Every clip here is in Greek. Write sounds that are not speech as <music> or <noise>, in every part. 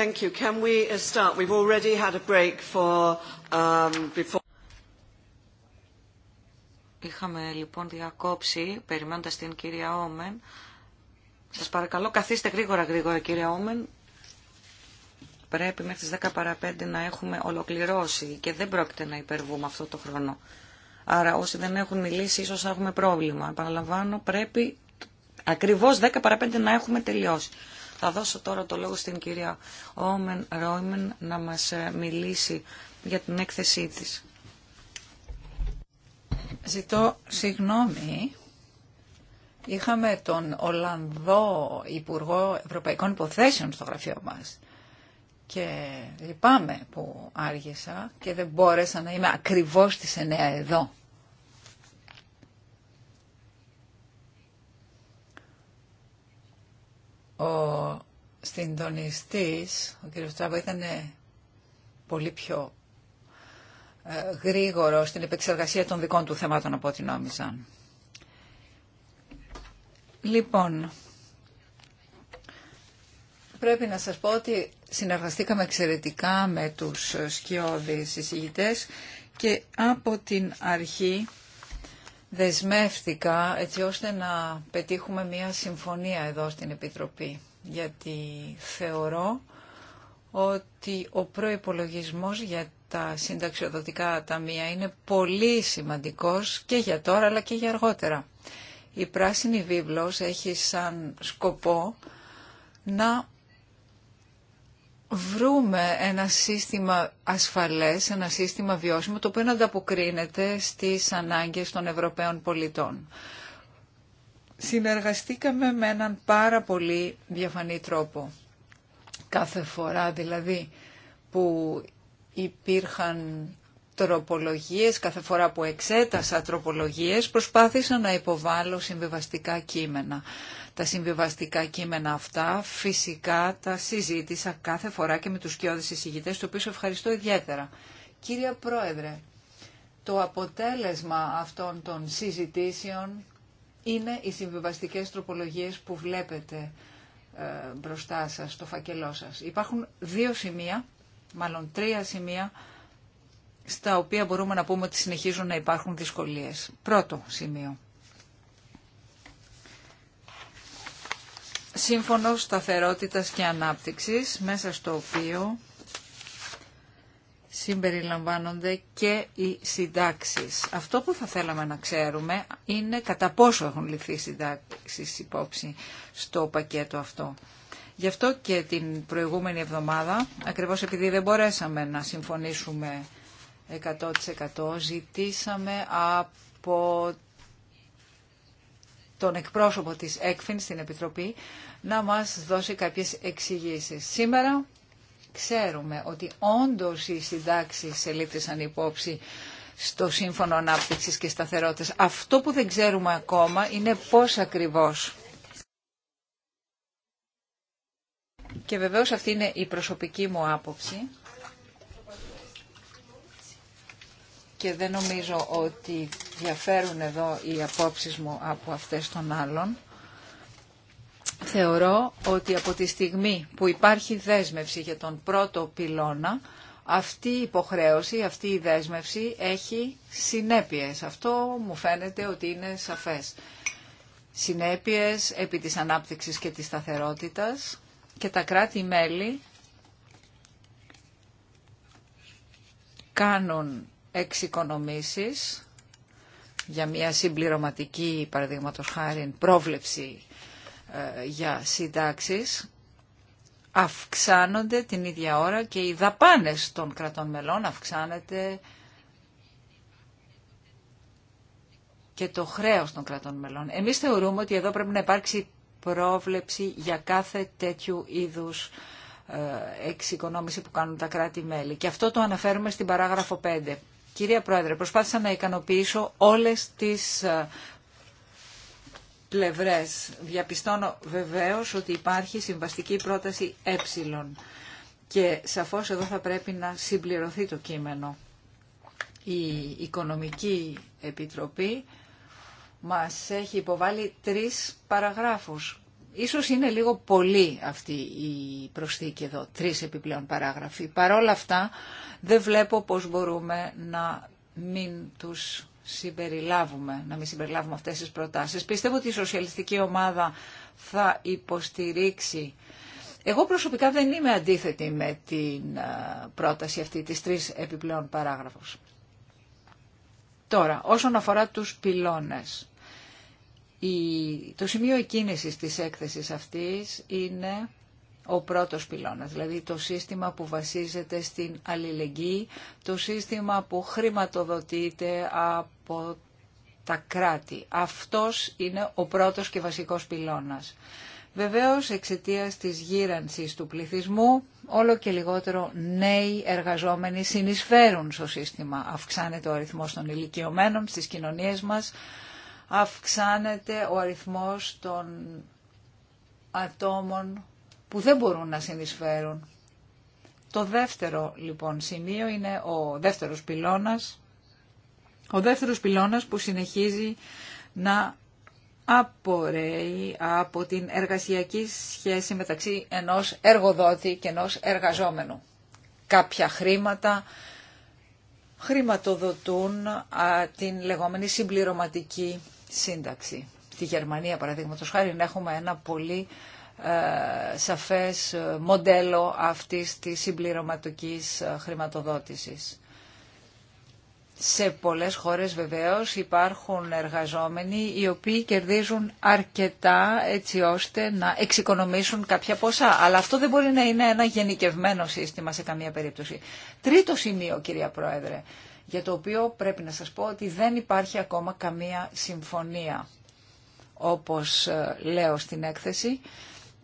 Thank you. Can we uh, start? We've already had a break for um, before. Είχαμε λοιπόν διακόψει, περιμένοντας την κυρία Όμεν. Σας παρακαλώ, καθίστε γρήγορα γρήγορα κυρία Όμεν. Πρέπει μέχρι τις 10 παρα 5 να έχουμε ολοκληρώσει και δεν πρόκειται να υπερβούμε αυτό το χρόνο. Άρα όσοι δεν έχουν μιλήσει ίσως έχουμε πρόβλημα. Επαναλαμβάνω, πρέπει ακριβώς 10 παρα 5 να έχουμε τελειώσει. Θα δώσω τώρα το λόγο στην κυρία Όμεν Ρόιμεν να μας ε, μιλήσει για την έκθεσή της. Ζητώ συγγνώμη. Είχαμε τον Ολλανδό Υπουργό Ευρωπαϊκών Υποθέσεων στο γραφείο μας. Και λυπάμαι που άργησα και δεν μπόρεσα να είμαι ακριβώς στις 9 εδώ. Ο συντονιστή, ο κ. Στράβο, ήταν πολύ πιο ε, γρήγορο στην επεξεργασία των δικών του θεμάτων από ό,τι νόμιζαν. Λοιπόν, πρέπει να σας πω ότι συνεργαστήκαμε εξαιρετικά με τους σκιώδεις εισηγητές και από την αρχή δεσμεύτηκα έτσι ώστε να πετύχουμε μια συμφωνία εδώ στην Επιτροπή. Γιατί θεωρώ ότι ο προϋπολογισμός για τα συνταξιοδοτικά ταμεία είναι πολύ σημαντικός και για τώρα αλλά και για αργότερα. Η Πράσινη Βίβλος έχει σαν σκοπό να βρούμε ένα σύστημα ασφαλές, ένα σύστημα βιώσιμο, το οποίο να ανταποκρίνεται στις ανάγκες των Ευρωπαίων πολιτών. Συνεργαστήκαμε με έναν πάρα πολύ διαφανή τρόπο. Κάθε φορά δηλαδή που υπήρχαν τροπολογίες, κάθε φορά που εξέτασα τροπολογίες, προσπάθησα να υποβάλω συμβιβαστικά κείμενα τα συμβιβαστικά κείμενα αυτά. Φυσικά τα συζήτησα κάθε φορά και με τους κοιόδες εισηγητές, το οποίο ευχαριστώ ιδιαίτερα. Κύριε Πρόεδρε, το αποτέλεσμα αυτών των συζητήσεων είναι οι συμβιβαστικές τροπολογίες που βλέπετε ε, μπροστά σας, στο φακελό σας. Υπάρχουν δύο σημεία, μάλλον τρία σημεία, στα οποία μπορούμε να πούμε ότι συνεχίζουν να υπάρχουν δυσκολίες. Πρώτο σημείο. σύμφωνο σταθερότητας και ανάπτυξης, μέσα στο οποίο συμπεριλαμβάνονται και οι συντάξεις. Αυτό που θα θέλαμε να ξέρουμε είναι κατά πόσο έχουν ληφθεί συντάξεις υπόψη στο πακέτο αυτό. Γι' αυτό και την προηγούμενη εβδομάδα, ακριβώς επειδή δεν μπορέσαμε να συμφωνήσουμε 100% ζητήσαμε από τον εκπρόσωπο της ΕΚΦΙΝ στην Επιτροπή να μας δώσει κάποιες εξηγήσεις. Σήμερα ξέρουμε ότι όντως οι σε ελήφθησαν υπόψη στο Σύμφωνο Ανάπτυξης και Σταθερότητας. Αυτό που δεν ξέρουμε ακόμα είναι πώς ακριβώς. Και βεβαίως αυτή είναι η προσωπική μου άποψη. Και δεν νομίζω ότι διαφέρουν εδώ οι απόψεις μου από αυτές των άλλων. Θεωρώ ότι από τη στιγμή που υπάρχει δέσμευση για τον πρώτο πυλώνα, αυτή η υποχρέωση, αυτή η δέσμευση έχει συνέπειες. Αυτό μου φαίνεται ότι είναι σαφές. Συνέπειες επί της ανάπτυξης και της σταθερότητας και τα κράτη-μέλη κάνουν εξοικονομήσεις για μια συμπληρωματική, παραδείγματο χάρη, πρόβλεψη ε, για συντάξεις αυξάνονται την ίδια ώρα και οι δαπάνες των κρατών μελών αυξάνεται και το χρέος των κρατών μελών. Εμείς θεωρούμε ότι εδώ πρέπει να υπάρξει πρόβλεψη για κάθε τέτοιου είδους ε, εξοικονόμηση που κάνουν τα κράτη-μέλη. Και αυτό το αναφέρουμε στην παράγραφο 5. Κυρία Πρόεδρε, προσπάθησα να ικανοποιήσω όλες τις ε, πλευρές. Διαπιστώνω βεβαίως ότι υπάρχει συμβαστική πρόταση ε και σαφώς εδώ θα πρέπει να συμπληρωθεί το κείμενο. Η Οικονομική Επιτροπή μας έχει υποβάλει τρεις παραγράφους. Ίσως είναι λίγο πολύ αυτή η προσθήκη εδώ, τρεις επιπλέον παράγραφοι. Παρ' όλα αυτά δεν βλέπω πώς μπορούμε να μην τους συμπεριλάβουμε, να μην συμπεριλάβουμε αυτές τις προτάσεις. Πιστεύω ότι η σοσιαλιστική ομάδα θα υποστηρίξει. Εγώ προσωπικά δεν είμαι αντίθετη με την ε, πρόταση αυτή της τρεις επιπλέον παράγραφος. Τώρα, όσον αφορά τους πυλώνες, η... το σημείο εκκίνησης της έκθεσης αυτής είναι ο πρώτος πυλώνας, δηλαδή το σύστημα που βασίζεται στην αλληλεγγύη, το σύστημα που χρηματοδοτείται από από τα κράτη. Αυτός είναι ο πρώτος και βασικός πυλώνας. Βεβαίως εξαιτίας της γύρανσης του πληθυσμού όλο και λιγότερο νέοι εργαζόμενοι συνεισφέρουν στο σύστημα. Αυξάνεται ο αριθμός των ηλικιωμένων στις κοινωνίες μας, αυξάνεται ο αριθμός των ατόμων που δεν μπορούν να συνεισφέρουν. Το δεύτερο λοιπόν σημείο είναι ο δεύτερος πυλώνας ο δεύτερος πυλώνας που συνεχίζει να απορρέει από την εργασιακή σχέση μεταξύ ενός εργοδότη και ενός εργαζόμενου. Κάποια χρήματα χρηματοδοτούν την λεγόμενη συμπληρωματική σύνταξη. Στη Γερμανία, παραδείγματο χάρη, έχουμε ένα πολύ ε, σαφές ε, μοντέλο αυτής της συμπληρωματικής ε, χρηματοδότησης. Σε πολλές χώρες βεβαίως υπάρχουν εργαζόμενοι οι οποίοι κερδίζουν αρκετά έτσι ώστε να εξοικονομήσουν κάποια ποσά. Αλλά αυτό δεν μπορεί να είναι ένα γενικευμένο σύστημα σε καμία περίπτωση. Τρίτο σημείο κυρία Πρόεδρε, για το οποίο πρέπει να σας πω ότι δεν υπάρχει ακόμα καμία συμφωνία. Όπως ε, λέω στην έκθεση,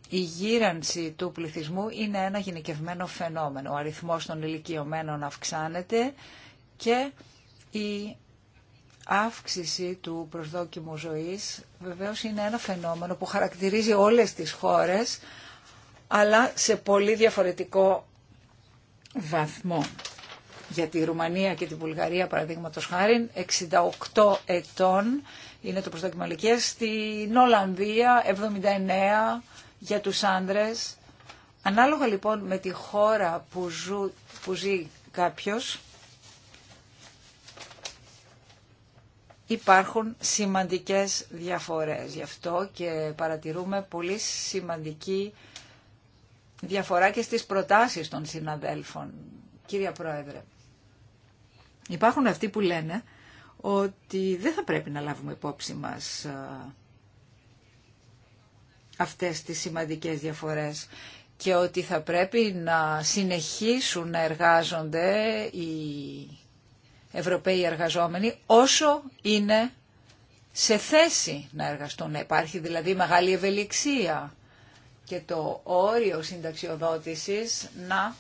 η γύρανση του πληθυσμού είναι ένα γενικευμένο φαινόμενο. Ο αριθμός των ηλικιωμένων αυξάνεται και η αύξηση του προσδόκιμου ζωής βεβαίως είναι ένα φαινόμενο που χαρακτηρίζει όλες τις χώρες αλλά σε πολύ διαφορετικό βαθμό. Για τη Ρουμανία και τη Βουλγαρία, παραδείγματο χάρη, 68 ετών είναι το προσδόκιμο ηλικία. Στην Ολλανδία, 79 για τους άντρες. Ανάλογα λοιπόν με τη χώρα που, ζου, που ζει κάποιος, υπάρχουν σημαντικές διαφορές. Γι' αυτό και παρατηρούμε πολύ σημαντική διαφορά και στις προτάσεις των συναδέλφων. Κύριε Πρόεδρε, υπάρχουν αυτοί που λένε ότι δεν θα πρέπει να λάβουμε υπόψη μας αυτές τις σημαντικές διαφορές και ότι θα πρέπει να συνεχίσουν να εργάζονται οι Ευρωπαίοι εργαζόμενοι όσο είναι σε θέση να εργαστούν. Να υπάρχει δηλαδή μεγάλη ευελιξία και το όριο συνταξιοδότησης να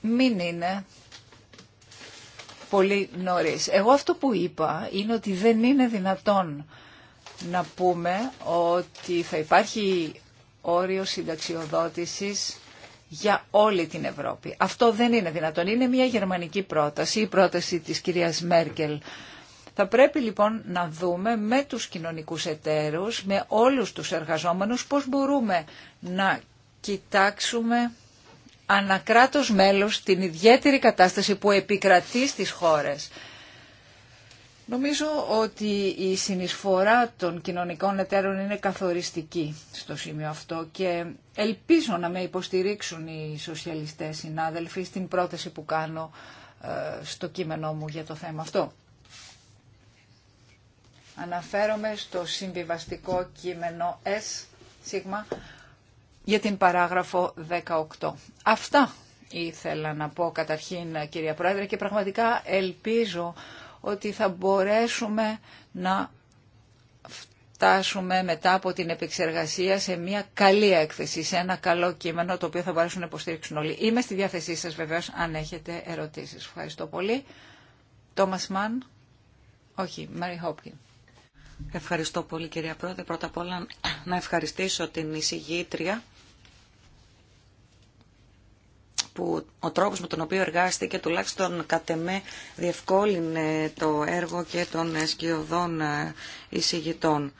μην είναι πολύ νωρίς. Εγώ αυτό που είπα είναι ότι δεν είναι δυνατόν να πούμε ότι θα υπάρχει όριο συνταξιοδότησης για όλη την Ευρώπη. Αυτό δεν είναι δυνατόν. Είναι μια γερμανική πρόταση, η πρόταση της κυρίας Μέρκελ. Θα πρέπει λοιπόν να δούμε με τους κοινωνικούς εταίρους, με όλους τους εργαζόμενους, πώς μπορούμε να κοιτάξουμε ανακράτος μέλος την ιδιαίτερη κατάσταση που επικρατεί στις χώρες. Νομίζω ότι η συνεισφορά των κοινωνικών εταίρων είναι καθοριστική στο σημείο αυτό και ελπίζω να με υποστηρίξουν οι σοσιαλιστές συνάδελφοι στην πρόταση που κάνω ε, στο κείμενό μου για το θέμα αυτό. Αναφέρομαι στο συμβιβαστικό κείμενο S, σίγμα, για την παράγραφο 18. Αυτά ήθελα να πω καταρχήν κυρία Πρόεδρε και πραγματικά ελπίζω ότι θα μπορέσουμε να φτάσουμε μετά από την επεξεργασία σε μια καλή έκθεση, σε ένα καλό κείμενο το οποίο θα μπορέσουν να υποστήριξουν όλοι. Είμαι στη διάθεσή σας βεβαίως αν έχετε ερωτήσεις. Ευχαριστώ πολύ. Τόμας όχι, Μαρι Χόπκιν. Ευχαριστώ πολύ κυρία Πρόεδρε. Πρώτα απ' όλα να ευχαριστήσω την εισηγήτρια που ο τρόπος με τον οποίο εργάστηκε τουλάχιστον κατ' εμέ διευκόλυνε το έργο και των σκιωδών ε, εισηγητών.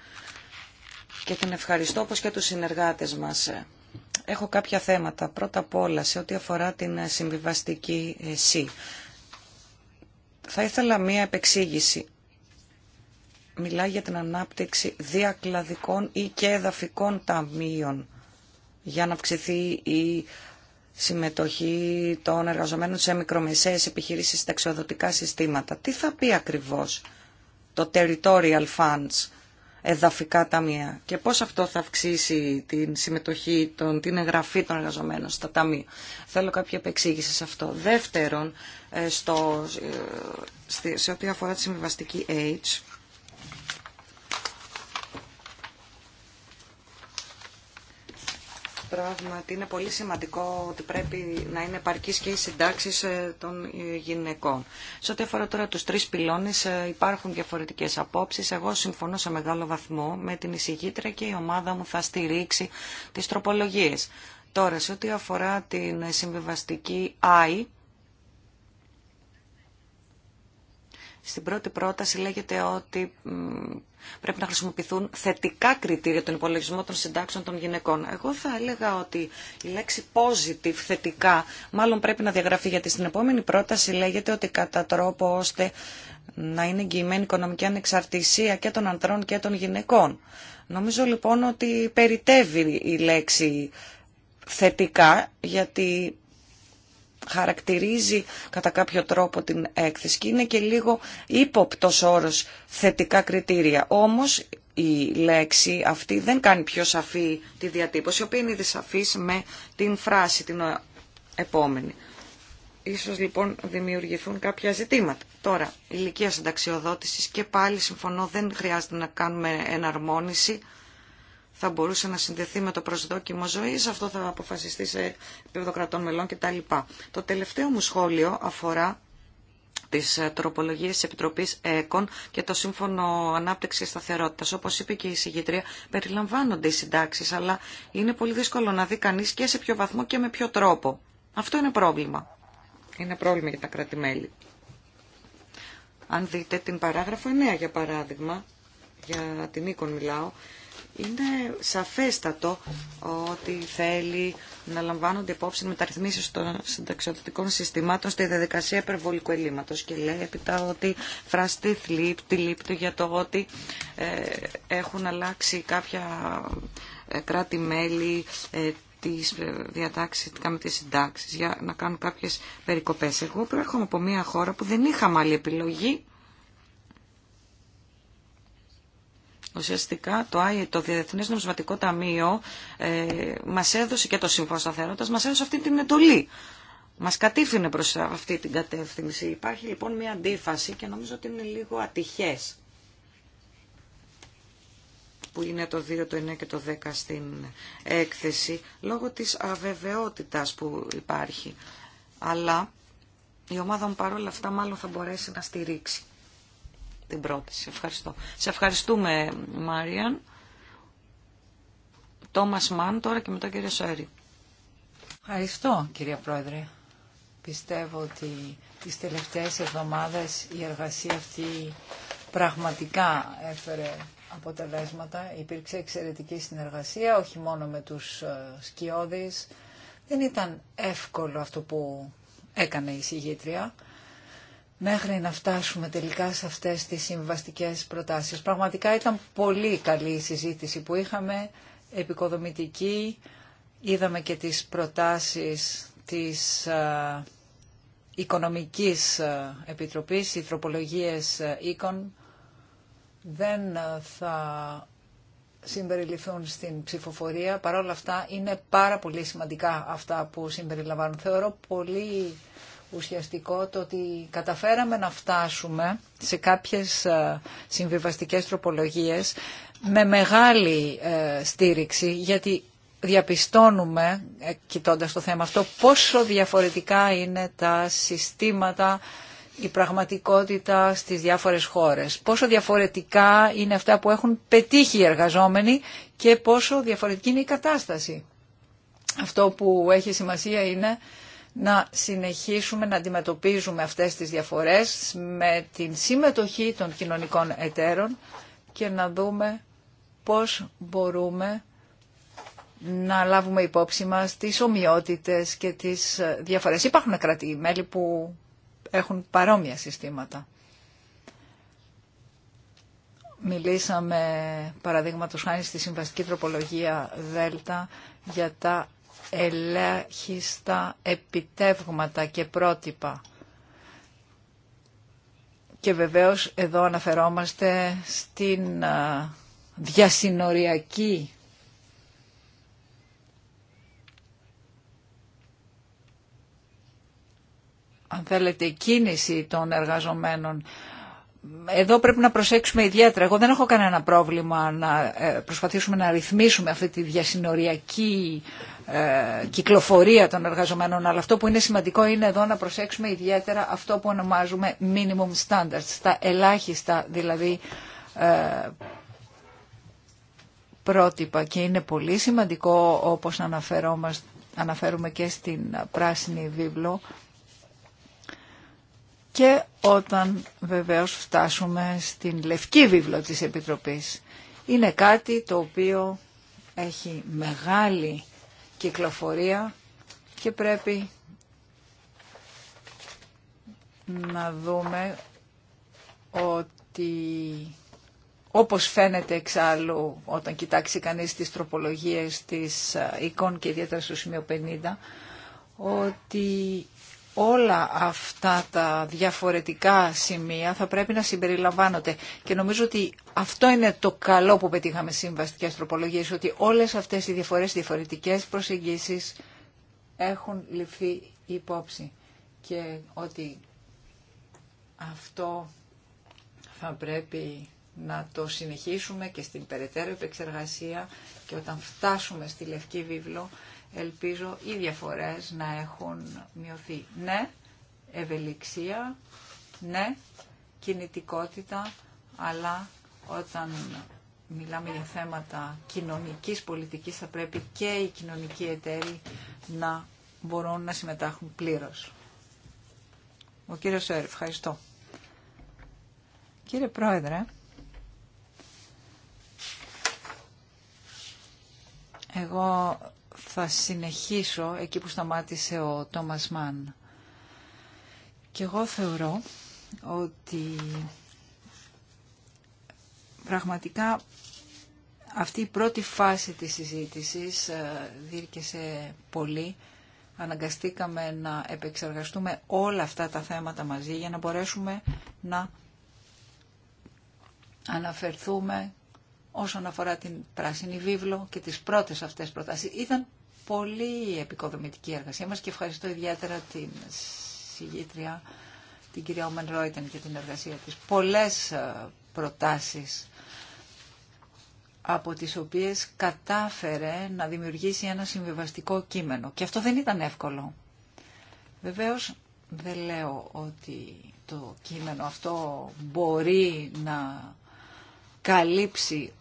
Και την ευχαριστώ όπως και τους συνεργάτες μας. Έχω κάποια θέματα. Πρώτα απ' όλα σε ό,τι αφορά την συμβιβαστική ε, ΣΥ. Θα ήθελα μία επεξήγηση μιλάει για την ανάπτυξη διακλαδικών ή και εδαφικών ταμείων για να αυξηθεί η συμμετοχή των εργαζομένων σε μικρομεσαίες επιχειρήσεις στα εξοδοτικά συστήματα. Τι θα πει ακριβώς το territorial funds, εδαφικά ταμεία και πώς αυτό θα αυξήσει την συμμετοχή, των, την εγγραφή των εργαζομένων στα ταμεία. Θέλω κάποια επεξήγηση σε αυτό. Δεύτερον, ε, στο, ε, σε ό,τι αφορά τη συμβιβαστική age πράγματι είναι πολύ σημαντικό ότι πρέπει να είναι επαρκής και οι συντάξεις ε, των γυναικών. Σε ό,τι αφορά τώρα τους τρεις πυλώνες ε, υπάρχουν διαφορετικές απόψεις. Εγώ συμφωνώ σε μεγάλο βαθμό με την εισηγήτρια και η ομάδα μου θα στηρίξει τις τροπολογίες. Τώρα, σε ό,τι αφορά την συμβιβαστική ΆΗ, Στην πρώτη πρόταση λέγεται ότι πρέπει να χρησιμοποιηθούν θετικά κριτήρια τον υπολογισμό των συντάξεων των γυναικών. Εγώ θα έλεγα ότι η λέξη positive, θετικά, μάλλον πρέπει να διαγραφεί γιατί στην επόμενη πρόταση λέγεται ότι κατά τρόπο ώστε να είναι εγγυημένη οικονομική ανεξαρτησία και των ανδρών και των γυναικών. Νομίζω λοιπόν ότι περιτεύει η λέξη θετικά γιατί χαρακτηρίζει κατά κάποιο τρόπο την έκθεση και είναι και λίγο ύποπτος όρος θετικά κριτήρια. Όμως η λέξη αυτή δεν κάνει πιο σαφή τη διατύπωση, η οποία είναι ήδη με την φράση την επόμενη. Ίσως λοιπόν δημιουργηθούν κάποια ζητήματα. Τώρα, ηλικία συνταξιοδότησης και πάλι συμφωνώ δεν χρειάζεται να κάνουμε εναρμόνιση θα μπορούσε να συνδεθεί με το προσδόκιμο ζωή, Αυτό θα αποφασιστεί σε επίπεδο κρατών μελών κτλ. Το τελευταίο μου σχόλιο αφορά τι ε, τροπολογίε τη επιτροπή ΕΚΟΝ και το Σύμφωνο ανάπτυξη και Σταθερότητα. Όπως είπε και η συγγετρία, περιλαμβάνονται οι συντάξεις, αλλά είναι πολύ δύσκολο να δει κανεί και σε ποιο βαθμό και με ποιο τρόπο. Αυτό είναι πρόβλημα. Είναι πρόβλημα για τα κράτη-μέλη. Αν δείτε την παράγραφο 9, για παράδειγμα, για την οίκον μιλάω, είναι σαφέστατο ότι θέλει να λαμβάνονται υπόψη μεταρρυθμίσεις των συνταξιοδοτικών συστημάτων στη διαδικασία υπερβολικού ελλείμματος και λέει έπειτα ότι φραστή θλίπτη λείπτη για το ότι ε, έχουν αλλάξει κάποια ε, κράτη-μέλη ε, τις διατάξεις τι με τις συντάξεις για να κάνουν κάποιες περικοπές. Εγώ προέρχομαι από μια χώρα που δεν είχαμε άλλη επιλογή Ουσιαστικά το, ΆΙ, το Διεθνές Νομισματικό Ταμείο ε, μας έδωσε και το Σύμφωνο Σταθερότητας, μας έδωσε αυτή την εντολή. Μας κατήφινε προς αυτή την κατεύθυνση. Υπάρχει λοιπόν μια αντίφαση και νομίζω ότι είναι λίγο ατυχές που είναι το 2, το 9 και το 10 στην έκθεση, λόγω της αβεβαιότητας που υπάρχει. Αλλά η ομάδα μου παρόλα αυτά μάλλον θα μπορέσει να στηρίξει Ευχαριστώ. Σε ευχαριστούμε, Μάριαν. Τόμας Μαν, τώρα και μετά κύριε Σάρι. Ευχαριστώ, κυρία Πρόεδρε. Πιστεύω ότι τις τελευταίες εβδομάδες η εργασία αυτή πραγματικά έφερε αποτελέσματα. Υπήρξε εξαιρετική συνεργασία, όχι μόνο με τους ε, σκιώδεις. Δεν ήταν εύκολο αυτό που έκανε η συγγήτρια μέχρι να φτάσουμε τελικά σε αυτές τις συμβαστικές προτάσεις. Πραγματικά ήταν πολύ καλή η συζήτηση που είχαμε, επικοδομητική. Είδαμε και τις προτάσεις της Οικονομικής Επιτροπής, οι τροπολογίες οίκων δεν θα συμπεριληφθούν στην ψηφοφορία. Παρ' όλα αυτά είναι πάρα πολύ σημαντικά αυτά που συμπεριλαμβάνουν. Θεωρώ πολύ ουσιαστικό το ότι καταφέραμε να φτάσουμε σε κάποιες ε, συμβιβαστικές τροπολογίες με μεγάλη ε, στήριξη, γιατί διαπιστώνουμε, ε, κοιτώντας το θέμα αυτό, πόσο διαφορετικά είναι τα συστήματα, η πραγματικότητα στις διάφορες χώρες. Πόσο διαφορετικά είναι αυτά που έχουν πετύχει οι εργαζόμενοι και πόσο διαφορετική είναι η κατάσταση. Αυτό που έχει σημασία είναι να συνεχίσουμε να αντιμετωπίζουμε αυτές τις διαφορές με την συμμετοχή των κοινωνικών εταίρων και να δούμε πώς μπορούμε να λάβουμε υπόψη μας τις ομοιότητες και τις διαφορές. Υπάρχουν κρατή-μέλη που έχουν παρόμοια συστήματα. Μιλήσαμε, παραδείγματος χάρη στη συμβαστική τροπολογία ΔΕΛΤΑ, για τα ελάχιστα επιτεύγματα και πρότυπα. Και βεβαίως εδώ αναφερόμαστε στην διασυνοριακή αν θέλετε, κίνηση των εργαζομένων εδώ πρέπει να προσέξουμε ιδιαίτερα. Εγώ δεν έχω κανένα πρόβλημα να ε, προσπαθήσουμε να ρυθμίσουμε αυτή τη διασυνοριακή ε, κυκλοφορία των εργαζομένων, αλλά αυτό που είναι σημαντικό είναι εδώ να προσέξουμε ιδιαίτερα αυτό που ονομάζουμε minimum standards, τα ελάχιστα δηλαδή ε, πρότυπα και είναι πολύ σημαντικό όπως αναφέρουμε και στην πράσινη βίβλο και όταν βεβαίως φτάσουμε στην Λευκή Βίβλο της Επιτροπής. Είναι κάτι το οποίο έχει μεγάλη κυκλοφορία και πρέπει να δούμε ότι όπως φαίνεται εξάλλου όταν κοιτάξει κανείς τις τροπολογίες της ε, εικόν και ιδιαίτερα στο σημείο 50 ότι όλα αυτά τα διαφορετικά σημεία θα πρέπει να συμπεριλαμβάνονται. Και νομίζω ότι αυτό είναι το καλό που πετύχαμε συμβαστικές τροπολογίες, ότι όλες αυτές οι διαφορές, διαφορετικές προσεγγίσεις έχουν ληφθεί υπόψη και ότι αυτό θα πρέπει να το συνεχίσουμε και στην περαιτέρω επεξεργασία και όταν φτάσουμε στη Λευκή Βίβλο ελπίζω οι διαφορές να έχουν μειωθεί. Ναι, ευελιξία, ναι, κινητικότητα, αλλά όταν μιλάμε για θέματα κοινωνικής πολιτικής θα πρέπει και οι κοινωνικοί εταίροι να μπορούν να συμμετάχουν πλήρως. Ο κύριος Σέρ, ευχαριστώ. Κύριε Πρόεδρε, εγώ θα συνεχίσω εκεί που σταμάτησε ο Τόμας Μαν. Και εγώ θεωρώ ότι πραγματικά αυτή η πρώτη φάση της συζήτησης ε, δίρκεσε πολύ. Αναγκαστήκαμε να επεξεργαστούμε όλα αυτά τα θέματα μαζί για να μπορέσουμε να αναφερθούμε όσον αφορά την πράσινη βίβλο και τις πρώτες αυτές προτάσεις. Ήταν πολύ επικοδομητική η εργασία μας και ευχαριστώ ιδιαίτερα την συγγήτρια, την κυρία Ομεν Ρόιτεν και την εργασία της. Πολλές ε, προτάσεις από τις οποίες κατάφερε να δημιουργήσει ένα συμβιβαστικό κείμενο. Και αυτό δεν ήταν εύκολο. Βεβαίως δεν λέω ότι το κείμενο αυτό μπορεί να καλύψει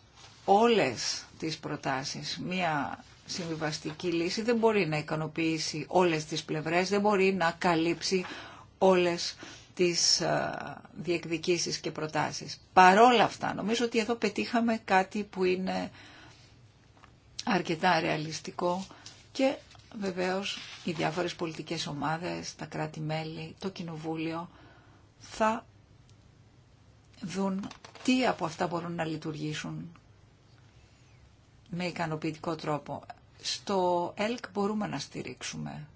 όλες τις προτάσεις. Μία συμβιβαστική λύση δεν μπορεί να ικανοποιήσει όλες τις πλευρές, δεν μπορεί να καλύψει όλες τις ε, διεκδικήσεις και προτάσεις. Παρόλα αυτά, νομίζω ότι εδώ πετύχαμε κάτι που είναι αρκετά ρεαλιστικό και βεβαίως οι διάφορες πολιτικές ομάδες, τα κράτη-μέλη, το Κοινοβούλιο θα δουν τι από αυτά μπορούν να λειτουργήσουν με ικανοποιητικό τρόπο. Στο ΕΛΚ μπορούμε να στηρίξουμε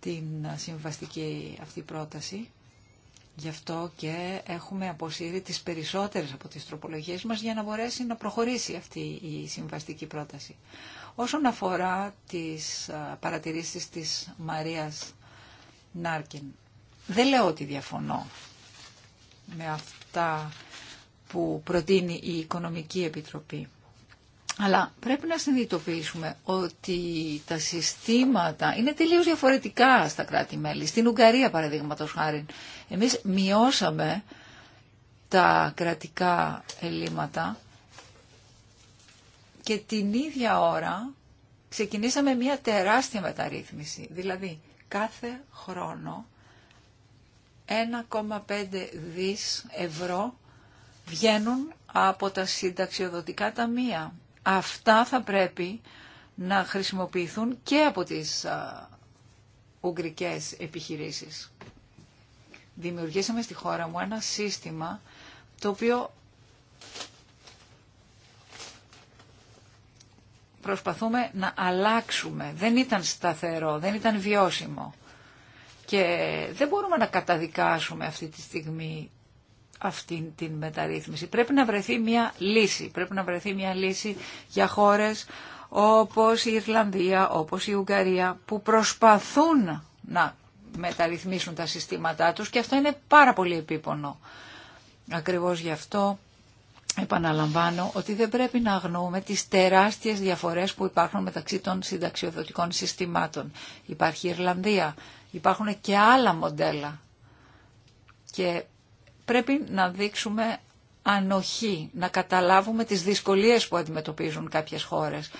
την συμβαστική αυτή πρόταση. Γι' αυτό και έχουμε αποσύρει τις περισσότερες από τις τροπολογίες μας για να μπορέσει να προχωρήσει αυτή η συμβαστική πρόταση. Όσον αφορά τις παρατηρήσεις της Μαρίας Νάρκιν, δεν λέω ότι διαφωνώ με αυτά που προτείνει η Οικονομική Επιτροπή. Αλλά πρέπει να συνειδητοποιήσουμε ότι τα συστήματα είναι τελείως διαφορετικά στα κράτη-μέλη. Στην Ουγγαρία, παραδείγματος χάρη, εμείς μειώσαμε τα κρατικά ελλείμματα και την ίδια ώρα ξεκινήσαμε μια τεράστια μεταρρύθμιση. Δηλαδή, κάθε χρόνο 1,5 δις ευρώ βγαίνουν από τα συνταξιοδοτικά ταμεία Αυτά θα πρέπει να χρησιμοποιηθούν και από τις ουγγρικές επιχειρήσεις. Δημιουργήσαμε στη χώρα μου ένα σύστημα το οποίο προσπαθούμε να αλλάξουμε. Δεν ήταν σταθερό, δεν ήταν βιώσιμο. Και δεν μπορούμε να καταδικάσουμε αυτή τη στιγμή αυτήν την μεταρρύθμιση. Πρέπει να βρεθεί μια λύση. Πρέπει να βρεθεί μια λύση για χώρες όπως η Ιρλανδία, όπως η Ουγγαρία που προσπαθούν να μεταρρυθμίσουν τα συστήματά τους και αυτό είναι πάρα πολύ επίπονο. Ακριβώς γι' αυτό επαναλαμβάνω ότι δεν πρέπει να αγνοούμε τις τεράστιες διαφορές που υπάρχουν μεταξύ των συνταξιοδοτικών συστημάτων. Υπάρχει η Ιρλανδία, υπάρχουν και άλλα μοντέλα και πρέπει να δείξουμε ανοχή, να καταλάβουμε τις δυσκολίες που αντιμετωπίζουν κάποιες χώρες.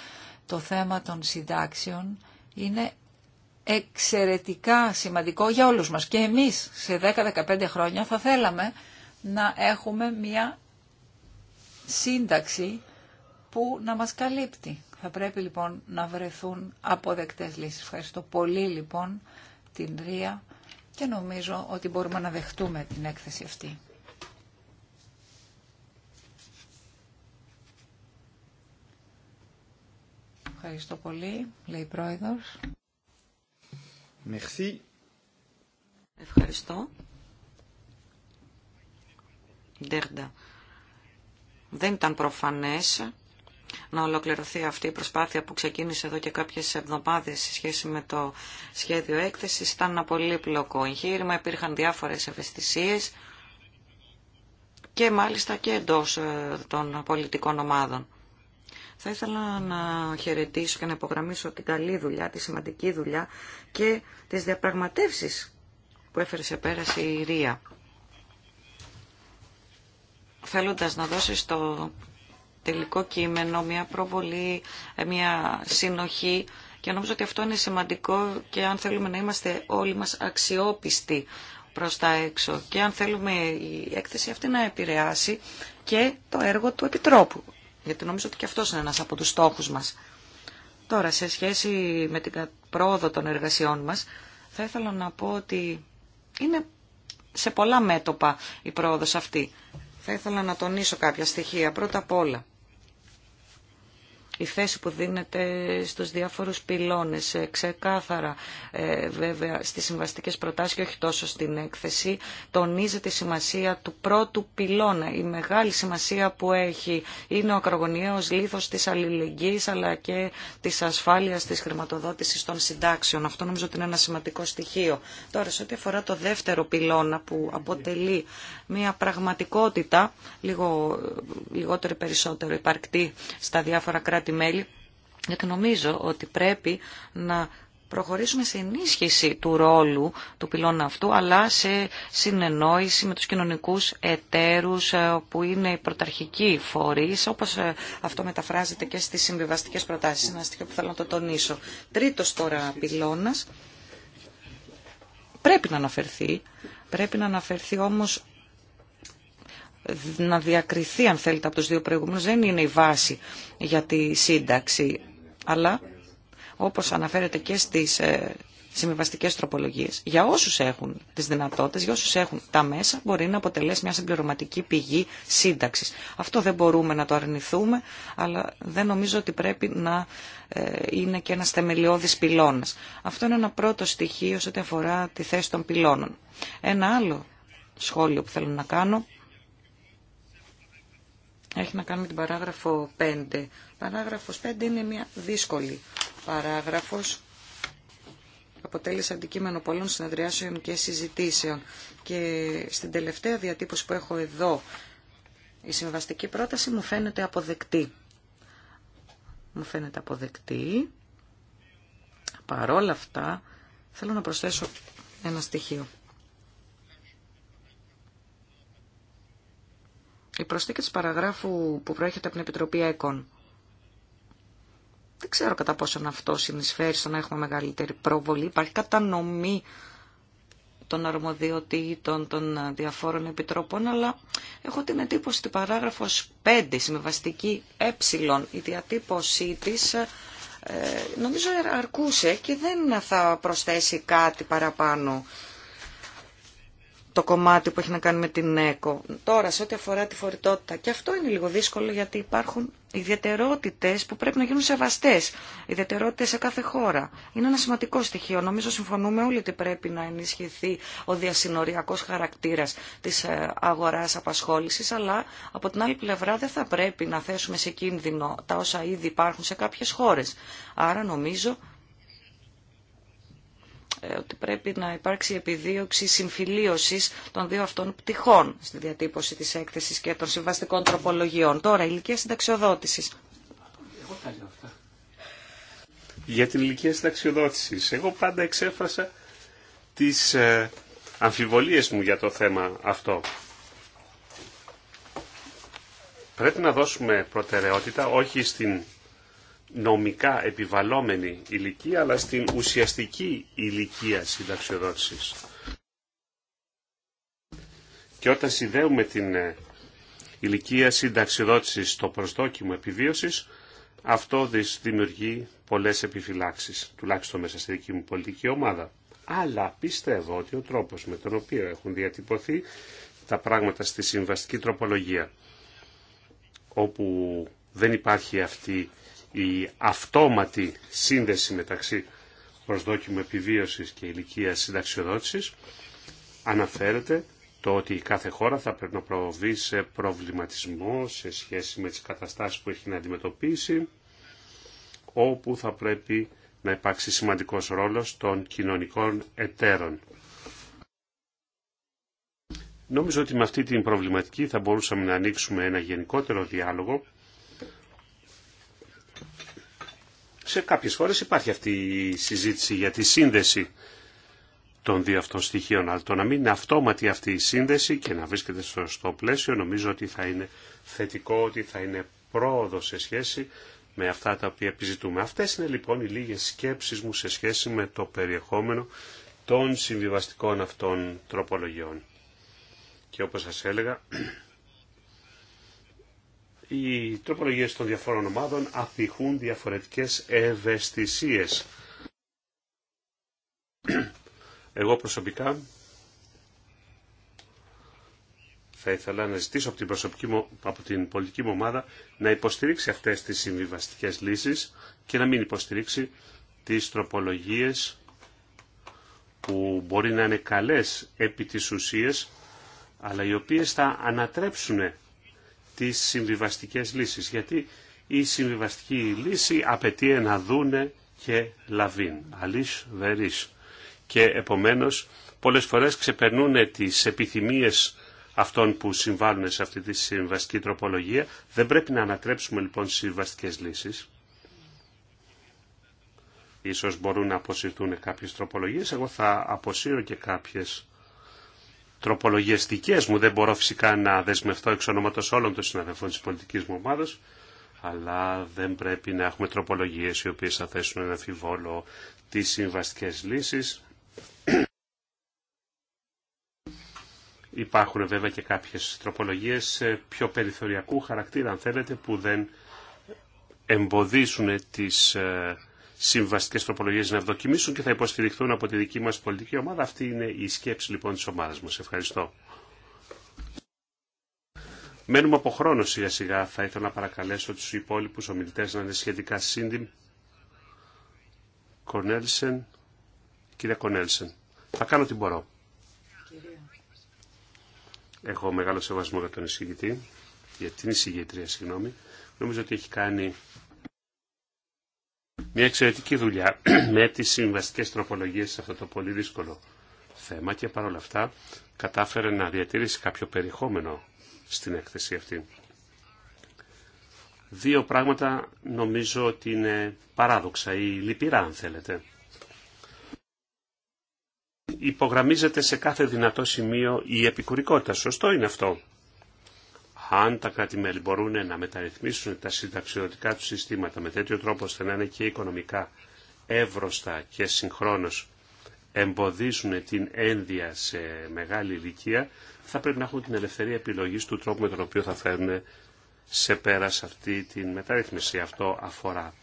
Το θέμα των συντάξεων είναι εξαιρετικά σημαντικό για όλους μας. Και εμείς σε 10-15 χρόνια θα θέλαμε να έχουμε μια σύνταξη που να μας καλύπτει. Θα πρέπει λοιπόν να βρεθούν αποδεκτές λύσεις. Ευχαριστώ πολύ λοιπόν την Ρία και νομίζω ότι μπορούμε να δεχτούμε την έκθεση αυτή. Ευχαριστώ πολύ, λέει η Πρόεδρος. Ευχαριστώ. Δεν ήταν προφανές να ολοκληρωθεί αυτή η προσπάθεια που ξεκίνησε εδώ και κάποιες εβδομάδες σε σχέση με το σχέδιο έκθεσης. Ήταν ένα πολύπλοκο εγχείρημα, υπήρχαν διάφορες ευαισθησίες και μάλιστα και εντός ε, των πολιτικών ομάδων. Θα ήθελα να χαιρετήσω και να υπογραμμίσω την καλή δουλειά, τη σημαντική δουλειά και τις διαπραγματεύσεις που έφερε σε πέραση η Ρία. Θέλοντας να δώσει στο τελικό κείμενο, μια προβολή, ε, μια συνοχή και νομίζω ότι αυτό είναι σημαντικό και αν θέλουμε να είμαστε όλοι μας αξιόπιστοι προς τα έξω και αν θέλουμε η έκθεση αυτή να επηρεάσει και το έργο του Επιτρόπου. Γιατί νομίζω ότι και αυτός είναι ένας από τους στόχους μας. Τώρα, σε σχέση με την πρόοδο των εργασιών μας, θα ήθελα να πω ότι είναι σε πολλά μέτωπα η πρόοδος αυτή. Θα ήθελα να τονίσω κάποια στοιχεία. Πρώτα απ' όλα, η θέση που δίνεται στους διάφορους πυλώνες ε, ξεκάθαρα ε, βέβαια στις συμβαστικές προτάσεις και όχι τόσο στην έκθεση τονίζει τη σημασία του πρώτου πυλώνα η μεγάλη σημασία που έχει είναι ο ακρογωνιαίος λίθος της αλληλεγγύης αλλά και της ασφάλειας της χρηματοδότησης των συντάξεων αυτό νομίζω ότι είναι ένα σημαντικό στοιχείο τώρα σε ό,τι αφορά το δεύτερο πυλώνα που αποτελεί μια πραγματικότητα λίγο, λιγότερο περισσότερο υπαρκτή στα διάφορα κράτη μελη γιατί νομίζω ότι πρέπει να προχωρήσουμε σε ενίσχυση του ρόλου του πυλώνα αυτού, αλλά σε συνεννόηση με τους κοινωνικούς εταίρους ε, που είναι οι πρωταρχικοί φορείς, όπως ε, αυτό μεταφράζεται και στις συμβιβαστικές προτάσεις. Είναι ένα στοιχείο που θέλω να το τονίσω. Τρίτος τώρα πυλώνας. Πρέπει να αναφερθεί, πρέπει να αναφερθεί όμως να διακριθεί αν θέλετε από τους δύο προηγούμενους δεν είναι η βάση για τη σύνταξη αλλά όπως αναφέρεται και στις ε, συμβιβαστικέ τροπολογίες Για όσους έχουν τις δυνατότητες για όσους έχουν τα μέσα, μπορεί να αποτελέσει μια συμπληρωματική πηγή σύνταξη. Αυτό δεν μπορούμε να το αρνηθούμε, αλλά δεν νομίζω ότι πρέπει να ε, είναι και ένα θεμελιώδη πυλώνα. Αυτό είναι ένα πρώτο στοιχείο σε ό,τι αφορά τη θέση των πυλώνων. Ένα άλλο σχόλιο που θέλω να κάνω έχει να κάνει με την παράγραφο 5. Παράγραφος 5 είναι μια δύσκολη παράγραφος. Αποτέλεσε αντικείμενο πολλών συνεδριάσεων και συζητήσεων. Και στην τελευταία διατύπωση που έχω εδώ, η συμβαστική πρόταση μου φαίνεται αποδεκτή. Μου φαίνεται αποδεκτή. Παρόλα αυτά, θέλω να προσθέσω ένα στοιχείο. Η προσθήκη της παραγράφου που προέρχεται από την Επιτροπή ΕΚΟΝ. Δεν ξέρω κατά πόσον αυτό συνεισφέρει στο να έχουμε μεγαλύτερη προβολή. Υπάρχει κατανομή των αρμοδιοτήτων των διαφόρων επιτροπών, αλλά έχω την εντύπωση ότι παράγραφος 5, συμβαστική ε, η διατύπωσή της ε, νομίζω αρκούσε και δεν θα προσθέσει κάτι παραπάνω το κομμάτι που έχει να κάνει με την ΕΚΟ. Τώρα, σε ό,τι αφορά τη φορητότητα, και αυτό είναι λίγο δύσκολο γιατί υπάρχουν ιδιαιτερότητε που πρέπει να γίνουν σεβαστέ. Ιδιαιτερότητε σε κάθε χώρα. Είναι ένα σημαντικό στοιχείο. Νομίζω συμφωνούμε όλοι ότι πρέπει να ενισχυθεί ο διασυνοριακό χαρακτήρα τη ε, αγορά απασχόληση, αλλά από την άλλη πλευρά δεν θα πρέπει να θέσουμε σε κίνδυνο τα όσα ήδη υπάρχουν σε κάποιε χώρε. Άρα νομίζω ε, ότι πρέπει να υπάρξει επιδίωξη συμφιλίωσης των δύο αυτών πτυχών στη διατύπωση της έκθεσης και των συμβαστικών τροπολογιών. Τώρα, ηλικία συνταξιοδότησης. Για την ηλικία συνταξιοδότησης. Εγώ πάντα εξέφρασα τις ε, αμφιβολίες μου για το θέμα αυτό. Πρέπει να δώσουμε προτεραιότητα όχι στην νομικά επιβαλόμενη ηλικία, αλλά στην ουσιαστική ηλικία συνταξιοδότησης. Και όταν συνδέουμε την ε, ηλικία συνταξιοδότησης στο προσδόκιμο επιβίωσης, αυτό δημιουργεί πολλές επιφυλάξεις, τουλάχιστον μέσα στη δική μου πολιτική ομάδα. Αλλά πιστεύω ότι ο τρόπος με τον οποίο έχουν διατυπωθεί τα πράγματα στη συμβαστική τροπολογία, όπου δεν υπάρχει αυτή η αυτόματη σύνδεση μεταξύ προσδόκιμου επιβίωσης και ηλικία συνταξιοδότησης αναφέρεται το ότι η κάθε χώρα θα πρέπει να προβεί σε προβληματισμό σε σχέση με τις καταστάσεις που έχει να αντιμετωπίσει όπου θα πρέπει να υπάρξει σημαντικός ρόλος των κοινωνικών εταίρων. Νομίζω ότι με αυτή την προβληματική θα μπορούσαμε να ανοίξουμε ένα γενικότερο διάλογο Σε κάποιες φορές υπάρχει αυτή η συζήτηση για τη σύνδεση των δύο αυτών στοιχείων, αλλά το να μην είναι αυτόματη αυτή η σύνδεση και να βρίσκεται στο, στο πλαίσιο νομίζω ότι θα είναι θετικό, ότι θα είναι πρόοδο σε σχέση με αυτά τα οποία επιζητούμε. Αυτές είναι λοιπόν οι λίγες σκέψεις μου σε σχέση με το περιεχόμενο των συμβιβαστικών αυτών τροπολογιών. Και όπως σας έλεγα, οι τροπολογίες των διαφορών ομάδων απηχούν διαφορετικές ευαισθησίες. Εγώ προσωπικά θα ήθελα να ζητήσω από την, προσωπική μου, από την πολιτική μου ομάδα να υποστηρίξει αυτές τις συμβιβαστικές λύσεις και να μην υποστηρίξει τις τροπολογίες που μπορεί να είναι καλές επί της ουσίας, αλλά οι οποίες θα ανατρέψουν τις συμβιβαστικές λύσεις. Γιατί η συμβιβαστική λύση απαιτεί να δούνε και λαβήν, αλής βερίς. Και επομένως πολλές φορές ξεπερνούν τις επιθυμίες αυτών που συμβάλλουν σε αυτή τη συμβαστική τροπολογία. Δεν πρέπει να ανατρέψουμε λοιπόν τις συμβαστικές λύσεις. Ίσως μπορούν να αποσυρθούν κάποιες τροπολογίες. Εγώ θα αποσύρω και κάποιες τροπολογίες δικές μου. Δεν μπορώ φυσικά να δεσμευτώ εξ ονόματος όλων των συναδελφών της πολιτικής μου ομάδας, αλλά δεν πρέπει να έχουμε τροπολογίες οι οποίες θα θέσουν ένα αμφιβόλο τις συμβαστικές λύσεις. <clears throat> Υπάρχουν βέβαια και κάποιες τροπολογίες πιο περιθωριακού χαρακτήρα, αν θέλετε, που δεν εμποδίσουν τις ε, συμβαστικέ τροπολογίε να ευδοκιμήσουν και θα υποστηριχθούν από τη δική μα πολιτική ομάδα. Αυτή είναι η σκέψη λοιπόν τη ομάδα μα. Ευχαριστώ. Μένουμε από χρόνο σιγά σιγά. Θα ήθελα να παρακαλέσω τους υπόλοιπου ομιλητές να είναι σχετικά σύντιμοι. Κορνέλσεν, Κύριε Κορνέλσεν. Θα κάνω τι μπορώ. Έχω μεγάλο σεβασμό για τον εισηγητή, για την εισηγητρία, συγγνώμη. Νομίζω ότι έχει κάνει μια εξαιρετική δουλειά <clears throat> με τις συμβαστικές τροπολογίες σε αυτό το πολύ δύσκολο θέμα και παρόλα αυτά κατάφερε να διατηρήσει κάποιο περιεχόμενο στην έκθεση αυτή. Δύο πράγματα νομίζω ότι είναι παράδοξα ή λυπηρά αν θέλετε. Υπογραμμίζεται σε κάθε δυνατό σημείο η επικουρικότητα. Σωστό είναι αυτό αν τα κράτη-μέλη μπορούν να μεταρρυθμίσουν τα συνταξιδοτικά του συστήματα με τέτοιο τρόπο ώστε να είναι και οικονομικά εύρωστα και συγχρόνως εμποδίσουν την ένδια σε μεγάλη ηλικία, θα πρέπει να έχουν την ελευθερία επιλογής του τρόπου με τον οποίο θα φέρουν σε πέρα αυτή την μεταρρύθμιση. Αυτό αφορά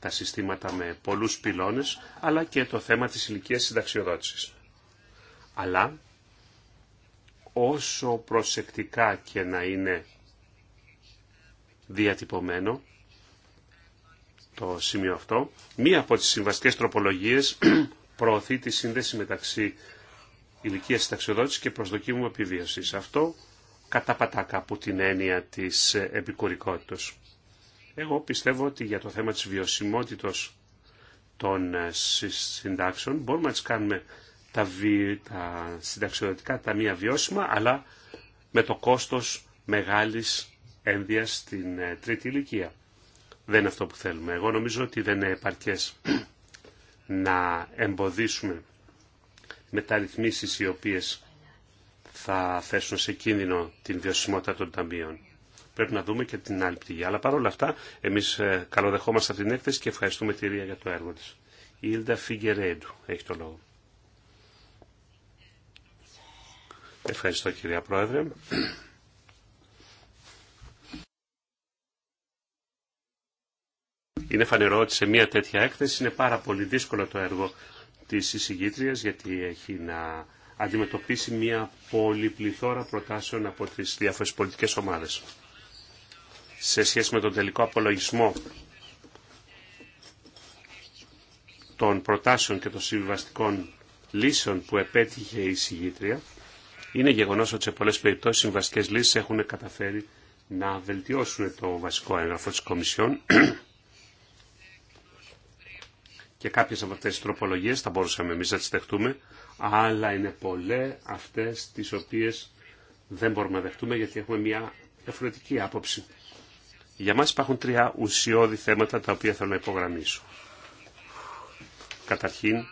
τα συστήματα με πολλούς πυλώνες, αλλά και το θέμα της ηλικίας συνταξιοδότησης. Αλλά όσο προσεκτικά και να είναι διατυπωμένο το σημείο αυτό, μία από τις συμβαστικές τροπολογίες <clears throat> προωθεί τη σύνδεση μεταξύ ηλικία συνταξιοδότηση και προσδοκίμου επιβίωση. Αυτό καταπατά κάπου την έννοια της επικουρικότητας. Εγώ πιστεύω ότι για το θέμα της βιωσιμότητας των συντάξεων μπορούμε να τις κάνουμε τα, βι... τα συνταξιοδοτικά ταμεία βιώσιμα, αλλά με το κόστος μεγάλης ένδυας στην ε, τρίτη ηλικία. Δεν είναι αυτό που θέλουμε. Εγώ νομίζω ότι δεν είναι επαρκές <clears throat> να εμποδίσουμε μεταρρυθμίσεις οι οποίες θα θέσουν σε κίνδυνο την βιωσιμότητα των ταμείων. Πρέπει να δούμε και την άλλη πτυγή. Αλλά παρόλα αυτά, εμείς ε, καλοδεχόμαστε αυτήν την έκθεση και ευχαριστούμε τη Ρία για το έργο της. Η Φιγκερέντου έχει το λόγο. Ευχαριστώ κυρία Πρόεδρε. Είναι φανερό ότι σε μια τέτοια έκθεση είναι πάρα πολύ δύσκολο το έργο της εισηγήτριας γιατί έχει να αντιμετωπίσει μια πολυπληθώρα προτάσεων από τις διάφορες πολιτικές ομάδες. Σε σχέση με τον τελικό απολογισμό των προτάσεων και των συμβιβαστικών λύσεων που επέτυχε η εισηγήτρια, είναι γεγονός ότι σε πολλέ περιπτώσεις οι βασικέ λύσει έχουν καταφέρει να βελτιώσουν το βασικό έγγραφο τη Κομισιόν και κάποιες από αυτές τι τροπολογίε θα μπορούσαμε εμεί να τι δεχτούμε, αλλά είναι πολλές αυτές τις οποίες δεν μπορούμε να δεχτούμε γιατί έχουμε μια διαφορετική άποψη. Για μας υπάρχουν τρία ουσιώδη θέματα τα οποία θέλω να υπογραμμίσω. Καταρχήν,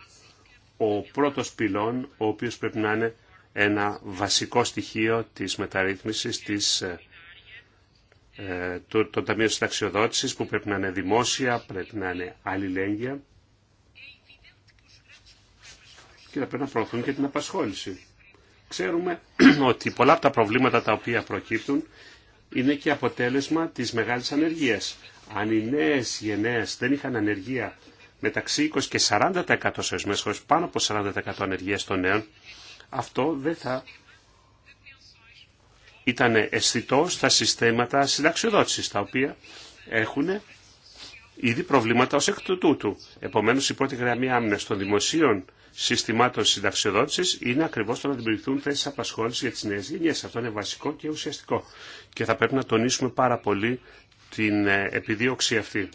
ο πρώτος πυλών, ο οποίος πρέπει να είναι ένα βασικό στοιχείο της μεταρρύθμισης της, ε, του, των Ταμείων Συνταξιοδότησης που πρέπει να είναι δημόσια, πρέπει να είναι αλληλέγγυα και θα πρέπει να προωθούν και την απασχόληση. Ξέρουμε <clears throat> ότι πολλά από τα προβλήματα τα οποία προκύπτουν είναι και αποτέλεσμα της μεγάλης ανεργίας. Αν οι νέε γενναίες δεν είχαν ανεργία μεταξύ 20 και 40% σε ορισμένες χώρες, πάνω από 40% ανεργία των νέων, αυτό δεν θα ήταν αισθητό στα συστήματα συνταξιοδότησης, τα οποία έχουν ήδη προβλήματα ως εκ του τούτου. Επομένως, η πρώτη γραμμή άμυνας των δημοσίων συστημάτων συνταξιοδότησης είναι ακριβώς το να δημιουργηθούν θέσεις απασχόλησης για τις νέες γενιές. Αυτό είναι βασικό και ουσιαστικό. Και θα πρέπει να τονίσουμε πάρα πολύ την ε, επιδίωξη αυτή.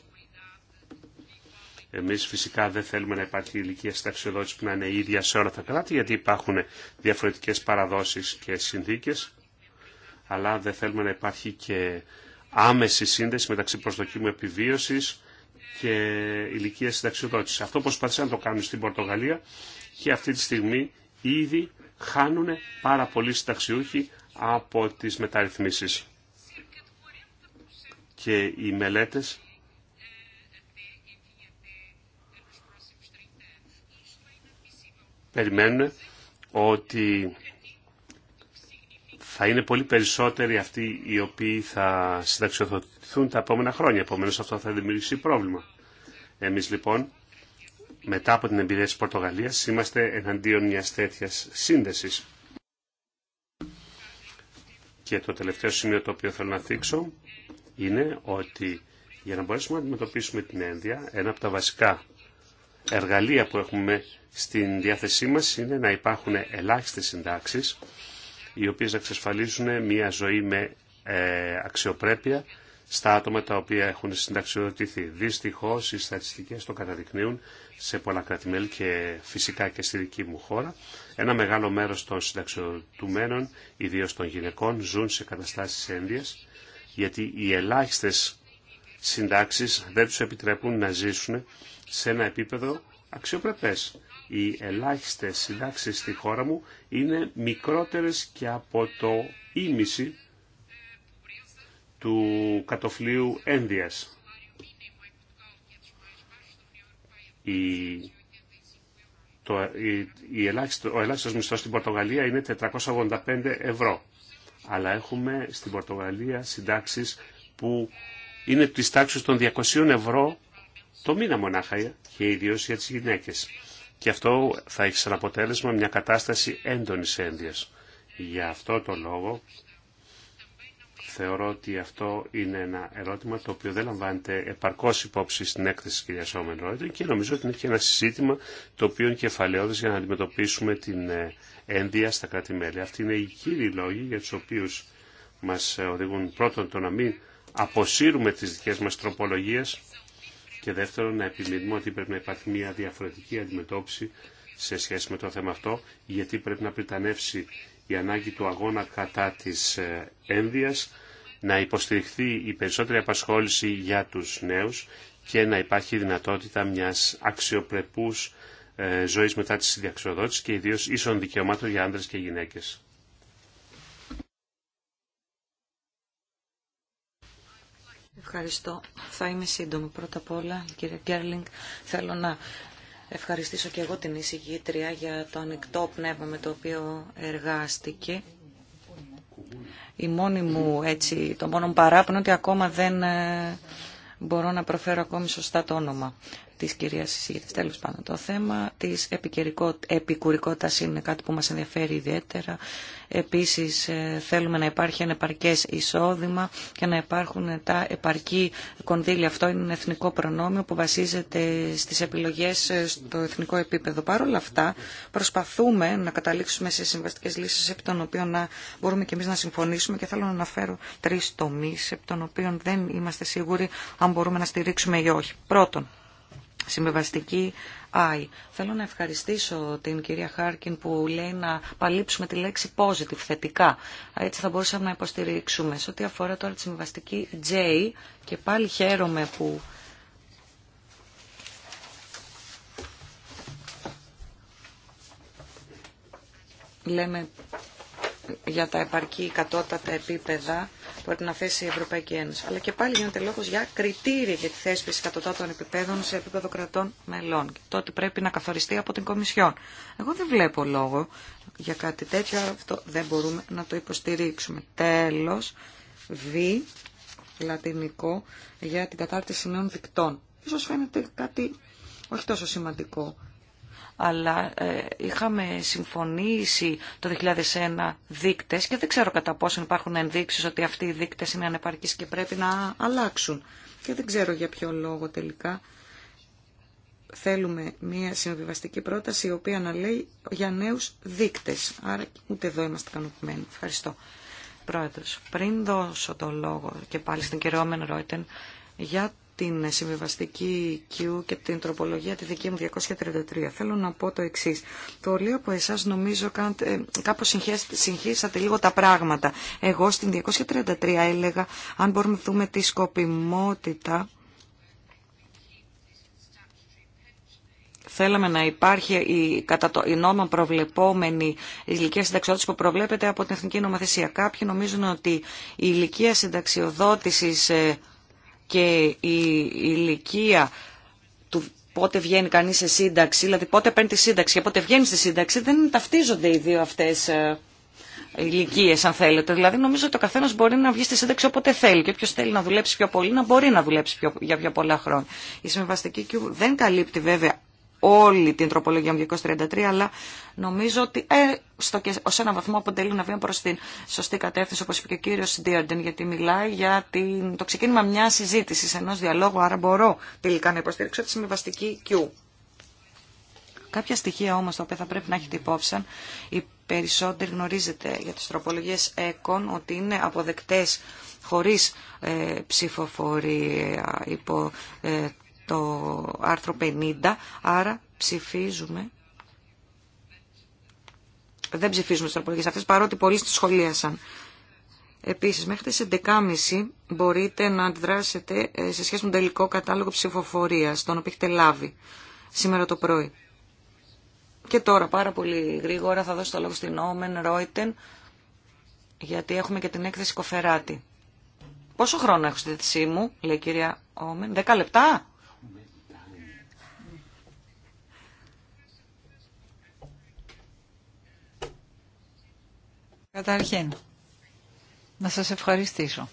Εμεί φυσικά δεν θέλουμε να υπάρχει ηλικία συνταξιοδότηση που να είναι ίδια σε όλα τα κράτη, γιατί υπάρχουν διαφορετικές παραδόσεις και συνθήκες, αλλά δεν θέλουμε να υπάρχει και άμεση σύνδεση μεταξύ προσδοκίου επιβίωση και ηλικία συνταξιοδότηση. Αυτό προσπαθήσαν να το κάνουν στην Πορτογαλία και αυτή τη στιγμή ήδη χάνουν πάρα πολλοί συνταξιούχοι από τις μεταρρυθμίσεις. Και οι μελέτες Περιμένουμε ότι θα είναι πολύ περισσότεροι αυτοί οι οποίοι θα συνταξιοδοτηθούν τα επόμενα χρόνια. Επομένω αυτό θα δημιουργήσει πρόβλημα. Εμείς λοιπόν μετά από την εμπειρία της Πορτογαλίας είμαστε εναντίον μιας τέτοια σύνδεσης. Και το τελευταίο σημείο το οποίο θέλω να θίξω είναι ότι για να μπορέσουμε να αντιμετωπίσουμε την ένδια, ένα από τα βασικά εργαλεία που έχουμε στην διάθεσή μας είναι να υπάρχουν ελάχιστες συντάξεις οι οποίες να εξασφαλίσουν μια ζωή με ε, αξιοπρέπεια στα άτομα τα οποία έχουν συνταξιοδοτηθεί. Δυστυχώ οι στατιστικές το καταδεικνύουν σε πολλά κρατημέλη και φυσικά και στη δική μου χώρα. Ένα μεγάλο μέρο των συνταξιοδοτουμένων, ιδίω των γυναικών, ζουν σε καταστάσει ένδυα, γιατί οι ελάχιστε συντάξεις δεν τους επιτρέπουν να ζήσουν σε ένα επίπεδο αξιοπρεπές. Οι ελάχιστες συντάξεις στη χώρα μου είναι μικρότερες και από το ίμιση του κατοφλίου ένδυας. Η... Η... Η ελάχιστο... Ο ελάχιστος μισθός στην Πορτογαλία είναι 485 ευρώ. Αλλά έχουμε στην Πορτογαλία συντάξεις που είναι της τάξης των 200 ευρώ το μήνα μονάχα και ιδίω για τι γυναίκε. Και αυτό θα έχει σαν αποτέλεσμα μια κατάσταση έντονη ένδυας. Για αυτό το λόγο θεωρώ ότι αυτό είναι ένα ερώτημα το οποίο δεν λαμβάνεται επαρκώ υπόψη στην έκθεση της κυρία Όμεν Ρόιντ και νομίζω ότι είναι και ένα συζήτημα το οποίο είναι κεφαλαιόδες για να αντιμετωπίσουμε την ε, ένδυα στα κράτη-μέλη. Αυτοί είναι οι κύριοι λόγοι για του οποίου μα ε, οδηγούν πρώτον το να μην αποσύρουμε τις δικές μας τροπολογίες και δεύτερον να επιμείνουμε ότι πρέπει να υπάρχει μια διαφορετική αντιμετώπιση σε σχέση με το θέμα αυτό, γιατί πρέπει να πριτανεύσει η ανάγκη του αγώνα κατά της ε, ένδυας, να υποστηριχθεί η περισσότερη απασχόληση για τους νέους και να υπάρχει δυνατότητα μιας αξιοπρεπούς ε, ζωής μετά τη συνταξιοδότηση και ιδίως ίσων δικαιωμάτων για άνδρες και γυναίκες. Ευχαριστώ. Θα είμαι σύντομη. Πρώτα απ' όλα, κύριε Γκέρλινγκ, θέλω να ευχαριστήσω και εγώ την εισηγήτρια για το ανοιχτό πνεύμα με το οποίο εργάστηκε. Η μόνη μου, έτσι, το μόνο μου παράπονο ότι ακόμα δεν ε, μπορώ να προφέρω ακόμη σωστά το όνομα της κυρίας Συγήτης. Τέλος πάντων, το θέμα της επικουρικότητας είναι κάτι που μας ενδιαφέρει ιδιαίτερα. Επίσης, ε, θέλουμε να υπάρχει ένα επαρκές εισόδημα και να υπάρχουν τα επαρκή κονδύλια. Αυτό είναι ένα εθνικό προνόμιο που βασίζεται στις επιλογές ε, στο εθνικό επίπεδο. Παρ' όλα αυτά, προσπαθούμε να καταλήξουμε σε συμβαστικές λύσεις επί των οποίων να μπορούμε και εμείς να συμφωνήσουμε και θέλω να αναφέρω τρεις τομείς επί των οποίων δεν είμαστε σίγουροι αν μπορούμε να στηρίξουμε ή όχι. Πρώτον, Συμβεβαστική I. Θέλω να ευχαριστήσω την κυρία Χάρκιν που λέει να παλύψουμε τη λέξη positive, θετικά. Έτσι θα μπορούσαμε να υποστηρίξουμε. Σε ό,τι αφορά τώρα τη συμβαστική J και πάλι χαίρομαι που λέμε για τα επαρκή κατώτατα επίπεδα που πρέπει να θέσει η Ευρωπαϊκή Ένωση. Αλλά και πάλι γίνεται λόγο για κριτήρια για τη θέσπιση κατωτάτων επίπεδων σε επίπεδο κρατών μελών. Και το πρέπει να καθοριστεί από την Κομισιόν. Εγώ δεν βλέπω λόγο για κάτι τέτοιο, αυτό δεν μπορούμε να το υποστηρίξουμε. Τέλο, β, λατινικό, για την κατάρτιση νέων δικτών. σω φαίνεται κάτι όχι τόσο σημαντικό αλλά ε, είχαμε συμφωνήσει το 2001 δείκτες και δεν ξέρω κατά πόσο υπάρχουν ενδείξεις ότι αυτοί οι δείκτες είναι ανεπαρκείς και πρέπει να αλλάξουν. Και δεν ξέρω για ποιο λόγο τελικά θέλουμε μια συμβιβαστική πρόταση η οποία να λέει για νέους δείκτες. Άρα ούτε εδώ είμαστε ικανοποιημένοι. Ευχαριστώ. Πρόεδρος, πριν δώσω το λόγο και πάλι στην κυρία Ρόιτεν για την συμβιβαστική Q και την τροπολογία τη δική μου 233. Θέλω να πω το εξή. Πολλοί από εσά νομίζω κάντε, ε, κάπως συγχύσατε λίγο τα πράγματα. Εγώ στην 233 έλεγα αν μπορούμε να δούμε τη σκοπιμότητα θέλαμε να υπάρχει η, κατά το, η νόμα προβλεπόμενη ηλικία συνταξιοδότηση που προβλέπεται από την Εθνική Νομοθεσία. Κάποιοι νομίζουν ότι η ηλικία συνταξιοδότησης ε, και η ηλικία του πότε βγαίνει κανείς σε σύνταξη, δηλαδή πότε παίρνει τη σύνταξη και πότε βγαίνει στη σύνταξη, δεν ταυτίζονται οι δύο αυτές ε, ηλικίε, αν θέλετε. Δηλαδή, νομίζω ότι ο καθένα μπορεί να βγει στη σύνταξη όποτε θέλει. Και όποιο θέλει να δουλέψει πιο πολύ, να μπορεί να δουλέψει πιο, για πιο πολλά χρόνια. Η συμβαστική Q δεν καλύπτει βέβαια όλη την τροπολογία μου 233, αλλά νομίζω ότι ε, στο και ως ένα βαθμό αποτελεί να βήμα προς την σωστή κατεύθυνση, όπως είπε και ο κύριος Ντίοντεν, γιατί μιλάει για το ξεκίνημα μια συζήτησης, ενός διαλόγου, άρα μπορώ τελικά να υποστηρίξω τη συμβιβαστική Q. Κάποια στοιχεία όμως τα οποία θα πρέπει να έχετε υπόψη, οι περισσότεροι γνωρίζετε για τις τροπολογίες ΕΚΟΝ ότι είναι αποδεκτές χωρίς ε, ψηφοφορία υπό ε, το άρθρο 50, άρα ψηφίζουμε. Δεν ψηφίζουμε στις τροπολογίες αυτές, παρότι πολλοί τι σχολίασαν. Επίσης, μέχρι τις 11.30 μπορείτε να αντιδράσετε ε, σε σχέση με τον τελικό κατάλογο ψηφοφορίας, τον οποίο έχετε λάβει σήμερα το πρωί. Και τώρα, πάρα πολύ γρήγορα, θα δώσω το λόγο στην Όμεν Ρόιτεν, γιατί έχουμε και την έκθεση Κοφεράτη. Πόσο χρόνο έχω στη θέση μου, λέει η κυρία Όμεν, 10 λεπτά. Καταρχήν, να σας ευχαριστήσω.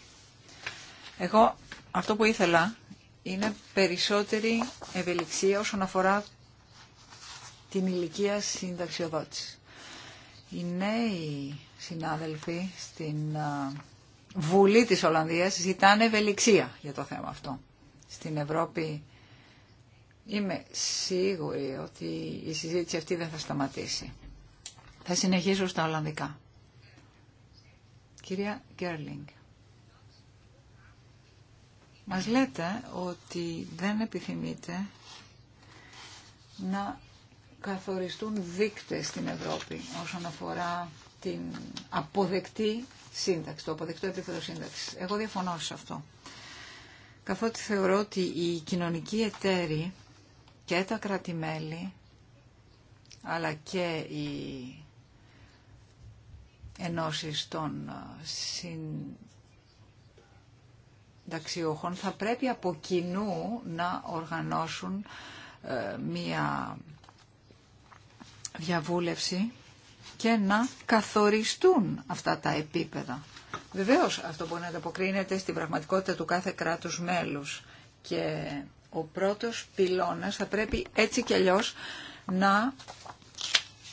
Εγώ αυτό που ήθελα είναι περισσότερη ευελιξία όσον αφορά την ηλικία συνταξιοδότηση. Οι νέοι συνάδελφοι στην Βουλή της Ολλανδίας ζητάνε ευελιξία για το θέμα αυτό. Στην Ευρώπη είμαι σίγουρη ότι η συζήτηση αυτή δεν θα σταματήσει. Θα συνεχίσω στα Ολλανδικά κυρία Γκέρλινγκ. Μας λέτε ότι δεν επιθυμείτε να καθοριστούν δείκτες στην Ευρώπη όσον αφορά την αποδεκτή σύνταξη, το αποδεκτό επίπεδο σύνταξη. Εγώ διαφωνώ σε αυτό. Καθότι θεωρώ ότι οι κοινωνικοί εταίροι και τα κράτη-μέλη αλλά και οι ενώσεις των ε, συνταξιούχων θα πρέπει από κοινού να οργανώσουν ε, μία διαβούλευση και να καθοριστούν αυτά τα επίπεδα. Βεβαίως αυτό μπορεί να ανταποκρίνεται στην πραγματικότητα του κάθε κράτους μέλους και ο πρώτος πυλώνας θα πρέπει έτσι κι αλλιώς να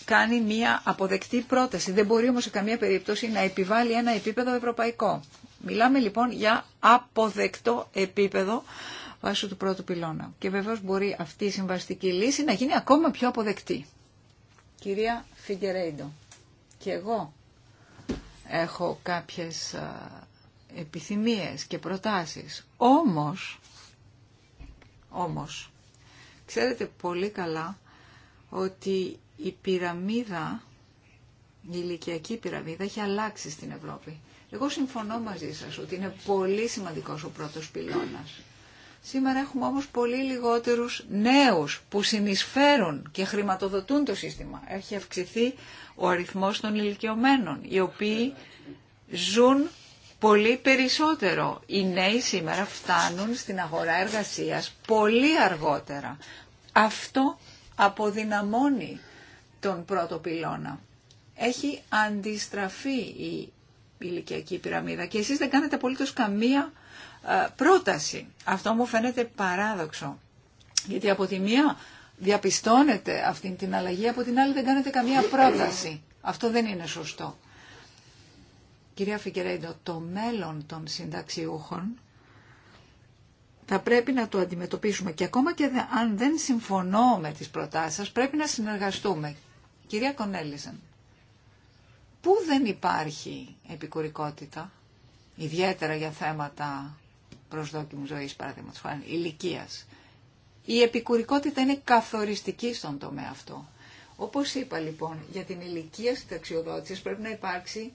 κάνει μία αποδεκτή πρόταση. Δεν μπορεί όμως σε καμία περίπτωση να επιβάλλει ένα επίπεδο ευρωπαϊκό. Μιλάμε λοιπόν για αποδεκτό επίπεδο βάσει του πρώτου πυλώνα. Και βεβαίως μπορεί αυτή η συμβαστική λύση να γίνει ακόμα πιο αποδεκτή. Κυρία Φιγκερέιντο, και εγώ έχω κάποιες επιθυμίες και προτάσεις. Όμως, όμως, ξέρετε πολύ καλά ότι η πυραμίδα, η ηλικιακή πυραμίδα έχει αλλάξει στην Ευρώπη. Εγώ συμφωνώ μαζί σας ότι είναι πολύ σημαντικός ο πρώτος πυλώνας. Σήμερα έχουμε όμως πολύ λιγότερους νέους που συνεισφέρουν και χρηματοδοτούν το σύστημα. Έχει αυξηθεί ο αριθμός των ηλικιωμένων, οι οποίοι ζουν πολύ περισσότερο. Οι νέοι σήμερα φτάνουν στην αγορά εργασίας πολύ αργότερα. Αυτό αποδυναμώνει τον πρώτο πυλώνα. Έχει αντιστραφεί η ηλικιακή πυραμίδα και εσείς δεν κάνετε απολύτως καμία ε, πρόταση. Αυτό μου φαίνεται παράδοξο. Γιατί από τη μία διαπιστώνετε αυτή την αλλαγή, από την άλλη δεν κάνετε καμία πρόταση. Αυτό δεν είναι σωστό. Κυρία Φικερέντο, το μέλλον των συνταξιούχων θα πρέπει να το αντιμετωπίσουμε και ακόμα και αν δεν συμφωνώ με τις προτάσεις πρέπει να συνεργαστούμε Κυρία Κονέλισεν, πού δεν υπάρχει επικουρικότητα, ιδιαίτερα για θέματα προσδόκιμου ζωής, παραδείγματος χάρη, ηλικίας. Η επικουρικότητα είναι καθοριστική στον τομέα αυτό. Όπως είπα λοιπόν, για την ηλικία συνταξιοδότησης πρέπει να υπάρξει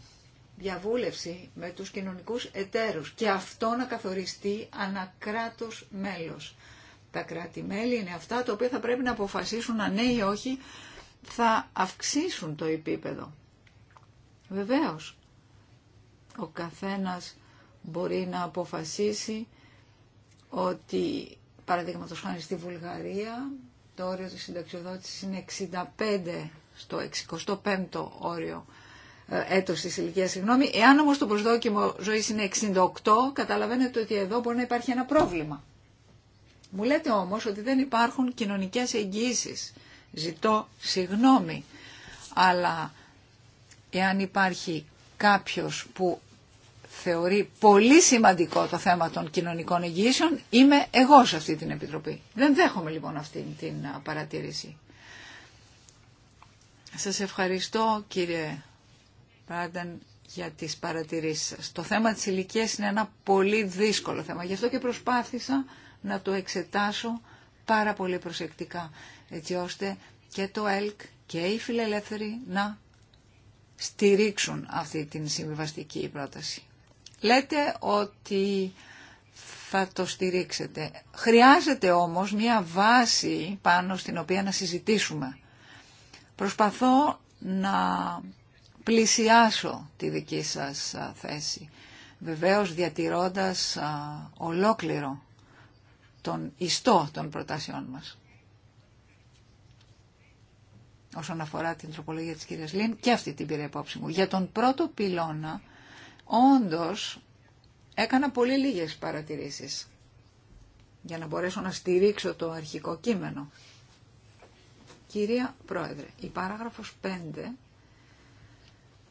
διαβούλευση με τους κοινωνικούς εταίρους και αυτό να καθοριστεί ανακράτος μέλος. Τα κράτη-μέλη είναι αυτά τα οποία θα πρέπει να αποφασίσουν αν ναι ή όχι θα αυξήσουν το επίπεδο. Βεβαίως, ο καθένας μπορεί να αποφασίσει ότι, παραδείγματος χάρη στη Βουλγαρία, το όριο της συνταξιοδότησης είναι 65 στο 65ο όριο ε, έτος της ηλικίας, συγγνώμη. Εάν όμως το προσδόκιμο ζωής είναι 68, καταλαβαίνετε ότι εδώ μπορεί να υπάρχει ένα πρόβλημα. Μου λέτε όμως ότι δεν υπάρχουν κοινωνικές εγγύησεις Ζητώ συγγνώμη, αλλά εάν υπάρχει κάποιος που θεωρεί πολύ σημαντικό το θέμα των κοινωνικών εγγύσεων, είμαι εγώ σε αυτή την Επιτροπή. Δεν δέχομαι λοιπόν αυτή την παρατήρηση. Σας ευχαριστώ κύριε Πράνταν για τις παρατηρήσεις σας. Το θέμα της ηλικίας είναι ένα πολύ δύσκολο θέμα. Γι' αυτό και προσπάθησα να το εξετάσω πάρα πολύ προσεκτικά, έτσι ώστε και το ΕΛΚ και οι φιλελεύθεροι να στηρίξουν αυτή την συμβιβαστική πρόταση. Λέτε ότι θα το στηρίξετε. Χρειάζεται όμως μια βάση πάνω στην οποία να συζητήσουμε. Προσπαθώ να πλησιάσω τη δική σας θέση, βεβαίως διατηρώντας ολόκληρο τον ιστό των προτάσεών μας. Όσον αφορά την τροπολογία της κυρίας Λίν και αυτή την πήρε υπόψη μου. Για τον πρώτο πυλώνα, όντως έκανα πολύ λίγες παρατηρήσεις για να μπορέσω να στηρίξω το αρχικό κείμενο. Κυρία Πρόεδρε, η παράγραφος 5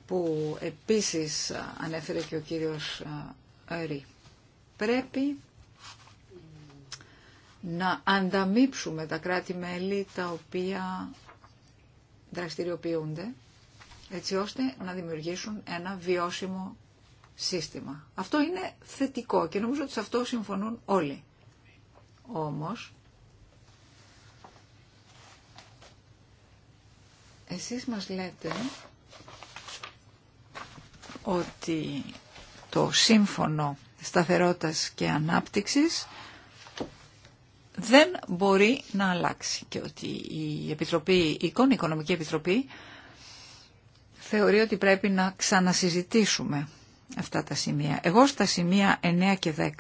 που επίσης ανέφερε και ο κύριος Ερή. Πρέπει να ανταμείψουμε τα κράτη-μέλη τα οποία δραστηριοποιούνται έτσι ώστε να δημιουργήσουν ένα βιώσιμο σύστημα. Αυτό είναι θετικό και νομίζω ότι σε αυτό συμφωνούν όλοι. Όμως, εσείς μας λέτε ότι το σύμφωνο σταθερότητας και ανάπτυξης δεν μπορεί να αλλάξει και ότι η Επιτροπή, η Οικονομική Επιτροπή θεωρεί ότι πρέπει να ξανασυζητήσουμε αυτά τα σημεία. Εγώ στα σημεία 9 και 10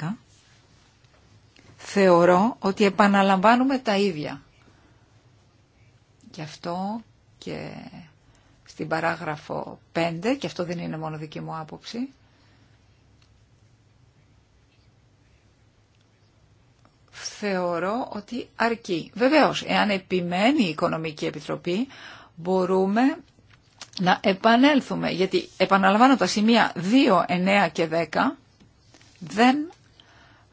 θεωρώ ότι επαναλαμβάνουμε τα ίδια. Γι' αυτό και στην παράγραφο 5, και αυτό δεν είναι μόνο δική μου άποψη, θεωρώ ότι αρκεί. Βεβαίως, εάν επιμένει η Οικονομική Επιτροπή, μπορούμε να επανέλθουμε, γιατί επαναλαμβάνω τα σημεία 2, 9 και 10 δεν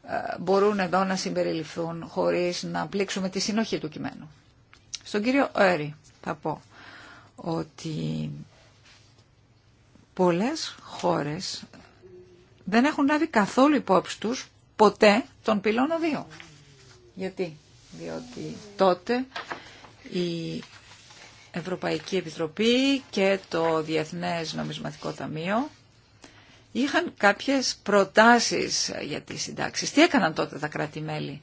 ε, μπορούν εδώ να συμπεριληφθούν χωρίς να πλήξουμε τη συνοχή του κειμένου. Στον κύριο Έρη θα πω ότι πολλές χώρες δεν έχουν λάβει καθόλου υπόψη τους ποτέ τον πυλώνα 2. Γιατί, διότι τότε η Ευρωπαϊκή Επιτροπή και το Διεθνές Νομισματικό Ταμείο είχαν κάποιες προτάσεις για τις συντάξεις. Τι έκαναν τότε τα κράτη-μέλη.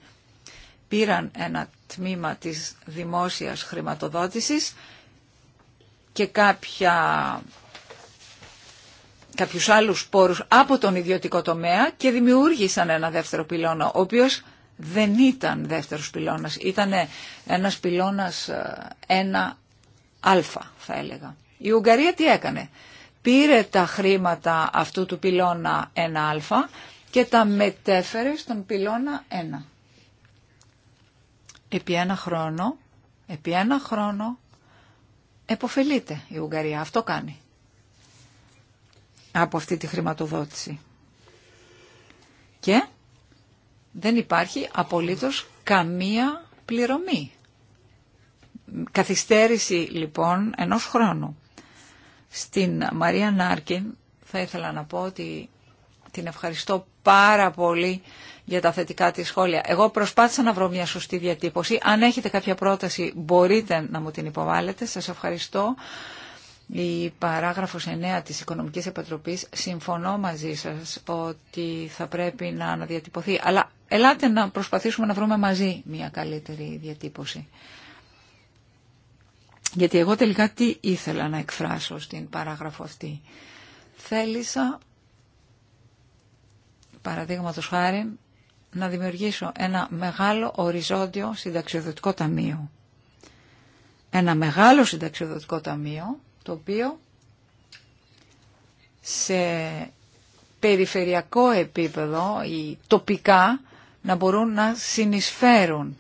Πήραν ένα τμήμα της δημόσιας χρηματοδότησης και κάποια, κάποιους άλλους πόρους από τον ιδιωτικό τομέα και δημιούργησαν ένα δεύτερο πυλώνα, ο οποίος δεν ήταν δεύτερος πυλώνας, ήταν ένας πυλώνας ε, ένα αλφα θα έλεγα. Η Ουγγαρία τι έκανε. Πήρε τα χρήματα αυτού του πυλώνα 1α και τα μετέφερε στον πυλώνα 1. Επί ένα χρόνο, επί ένα χρόνο, εποφελείται η Ουγγαρία. Αυτό κάνει. Από αυτή τη χρηματοδότηση. Και δεν υπάρχει απολύτως καμία πληρωμή. Καθυστέρηση λοιπόν ενός χρόνου. Στην Μαρία Νάρκιν θα ήθελα να πω ότι την ευχαριστώ πάρα πολύ για τα θετικά της σχόλια. Εγώ προσπάθησα να βρω μια σωστή διατύπωση. Αν έχετε κάποια πρόταση μπορείτε να μου την υποβάλλετε. Σας ευχαριστώ. Η παράγραφος 9 της Οικονομικής Επιτροπής συμφωνώ μαζί σας ότι θα πρέπει να αναδιατυπωθεί. Αλλά ελάτε να προσπαθήσουμε να βρούμε μαζί μια καλύτερη διατύπωση. Γιατί εγώ τελικά τι ήθελα να εκφράσω στην παράγραφο αυτή. Θέλησα, παραδείγματο χάρη, να δημιουργήσω ένα μεγάλο οριζόντιο συνταξιοδοτικό ταμείο. Ένα μεγάλο συνταξιοδοτικό ταμείο, το οποίο σε περιφερειακό επίπεδο ή τοπικά να μπορούν να συνεισφέρουν.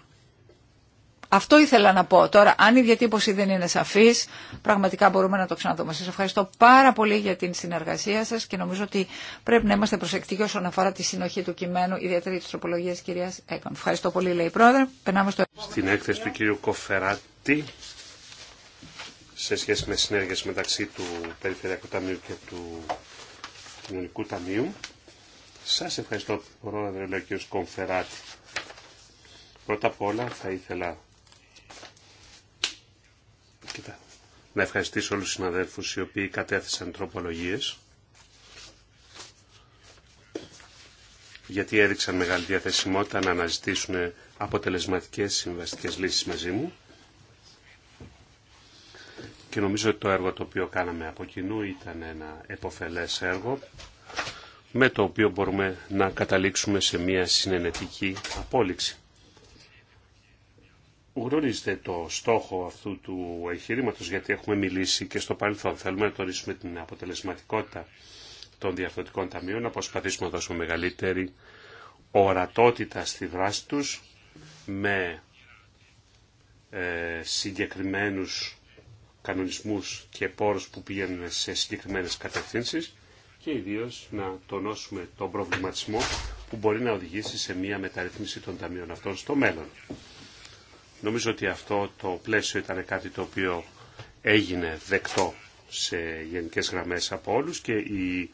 Αυτό ήθελα να πω. Τώρα, αν η διατύπωση δεν είναι σαφής, πραγματικά μπορούμε να το ξαναδούμε. Σας ευχαριστώ πάρα πολύ για την συνεργασία σας και νομίζω ότι πρέπει να είμαστε προσεκτικοί όσον αφορά τη συνοχή του κειμένου, ιδιαίτερη της τροπολογίας κυρίας Έκον. Ευχαριστώ πολύ, λέει η Πρόεδρε. Περνάμε στο... Στην έκθεση του κύριου Κοφεράτη, σε σχέση με συνέργειες μεταξύ του Περιφερειακού Ταμείου και του Κοινωνικού Ταμείου, σας ευχαριστώ πρόεδρε λέει ο Κομφεράτη. Πρώτα απ' όλα θα ήθελα Κοίτα. να ευχαριστήσω όλους τους συναδέλφους οι οποίοι κατέθεσαν τροπολογίες γιατί έδειξαν μεγάλη διαθεσιμότητα να αναζητήσουν αποτελεσματικές συμβαστικές λύσεις μαζί μου και νομίζω ότι το έργο το οποίο κάναμε από κοινού ήταν ένα εποφελές έργο με το οποίο μπορούμε να καταλήξουμε σε μια συνενετική απόλυξη. Γνωρίζετε το στόχο αυτού του εγχειρήματο γιατί έχουμε μιλήσει και στο παρελθόν. Θέλουμε να τονίσουμε την αποτελεσματικότητα των διαρθρωτικών ταμείων, να προσπαθήσουμε να δώσουμε μεγαλύτερη ορατότητα στη δράση του με ε, συγκεκριμένους κανονισμούς και πόρους που πηγαίνουν σε συγκεκριμένες κατευθύνσεις και ιδίω να τονώσουμε τον προβληματισμό που μπορεί να οδηγήσει σε μια μεταρρύθμιση των ταμείων αυτών στο μέλλον. Νομίζω ότι αυτό το πλαίσιο ήταν κάτι το οποίο έγινε δεκτό σε γενικές γραμμές από όλους και οι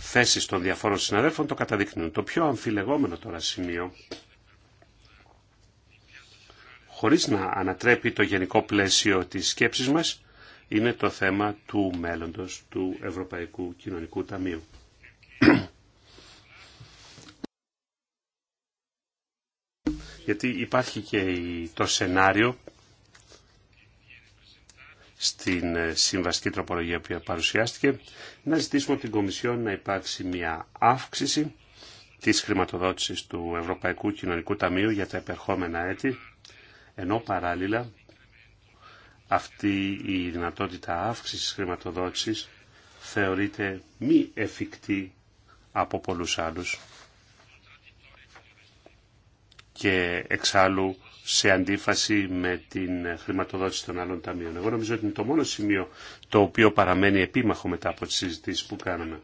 θέσεις των διαφόρων συναδέλφων το καταδεικνύουν. Το πιο αμφιλεγόμενο τώρα σημείο, χωρίς να ανατρέπει το γενικό πλαίσιο της σκέψης μας, είναι το θέμα του μέλλοντος του Ευρωπαϊκού Κοινωνικού Ταμείου. Γιατί υπάρχει και το σενάριο στην ε, συμβαστική τροπολογία που παρουσιάστηκε να ζητήσουμε από την Κομισιόν να υπάρξει μια αύξηση της χρηματοδότησης του Ευρωπαϊκού Κοινωνικού Ταμείου για τα επερχόμενα έτη ενώ παράλληλα αυτή η δυνατότητα αύξησης χρηματοδότησης θεωρείται μη εφικτή από πολλούς άλλους και εξάλλου σε αντίφαση με την χρηματοδότηση των άλλων ταμείων. Εγώ νομίζω ότι είναι το μόνο σημείο το οποίο παραμένει επίμαχο μετά από τις συζητήσεις που κάναμε.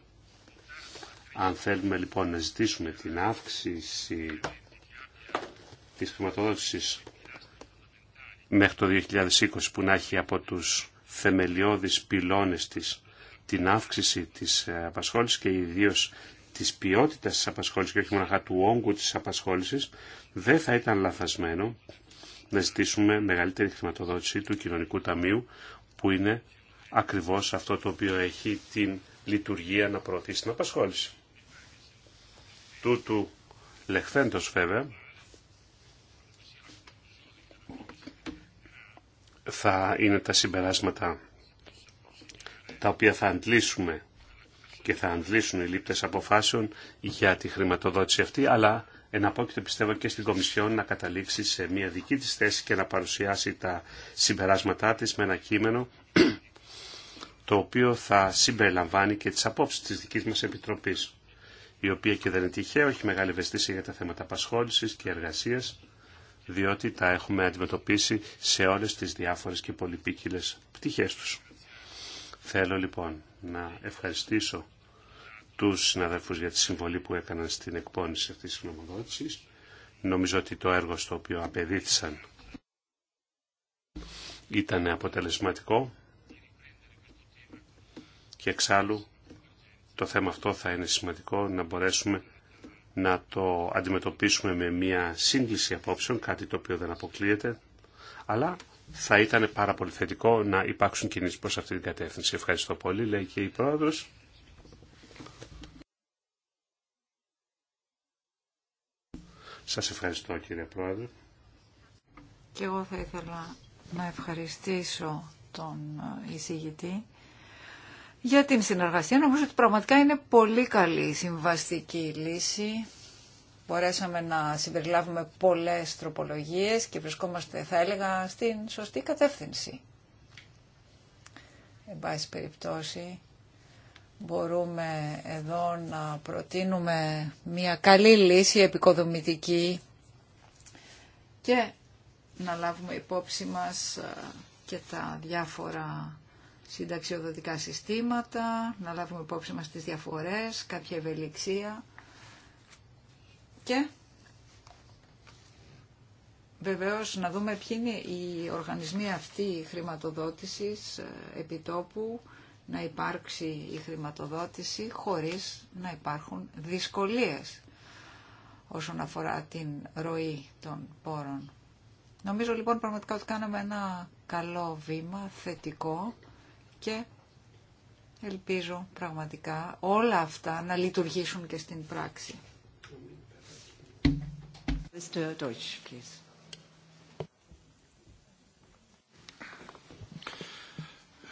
Αν θέλουμε λοιπόν να ζητήσουμε την αύξηση της χρηματοδότησης μέχρι το 2020 που να έχει από τους θεμελιώδεις πυλώνες της την αύξηση της ε, απασχόλησης και ιδίω της ποιότητας της απασχόλησης και όχι μόνο του όγκου της απασχόλησης, δεν θα ήταν λαθασμένο να ζητήσουμε μεγαλύτερη χρηματοδότηση του κοινωνικού ταμείου που είναι ακριβώς αυτό το οποίο έχει την λειτουργία να προωθεί την απασχόληση. Τούτου λεχθέντος βέβαια, θα είναι τα συμπεράσματα τα οποία θα αντλήσουμε και θα αντλήσουν οι λήπτες αποφάσεων για τη χρηματοδότηση αυτή, αλλά εναπόκειται πιστεύω και στην Κομισιόν να καταλήξει σε μια δική της θέση και να παρουσιάσει τα συμπεράσματά της με ένα κείμενο το οποίο θα συμπεριλαμβάνει και τις απόψεις της δικής μας Επιτροπής, η οποία και δεν είναι τυχαία, έχει μεγάλη ευαισθησία για τα θέματα απασχόλησης και εργασίας διότι τα έχουμε αντιμετωπίσει σε όλες τις διάφορες και πολυπίκυλες πτυχές τους. Θέλω λοιπόν να ευχαριστήσω τους συναδελφούς για τη συμβολή που έκαναν στην εκπόνηση αυτής της νομοδότησης. Νομίζω ότι το έργο στο οποίο απεδίθησαν ήταν αποτελεσματικό και εξάλλου το θέμα αυτό θα είναι σημαντικό να μπορέσουμε να το αντιμετωπίσουμε με μια σύγκληση απόψεων, κάτι το οποίο δεν αποκλείεται, αλλά θα ήταν πάρα πολύ θετικό να υπάρξουν κινήσεις προς αυτή την κατεύθυνση. Ευχαριστώ πολύ, λέει και η Πρόεδρος. Σας ευχαριστώ κύριε Πρόεδρε. Και εγώ θα ήθελα να ευχαριστήσω τον εισηγητή για την συνεργασία. Νομίζω ότι πραγματικά είναι πολύ καλή η συμβαστική λύση. Μπορέσαμε να συμπεριλάβουμε πολλές τροπολογίες και βρισκόμαστε, θα έλεγα, στην σωστή κατεύθυνση. Εν πάση περιπτώσει, μπορούμε εδώ να προτείνουμε μια καλή λύση επικοδομητική και να λάβουμε υπόψη μας ε, και τα διάφορα συνταξιοδοτικά συστήματα, να λάβουμε υπόψη μας τις διαφορές, κάποια ευελιξία και βεβαίως να δούμε ποιοι είναι οι οργανισμοί αυτοί χρηματοδότησης ε, επιτόπου να υπάρξει η χρηματοδότηση χωρίς να υπάρχουν δυσκολίες όσον αφορά την ροή των πόρων. Νομίζω λοιπόν πραγματικά ότι κάναμε ένα καλό βήμα, θετικό και ελπίζω πραγματικά όλα αυτά να λειτουργήσουν και στην πράξη. Mr. Deutsch, please.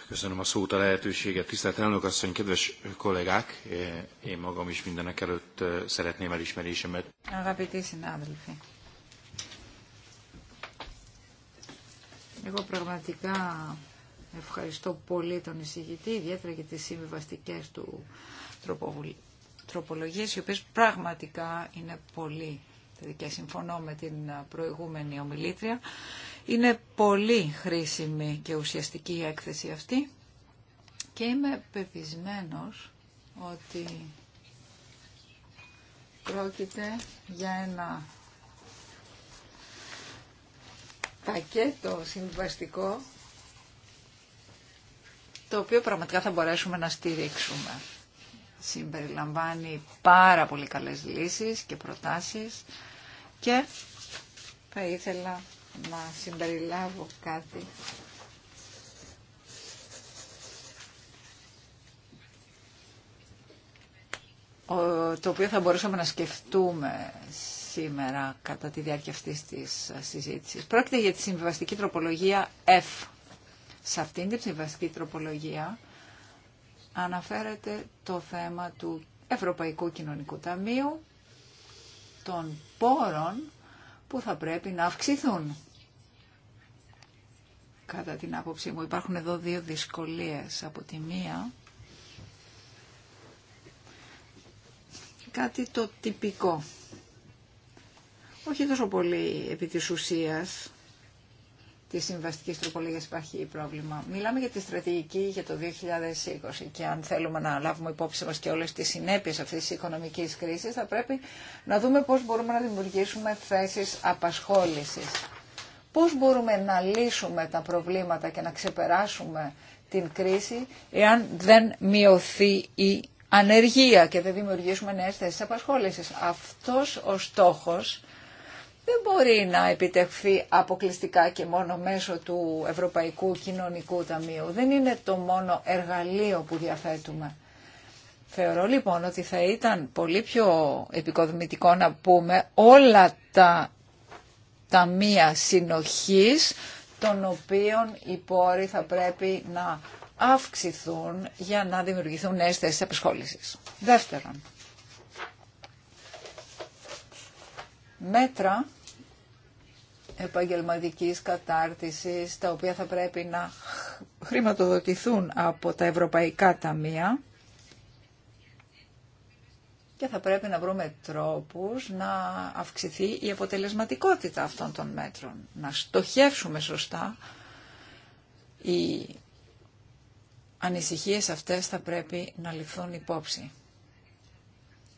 Köszönöm a szót, a lehetőséget. Tisztelt elnök asszony, kedves kollégák, én magam is mindenek előtt szeretném elismerésemet. Αγαπητοί συνάδελφοι, εγώ πραγματικά Ευχαριστώ πολύ τον εισηγητή, ιδιαίτερα για τις συμβιβαστικέ του τροπολογίες, οι οποίες πραγματικά είναι πολύ και συμφωνώ με την προηγούμενη ομιλήτρια. Είναι πολύ χρήσιμη και ουσιαστική η έκθεση αυτή και είμαι πεπισμένος ότι πρόκειται για ένα πακέτο συμβαστικό το οποίο πραγματικά θα μπορέσουμε να στηρίξουμε. Συμπεριλαμβάνει πάρα πολύ καλές λύσεις και προτάσεις και θα ήθελα να συμπεριλάβω κάτι. το οποίο θα μπορούσαμε να σκεφτούμε σήμερα κατά τη διάρκεια αυτής της συζήτησης. Πρόκειται για τη συμβιβαστική τροπολογία F σε αυτήν την συμβαστική τροπολογία αναφέρεται το θέμα του Ευρωπαϊκού Κοινωνικού Ταμείου, των πόρων που θα πρέπει να αυξηθούν. Κατά την άποψή μου υπάρχουν εδώ δύο δυσκολίες. Από τη μία, κάτι το τυπικό. Όχι τόσο πολύ επί της ουσίας, Τη συμβαστική τροπολογία υπάρχει πρόβλημα. Μιλάμε για τη στρατηγική για το 2020 και αν θέλουμε να λάβουμε υπόψη μα και όλε τι συνέπειε αυτή τη οικονομική κρίση, θα πρέπει να δούμε πώ μπορούμε να δημιουργήσουμε θέσει απασχόληση. Πώ μπορούμε να λύσουμε τα προβλήματα και να ξεπεράσουμε την κρίση εάν δεν μειωθεί η ανεργία και δεν δημιουργήσουμε νέες θέσεις απασχόλησης. Αυτός ο στόχος δεν μπορεί να επιτευχθεί αποκλειστικά και μόνο μέσω του Ευρωπαϊκού Κοινωνικού Ταμείου. Δεν είναι το μόνο εργαλείο που διαθέτουμε. Θεωρώ λοιπόν ότι θα ήταν πολύ πιο επικοδομητικό να πούμε όλα τα ταμεία συνοχής των οποίων οι πόροι θα πρέπει να αυξηθούν για να δημιουργηθούν νέες θέσεις απασχόλησης. Δεύτερον, μέτρα επαγγελματικής κατάρτισης, τα οποία θα πρέπει να χρηματοδοτηθούν από τα ευρωπαϊκά ταμεία και θα πρέπει να βρούμε τρόπους να αυξηθεί η αποτελεσματικότητα αυτών των μέτρων, να στοχεύσουμε σωστά οι ανησυχίες αυτές θα πρέπει να ληφθούν υπόψη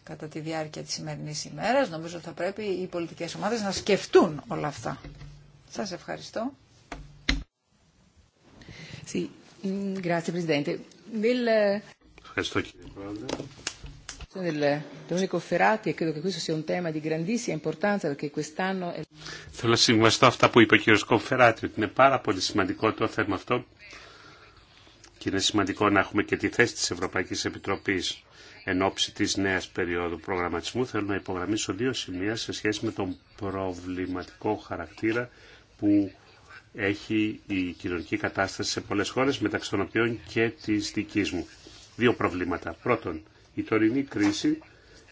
κατά τη διάρκεια της σημερινής ημέρας. Νομίζω θα πρέπει οι πολιτικές ομάδες να σκεφτούν όλα αυτά. Σας ευχαριστώ. Ευχαριστώ κύριε Πρόεδρε. Θέλω να συμβαστώ αυτά που είπε ο κύριος Κομφεράτη, ότι είναι πάρα πολύ σημαντικό το θέμα αυτό και είναι σημαντικό να έχουμε και τη θέση της Ευρωπαϊκής Επιτροπής εν ώψη της νέας περίοδου προγραμματισμού θέλω να υπογραμμίσω δύο σημεία σε σχέση με τον προβληματικό χαρακτήρα που έχει η κοινωνική κατάσταση σε πολλές χώρες μεταξύ των οποίων και της δικής μου. Δύο προβλήματα. Πρώτον, η τωρινή κρίση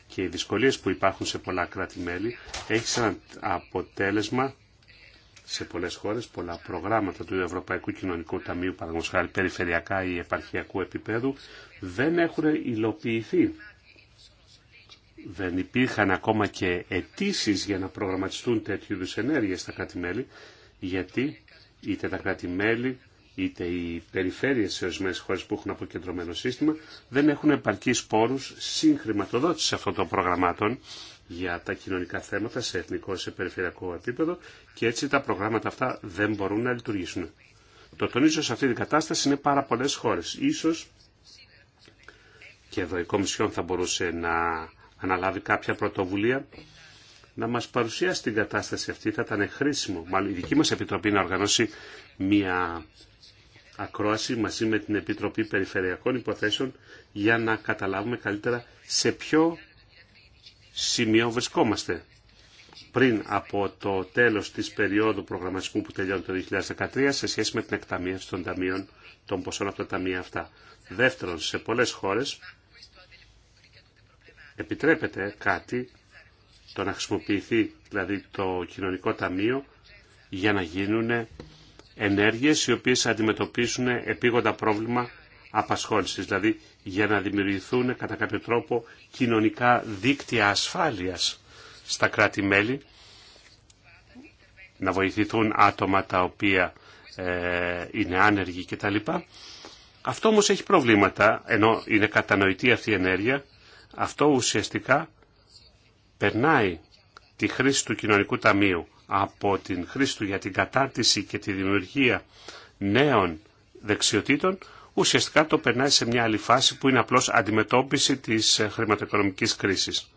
και οι δυσκολίες που υπάρχουν σε πολλά κράτη-μέλη έχει σαν αποτέλεσμα σε πολλές χώρες πολλά προγράμματα του Ευρωπαϊκού Κοινωνικού Ταμείου, παραδείγματος περιφερειακά ή επαρχιακού επίπεδου, δεν έχουν υλοποιηθεί. Δεν υπήρχαν ακόμα και αιτήσει για να προγραμματιστούν τέτοιου είδου ενέργειε στα κράτη-μέλη, γιατί είτε τα κράτη-μέλη είτε οι περιφέρειες σε ορισμένε χώρε που έχουν αποκεντρωμένο σύστημα δεν έχουν επαρκεί πόρου συγχρηματοδότηση αυτών των προγραμμάτων για τα κοινωνικά θέματα σε εθνικό, σε περιφερειακό επίπεδο και έτσι τα προγράμματα αυτά δεν μπορούν να λειτουργήσουν. Το τονίζω σε αυτή την κατάσταση είναι πάρα πολλέ χώρε. Ίσως και εδώ η Κομισιόν θα μπορούσε να αναλάβει κάποια πρωτοβουλία να μας παρουσιάσει την κατάσταση αυτή θα ήταν χρήσιμο. Μάλλον η δική μας Επιτροπή να οργανώσει μια ακρόαση μαζί με την Επιτροπή Περιφερειακών Υποθέσεων για να καταλάβουμε καλύτερα σε ποιο σημείο βρισκόμαστε. Πριν από το τέλος της περίοδου προγραμματισμού που τελειώνει το 2013 σε σχέση με την εκταμείευση των ταμείων των ποσών από τα ταμεία αυτά. Δεύτερον, σε πολλές χώρες επιτρέπεται κάτι, το να χρησιμοποιηθεί δηλαδή το κοινωνικό ταμείο για να γίνουν ενέργειες οι οποίες αντιμετωπίσουν επίγοντα πρόβλημα απασχόλησης, δηλαδή για να δημιουργηθούν κατά κάποιο τρόπο κοινωνικά δίκτυα ασφάλειας στα κράτη-μέλη, να βοηθηθούν άτομα τα οποία ε, είναι άνεργοι κτλ. Αυτό όμως έχει προβλήματα, ενώ είναι κατανοητή αυτή η ενέργεια, αυτό ουσιαστικά περνάει τη χρήση του κοινωνικού ταμείου από την χρήση του για την κατάρτιση και τη δημιουργία νέων δεξιοτήτων, ουσιαστικά το περνάει σε μια άλλη φάση που είναι απλώς αντιμετώπιση της ε, χρηματοοικονομικής κρίσης.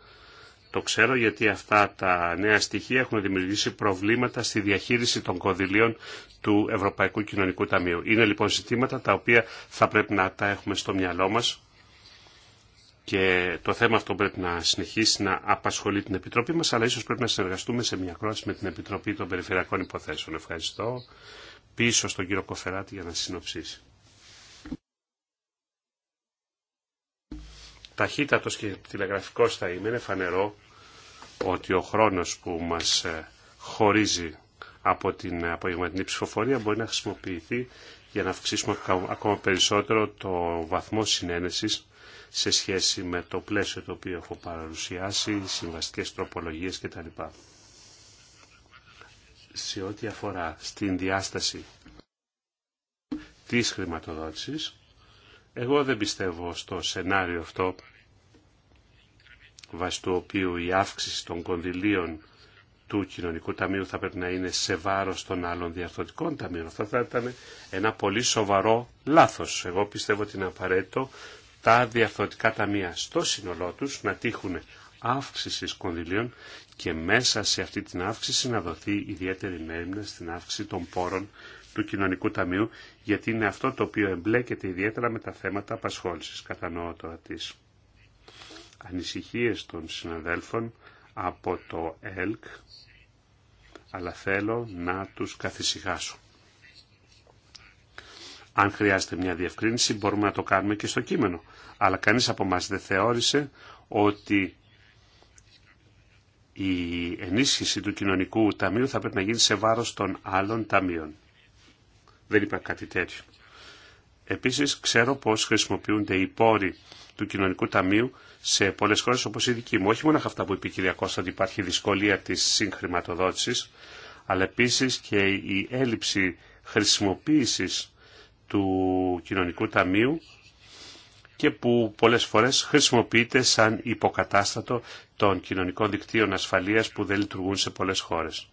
Το ξέρω γιατί αυτά τα νέα στοιχεία έχουν δημιουργήσει προβλήματα στη διαχείριση των κονδυλίων του Ευρωπαϊκού Κοινωνικού Ταμείου. Είναι λοιπόν ζητήματα τα οποία θα πρέπει να τα έχουμε στο μυαλό μας και το θέμα αυτό πρέπει να συνεχίσει να απασχολεί την Επιτροπή μας, αλλά ίσως πρέπει να συνεργαστούμε σε μια κρόση με την Επιτροπή των Περιφερειακών Υποθέσεων. Ευχαριστώ. Πίσω στον κύριο Κοφεράτη για να συνοψίσει. Ταχύτατος και τηλεγραφικός θα είμαι. Είναι φανερό ότι ο χρόνος που μας ε, χωρίζει από την απογευματινή ψηφοφορία μπορεί να χρησιμοποιηθεί για να αυξήσουμε ακόμα περισσότερο το βαθμό συνένεσης σε σχέση με το πλαίσιο το οποίο έχω παρουσιάσει, συμβαστικές τροπολογίες κτλ. Σε ό,τι αφορά στην διάσταση της χρηματοδότησης, εγώ δεν πιστεύω στο σενάριο αυτό βάσει του οποίου η αύξηση των κονδυλίων του Κοινωνικού Ταμείου θα πρέπει να είναι σε βάρος των άλλων διαρθωτικών ταμείων. Αυτό θα ήταν ένα πολύ σοβαρό λάθος. Εγώ πιστεύω ότι είναι απαραίτητο τα διαφθορτικά ταμεία στο σύνολό τους να τύχουν αύξηση κονδυλίων και μέσα σε αυτή την αύξηση να δοθεί ιδιαίτερη μέρημνα στην αύξηση των πόρων του Κοινωνικού Ταμείου, γιατί είναι αυτό το οποίο εμπλέκεται ιδιαίτερα με τα θέματα απασχόλησης. Κατανοώ τώρα τις ανησυχίες των συναδέλφων από το ΕΛΚ, αλλά θέλω να τους καθησυχάσω. Αν χρειάζεται μια διευκρίνηση μπορούμε να το κάνουμε και στο κείμενο. Αλλά κανείς από μας δεν θεώρησε ότι η ενίσχυση του κοινωνικού ταμείου θα πρέπει να γίνει σε βάρος των άλλων ταμείων. Δεν είπα κάτι τέτοιο. Επίσης ξέρω πώς χρησιμοποιούνται οι πόροι του κοινωνικού ταμείου σε πολλές χώρες όπως η δική μου. Όχι μόνο αυτά που είπε η κυρία Κώστα ότι υπάρχει δυσκολία της συγχρηματοδότησης, αλλά επίσης και η έλλειψη χρησιμοποίησης του Κοινωνικού Ταμείου και που πολλές φορές χρησιμοποιείται σαν υποκατάστατο των κοινωνικών δικτύων ασφαλείας που δεν λειτουργούν σε πολλές χώρες.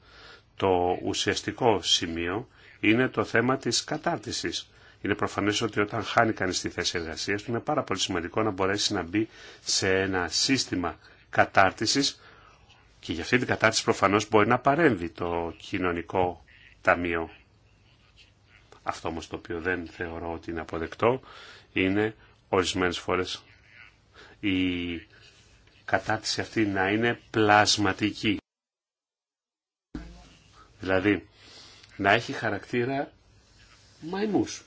Το ουσιαστικό σημείο είναι το θέμα της κατάρτισης. Είναι προφανές ότι όταν χάνει κανείς τη θέση εργασίας του είναι πάρα πολύ σημαντικό να μπορέσει να μπει σε ένα σύστημα κατάρτισης και για αυτή την κατάρτιση προφανώς μπορεί να παρέμβει το κοινωνικό ταμείο. Αυτό όμως το οποίο δεν θεωρώ ότι είναι αποδεκτό είναι ορισμένες φορές η κατάρτιση αυτή να είναι πλασματική. Δηλαδή να έχει χαρακτήρα μαϊμούς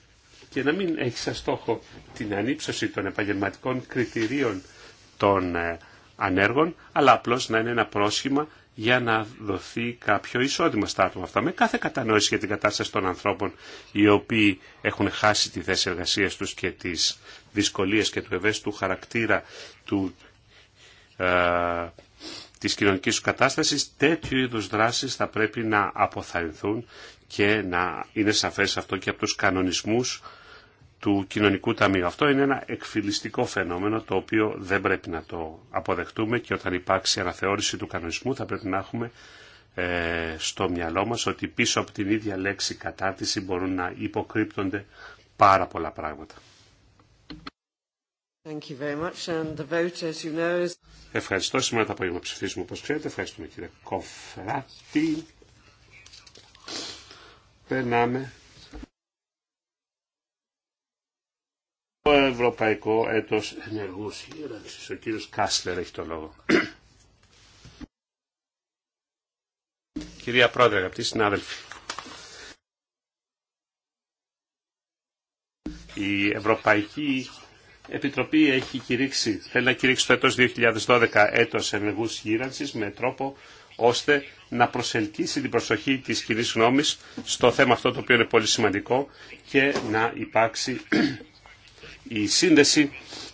και να μην έχει σαν στόχο την ανύψωση των επαγγελματικών κριτηρίων των ε, ανέργων, αλλά απλώς να είναι ένα πρόσχημα για να δοθεί κάποιο εισόδημα στα άτομα αυτά. Με κάθε κατανόηση για την κατάσταση των ανθρώπων οι οποίοι έχουν χάσει τη θέση εργασίας τους και τις δυσκολίες και του ευαίσθητου χαρακτήρα του, ε, της κοινωνικής του κατάστασης, τέτοιου είδους δράσεις θα πρέπει να αποθαρρυνθούν και να είναι σαφές αυτό και από τους κανονισμούς του κοινωνικού ταμείου. Αυτό είναι ένα εκφυλιστικό φαινόμενο το οποίο δεν πρέπει να το αποδεχτούμε και όταν υπάρξει αναθεώρηση του κανονισμού θα πρέπει να έχουμε ε, στο μυαλό μας ότι πίσω από την ίδια λέξη κατάρτιση μπορούν να υποκρύπτονται πάρα πολλά πράγματα. Thank you very much. And the vote, you know, Ευχαριστώ. Σήμερα το απόγευμα ψηφίσουμε όπως ξέρετε. Ευχαριστούμε κύριε Κοφράτη. Περνάμε Ευρωπαϊκό Έτος Ενεργού Σύραξης. Ο κύριος Κάσλερ έχει το λόγο. Κυρία Πρόεδρε, αγαπητοί συνάδελφοι. Η Ευρωπαϊκή Επιτροπή έχει κηρύξει, θέλει να κηρύξει το έτος 2012 έτος ενεργούς γύρανσης με τρόπο ώστε να προσελκύσει την προσοχή της κοινή γνώμη στο θέμα αυτό το οποίο είναι πολύ σημαντικό και να υπάρξει η σύνδεση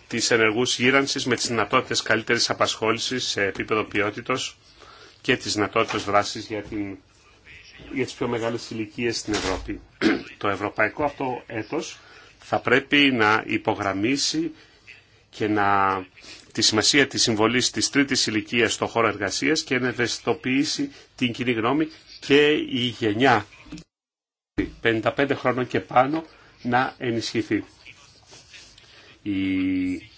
της ενεργούς γύρανση με τις δυνατότητε καλύτερη απασχόλησης σε επίπεδο ποιότητα και τι δυνατότητε δράσης για, την, για τις πιο μεγάλε ηλικίε στην Ευρώπη. <clears throat> Το ευρωπαϊκό αυτό έτος θα πρέπει να υπογραμμίσει και να τη σημασία της συμβολής της τρίτης ηλικίας στον χώρο εργασίας και να ευαισθητοποιήσει την κοινή γνώμη και η γενιά 55 χρόνων και πάνω να ενισχυθεί. Η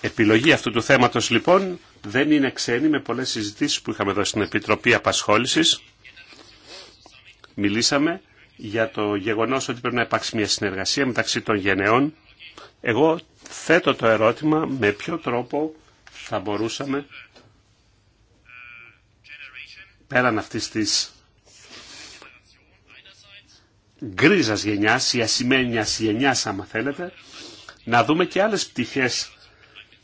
επιλογή αυτού του θέματος λοιπόν δεν είναι ξένη με πολλές συζητήσεις που είχαμε εδώ στην Επιτροπή Απασχόλησης. Μιλήσαμε για το γεγονός ότι πρέπει να υπάρξει μια συνεργασία μεταξύ των γενεών. Εγώ θέτω το ερώτημα με ποιο τρόπο θα μπορούσαμε πέραν αυτής της γκρίζας γενιάς ή ασημένιας γενιάς άμα θέλετε να δούμε και άλλες πτυχές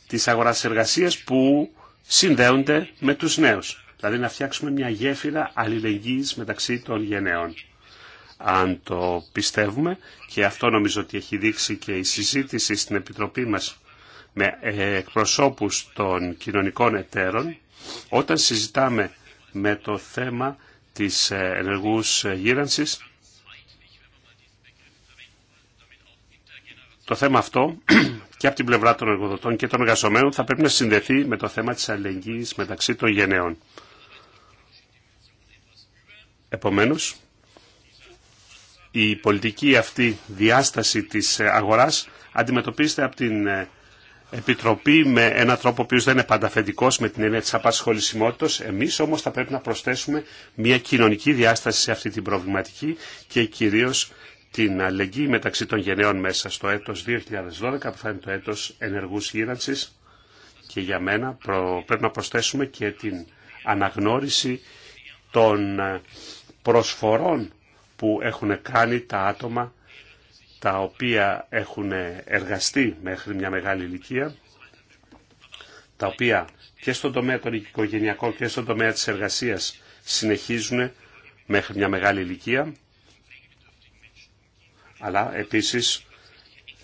της αγοράς εργασίας που συνδέονται με τους νέους. Δηλαδή να φτιάξουμε μια γέφυρα αλληλεγγύης μεταξύ των γενναίων. Αν το πιστεύουμε, και αυτό νομίζω ότι έχει δείξει και η συζήτηση στην Επιτροπή μας με ε, εκπροσώπους των κοινωνικών εταίρων, όταν συζητάμε με το θέμα της ε, ενεργούς ε, γύρανσης, Το θέμα αυτό <clears throat> και από την πλευρά των εργοδοτών και των εργαζομένων θα πρέπει να συνδεθεί με το θέμα της αλληλεγγύης μεταξύ των γενναίων. Επομένως, η πολιτική αυτή διάσταση της ε, αγοράς αντιμετωπίζεται από την ε, Επιτροπή με έναν τρόπο που δεν είναι πανταφεντικό με την έννοια τη απασχολησιμότητας. Εμείς όμως θα πρέπει να προσθέσουμε μια κοινωνική διάσταση σε αυτή την προβληματική και κυρίω την αλληλεγγύη μεταξύ των γενναιών μέσα στο έτος 2012 που θα είναι το έτος ενεργούς γύρανσης και για μένα πρέπει να προσθέσουμε και την αναγνώριση των ε, προσφορών που έχουν κάνει τα άτομα τα οποία έχουν εργαστεί μέχρι μια μεγάλη ηλικία, τα οποία και στον τομέα των οικογενειακών και στον τομέα της εργασίας συνεχίζουν μέχρι μια μεγάλη ηλικία αλλά επίσης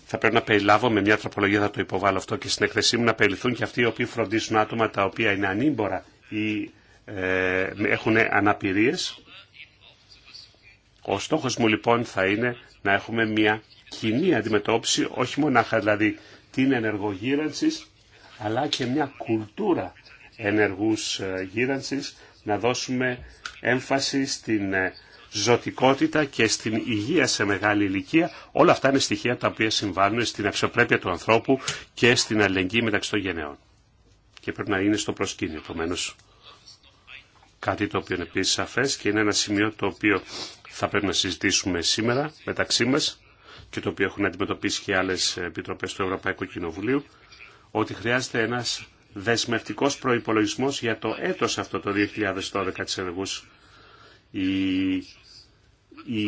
θα πρέπει να περιλάβω με μια τροπολογία, θα το υποβάλω αυτό και στην εκθεσή μου, να περιληθούν και αυτοί οι οποίοι φροντίζουν άτομα τα οποία είναι ανήμπορα ή ε, έχουν αναπηρίες. Ο στόχος μου λοιπόν θα είναι να έχουμε μια κοινή αντιμετώπιση, όχι μονάχα δηλαδή την ενεργογύρανση, αλλά και μια κουλτούρα ενεργούς ε, γύρανσης, να δώσουμε έμφαση στην ε, ζωτικότητα και στην υγεία σε μεγάλη ηλικία. Όλα αυτά είναι στοιχεία τα οποία συμβάλλουν στην αξιοπρέπεια του ανθρώπου και στην αλληλεγγύη μεταξύ των γενναιών. Και πρέπει να είναι στο προσκήνιο, επομένω. Κάτι το οποίο είναι επίση σαφέ και είναι ένα σημείο το οποίο θα πρέπει να συζητήσουμε σήμερα μεταξύ μα και το οποίο έχουν αντιμετωπίσει και άλλε επιτροπέ του Ευρωπαϊκού Κοινοβουλίου, ότι χρειάζεται ένα δεσμευτικό προπολογισμό για το έτο αυτό το 2012 τη η, η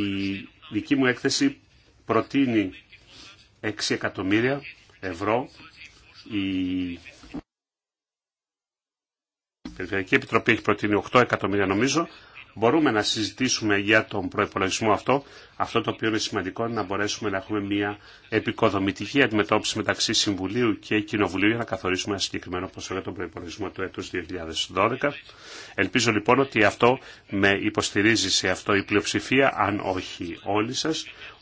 δική μου έκθεση προτείνει 6 εκατομμύρια ευρώ. Η Περιφερειακή Επιτροπή έχει προτείνει 8 εκατομμύρια νομίζω. Μπορούμε να συζητήσουμε για τον προπολογισμό αυτό. Αυτό το οποίο είναι σημαντικό είναι να μπορέσουμε να έχουμε μια επικοδομητική αντιμετώπιση μεταξύ Συμβουλίου και Κοινοβουλίου για να καθορίσουμε ένα συγκεκριμένο ποσό για τον προπολογισμό του έτου 2012. Ελπίζω λοιπόν ότι αυτό με υποστηρίζει σε αυτό η πλειοψηφία, αν όχι όλοι σα,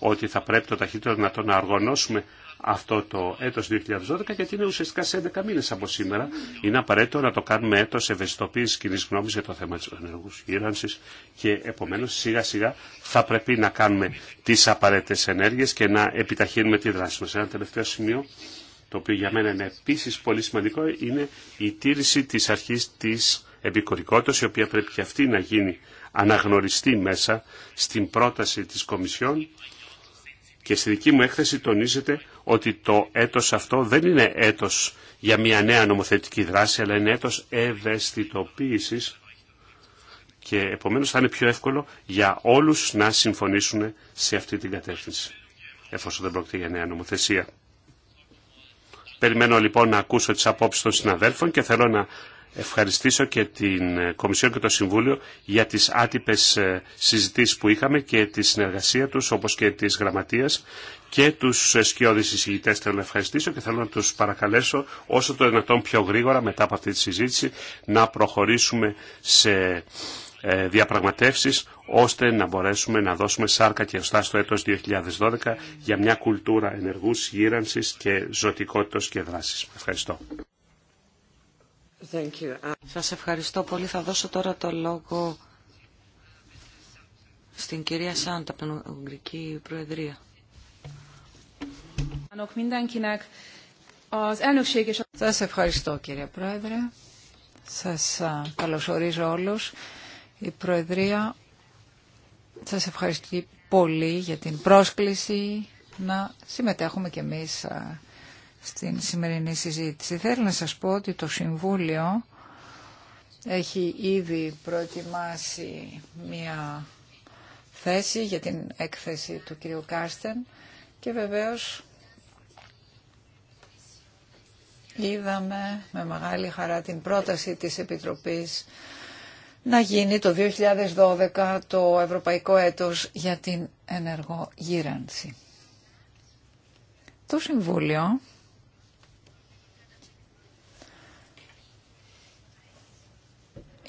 ότι θα πρέπει το ταχύτερο δυνατό να αργωνώσουμε αυτό το έτος 2012 γιατί είναι ουσιαστικά σε 11 μήνες από σήμερα. Είναι απαραίτητο να το κάνουμε έτος ευαισθητοποίησης κοινή γνώμης για το θέμα της ενεργούς γύρανσης και επομένως σιγά σιγά θα πρέπει να κάνουμε τις απαραίτητες ενέργειες και να επιταχύνουμε τη δράση μας. Ένα τελευταίο σημείο το οποίο για μένα είναι επίσης πολύ σημαντικό είναι η τήρηση της αρχής της επικορικότητας η οποία πρέπει και αυτή να γίνει αναγνωριστή μέσα στην πρόταση της Κομισιόν και στη δική μου έκθεση τονίζεται ότι το έτος αυτό δεν είναι έτος για μια νέα νομοθετική δράση, αλλά είναι έτος ευαισθητοποίησης και επομένως θα είναι πιο εύκολο για όλους να συμφωνήσουν σε αυτή την κατεύθυνση, εφόσον δεν πρόκειται για νέα νομοθεσία. Περιμένω λοιπόν να ακούσω τις απόψεις των συναδέλφων και θέλω να ευχαριστήσω και την ε, Κομισιόν και το Συμβούλιο για τις άτυπες ε, συζητήσεις που είχαμε και τη συνεργασία τους όπως και της γραμματείας και τους ε, σκιώδεις εισηγητές θέλω να ευχαριστήσω και θέλω να τους παρακαλέσω όσο το δυνατόν πιο γρήγορα μετά από αυτή τη συζήτηση να προχωρήσουμε σε διαπραγματεύσεις ώστε να μπορέσουμε να δώσουμε σάρκα και ωστά στο έτος 2012 για μια κουλτούρα ενεργούς γύρανσης και ζωτικότητας και δράσης. Ευχαριστώ. Thank Σας ευχαριστώ πολύ. Θα δώσω τώρα το λόγο στην κυρία Σάντα από την Ουγγρική Προεδρία. Σας ευχαριστώ κύριε Πρόεδρε. Σας καλωσορίζω όλους. Η Προεδρία σας ευχαριστεί πολύ για την πρόσκληση να συμμετέχουμε κι εμείς στην σημερινή συζήτηση. Θέλω να σας πω ότι το Συμβούλιο έχει ήδη προετοιμάσει μία θέση για την έκθεση του κ. Κάρστεν και βεβαίως είδαμε με μεγάλη χαρά την πρόταση της Επιτροπής να γίνει το 2012 το Ευρωπαϊκό Έτος για την Ενεργογύρανση. Το Συμβούλιο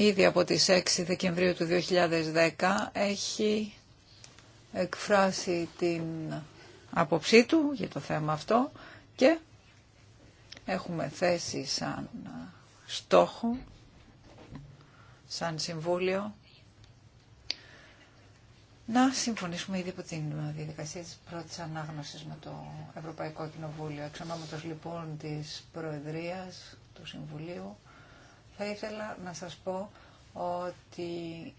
ήδη από τις 6 Δεκεμβρίου του 2010 έχει εκφράσει την άποψή του για το θέμα αυτό και έχουμε θέσει σαν στόχο, σαν συμβούλιο, να συμφωνήσουμε ήδη από την διαδικασία της πρώτης ανάγνωσης με το Ευρωπαϊκό Κοινοβούλιο. Εξ λοιπόν της Προεδρίας του Συμβουλίου θα ήθελα να σας πω ότι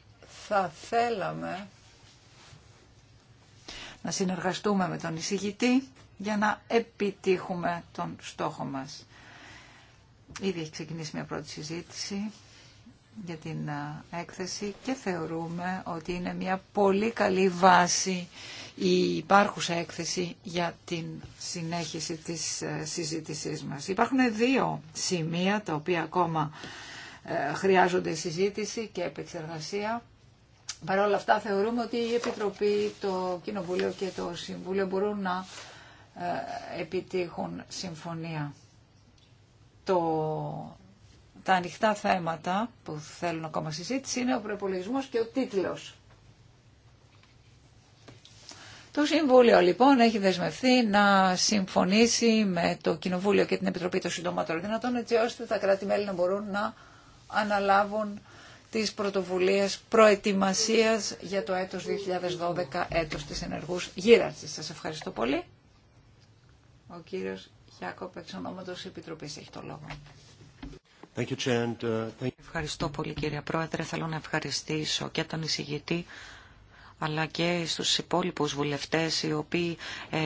θα θέλαμε να συνεργαστούμε με τον εισηγητή για να επιτύχουμε τον στόχο μας. Ήδη έχει ξεκινήσει μια πρώτη συζήτηση για την έκθεση και θεωρούμε ότι είναι μια πολύ καλή βάση η υπάρχουσα έκθεση για την συνέχιση της ε, συζήτησής μας. Υπάρχουν δύο σημεία τα οποία ακόμα ε, χρειάζονται συζήτηση και επεξεργασία. Παρ' όλα αυτά θεωρούμε ότι η Επιτροπή, το Κοινοβούλιο και το Συμβούλιο μπορούν να ε, επιτύχουν συμφωνία. Το... Τα ανοιχτά θέματα που θέλουν ακόμα συζήτηση είναι ο προπολογισμό και ο τίτλος. Το Συμβούλιο λοιπόν έχει δεσμευθεί να συμφωνήσει με το Κοινοβούλιο και την Επιτροπή των Συντοματών Δυνατών έτσι ώστε τα κράτη-μέλη να μπορούν να αναλάβουν τις πρωτοβουλίες προετοιμασίας για το έτος 2012, έτος της ενεργούς γύρανσης. Σας ευχαριστώ πολύ. Ο κύριος Χιάκοπ, εξ ονόματος Επιτροπής, έχει το λόγο. Uh, ευχαριστώ πολύ κύριε Πρόεδρε. Θέλω να ευχαριστήσω και τον εισηγητή αλλά και στους υπόλοιπους βουλευτές οι οποίοι ε,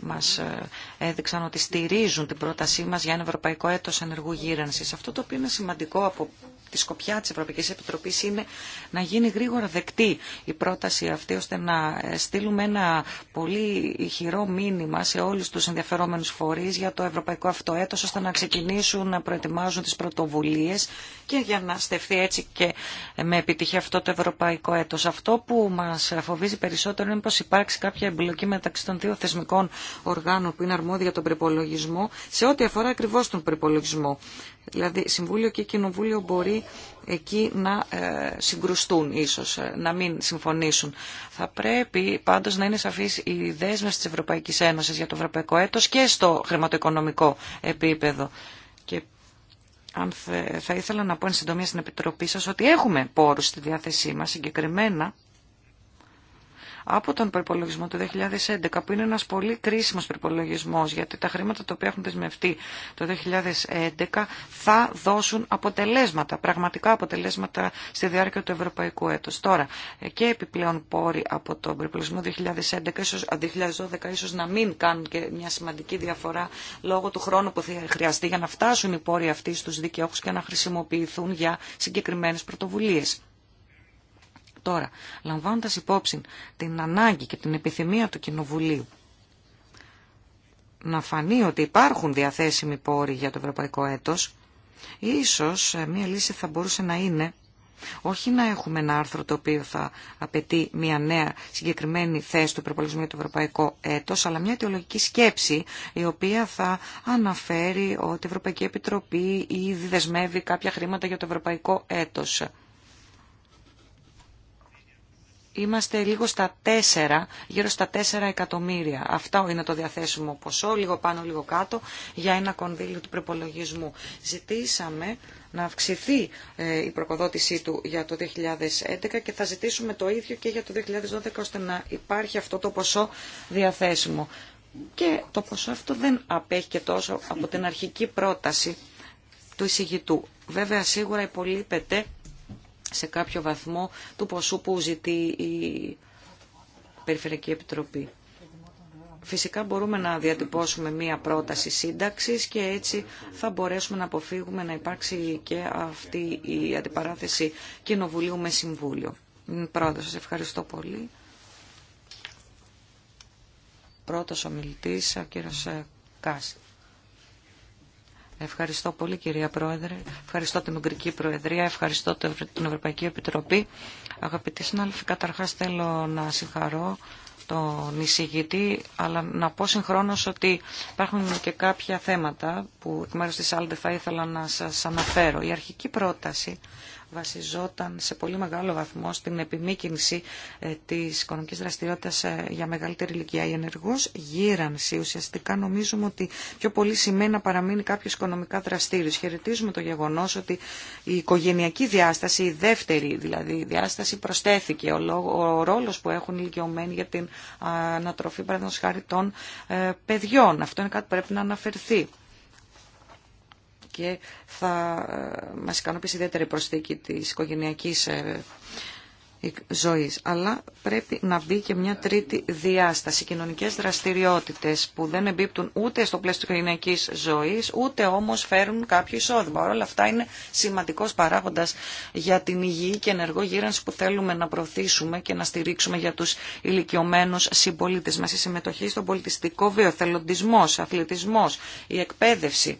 μας ε, έδειξαν ότι στηρίζουν την πρότασή μας για ένα ευρωπαϊκό έτος ενεργού γύρανσης. Αυτό το οποίο είναι σημαντικό από τη σκοπιά της Ευρωπαϊκής Επιτροπής είναι να γίνει γρήγορα δεκτή η πρόταση αυτή ώστε να ε, στείλουμε ένα πολύ ηχηρό μήνυμα σε όλους τους ενδιαφερόμενους φορείς για το ευρωπαϊκό αυτό έτος ώστε να ξεκινήσουν να προετοιμάζουν τις πρωτοβουλίες και για να στεφθεί έτσι και με επιτυχία αυτό το ευρωπαϊκό έτος. Αυτό που μας μας φοβίζει περισσότερο είναι πως υπάρξει κάποια εμπλοκή μεταξύ των δύο θεσμικών οργάνων που είναι αρμόδια για τον προπολογισμό σε ό,τι αφορά ακριβώς τον προπολογισμό. Δηλαδή Συμβούλιο και Κοινοβούλιο μπορεί εκεί να ε, συγκρουστούν ίσως, ε, να μην συμφωνήσουν. Θα πρέπει πάντως να είναι σαφής η δέσμευση της Ευρωπαϊκής Ένωσης για το Ευρωπαϊκό έτος και στο χρηματοοικονομικό επίπεδο. Και αν θα ήθελα να πω εν συντομία στην Επιτροπή σας ότι έχουμε πόρους στη διάθεσή μας συγκεκριμένα από τον προπολογισμό του 2011, που είναι ένας πολύ κρίσιμος προπολογισμό, γιατί τα χρήματα τα οποία έχουν δεσμευτεί το 2011 θα δώσουν αποτελέσματα, πραγματικά αποτελέσματα στη διάρκεια του ευρωπαϊκού έτους. Τώρα, και επιπλέον πόροι από τον προπολογισμό 2011, ίσως, 2012, ίσως να μην κάνουν και μια σημαντική διαφορά λόγω του χρόνου που θα χρειαστεί για να φτάσουν οι πόροι αυτοί στους δικαιώχους και να χρησιμοποιηθούν για συγκεκριμένες πρωτοβουλίες. Τώρα, λαμβάνοντας υπόψη την ανάγκη και την επιθυμία του Κοινοβουλίου να φανεί ότι υπάρχουν διαθέσιμοι πόροι για το ευρωπαϊκό έτος, ίσως ε, μία λύση θα μπορούσε να είναι όχι να έχουμε ένα άρθρο το οποίο θα απαιτεί μια νέα συγκεκριμένη θέση του προπολογισμού για το ευρωπαϊκό έτος, αλλά μια αιτιολογική σκέψη η οποία θα αναφέρει ότι η Ευρωπαϊκή Επιτροπή ήδη δεσμεύει κάποια χρήματα για το ευρωπαϊκό έτος. Είμαστε λίγο στα 4, γύρω στα 4 εκατομμύρια. Αυτό είναι το διαθέσιμο ποσό, λίγο πάνω, λίγο κάτω, για ένα κονδύλιο του προπολογισμού. Ζητήσαμε να αυξηθεί ε, η προκοδότησή του για το 2011 και θα ζητήσουμε το ίδιο και για το 2012, ώστε να υπάρχει αυτό το ποσό διαθέσιμο. Και το ποσό αυτό δεν απέχει και τόσο από την αρχική πρόταση του εισηγητού. Βέβαια, σίγουρα υπολείπεται σε κάποιο βαθμό του ποσού που ζητεί η Περιφερειακή Επιτροπή. Φυσικά μπορούμε να διατυπώσουμε μία πρόταση σύνταξης και έτσι θα μπορέσουμε να αποφύγουμε να υπάρξει και αυτή η αντιπαράθεση Κοινοβουλίου με Συμβούλιο. Πρώτα, σας ευχαριστώ πολύ. Πρώτος ομιλητής, ο κύριος Κάση. Ευχαριστώ πολύ κυρία Πρόεδρε, ευχαριστώ την Ουγγρική Προεδρία, ευχαριστώ την Ευρωπαϊκή Επιτροπή. Αγαπητοί συνάδελφοι, καταρχάς θέλω να συγχαρώ τον εισηγητή, αλλά να πω συγχρόνως ότι υπάρχουν και κάποια θέματα που εκ μέρους της Άλντε θα ήθελα να σας αναφέρω. Η αρχική πρόταση βασιζόταν σε πολύ μεγάλο βαθμό στην επιμήκυνση ε, της οικονομικής δραστηριότητας ε, για μεγαλύτερη ηλικία. Η ενεργο γύρανση ουσιαστικά νομίζουμε ότι πιο πολύ σημαίνει να παραμείνει κάποιος οικονομικά δραστήριος. Χαιρετίζουμε το γεγονός ότι η οικογενειακή διάσταση, η δεύτερη δηλαδή διάσταση προστέθηκε, ο ρόλος που έχουν οι ηλικιωμένοι για την ανατροφή παραδείγματος χάρη των ε, παιδιών. Αυτό είναι κάτι που πρέπει να αναφερθεί και θα ε, μας ικανοποιήσει ιδιαίτερη προσθήκη της οικογενειακής ε, ζωής. Αλλά πρέπει να μπει και μια τρίτη διάσταση, κοινωνικές δραστηριότητες που δεν εμπίπτουν ούτε στο πλαίσιο της οικογενειακής ζωής, ούτε όμως φέρουν κάποιο εισόδημα. Όλα αυτά είναι σημαντικός παράγοντας για την υγιή και ενεργό γύρανση που θέλουμε να προωθήσουμε και να στηρίξουμε για τους ηλικιωμένους συμπολίτες μας. Η συμμετοχή στον πολιτιστικό βίο, αθλητισμός, η εκπαίδευση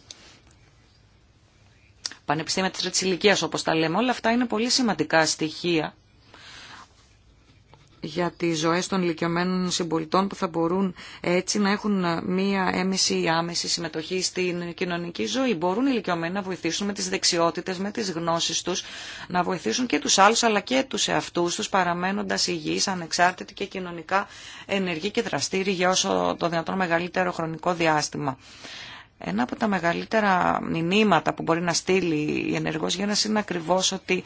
πανεπιστήμια της τρίτης όπω όπως τα λέμε. Όλα αυτά είναι πολύ σημαντικά στοιχεία για τι ζωέ των ηλικιωμένων συμπολιτών που θα μπορούν έτσι να έχουν μία έμεση ή άμεση συμμετοχή στην κοινωνική ζωή. Μπορούν οι ηλικιωμένοι να βοηθήσουν με τι δεξιότητε με τι γνώσει του, να βοηθήσουν και του άλλου, αλλά και του εαυτού του, παραμένοντα υγιεί, ανεξάρτητοι και κοινωνικά ενεργοί και δραστήριοι για όσο το δυνατόν μεγαλύτερο χρονικό διάστημα. Ένα από τα μεγαλύτερα μηνύματα που μπορεί να στείλει η ενεργός γέννας είναι ακριβώς ότι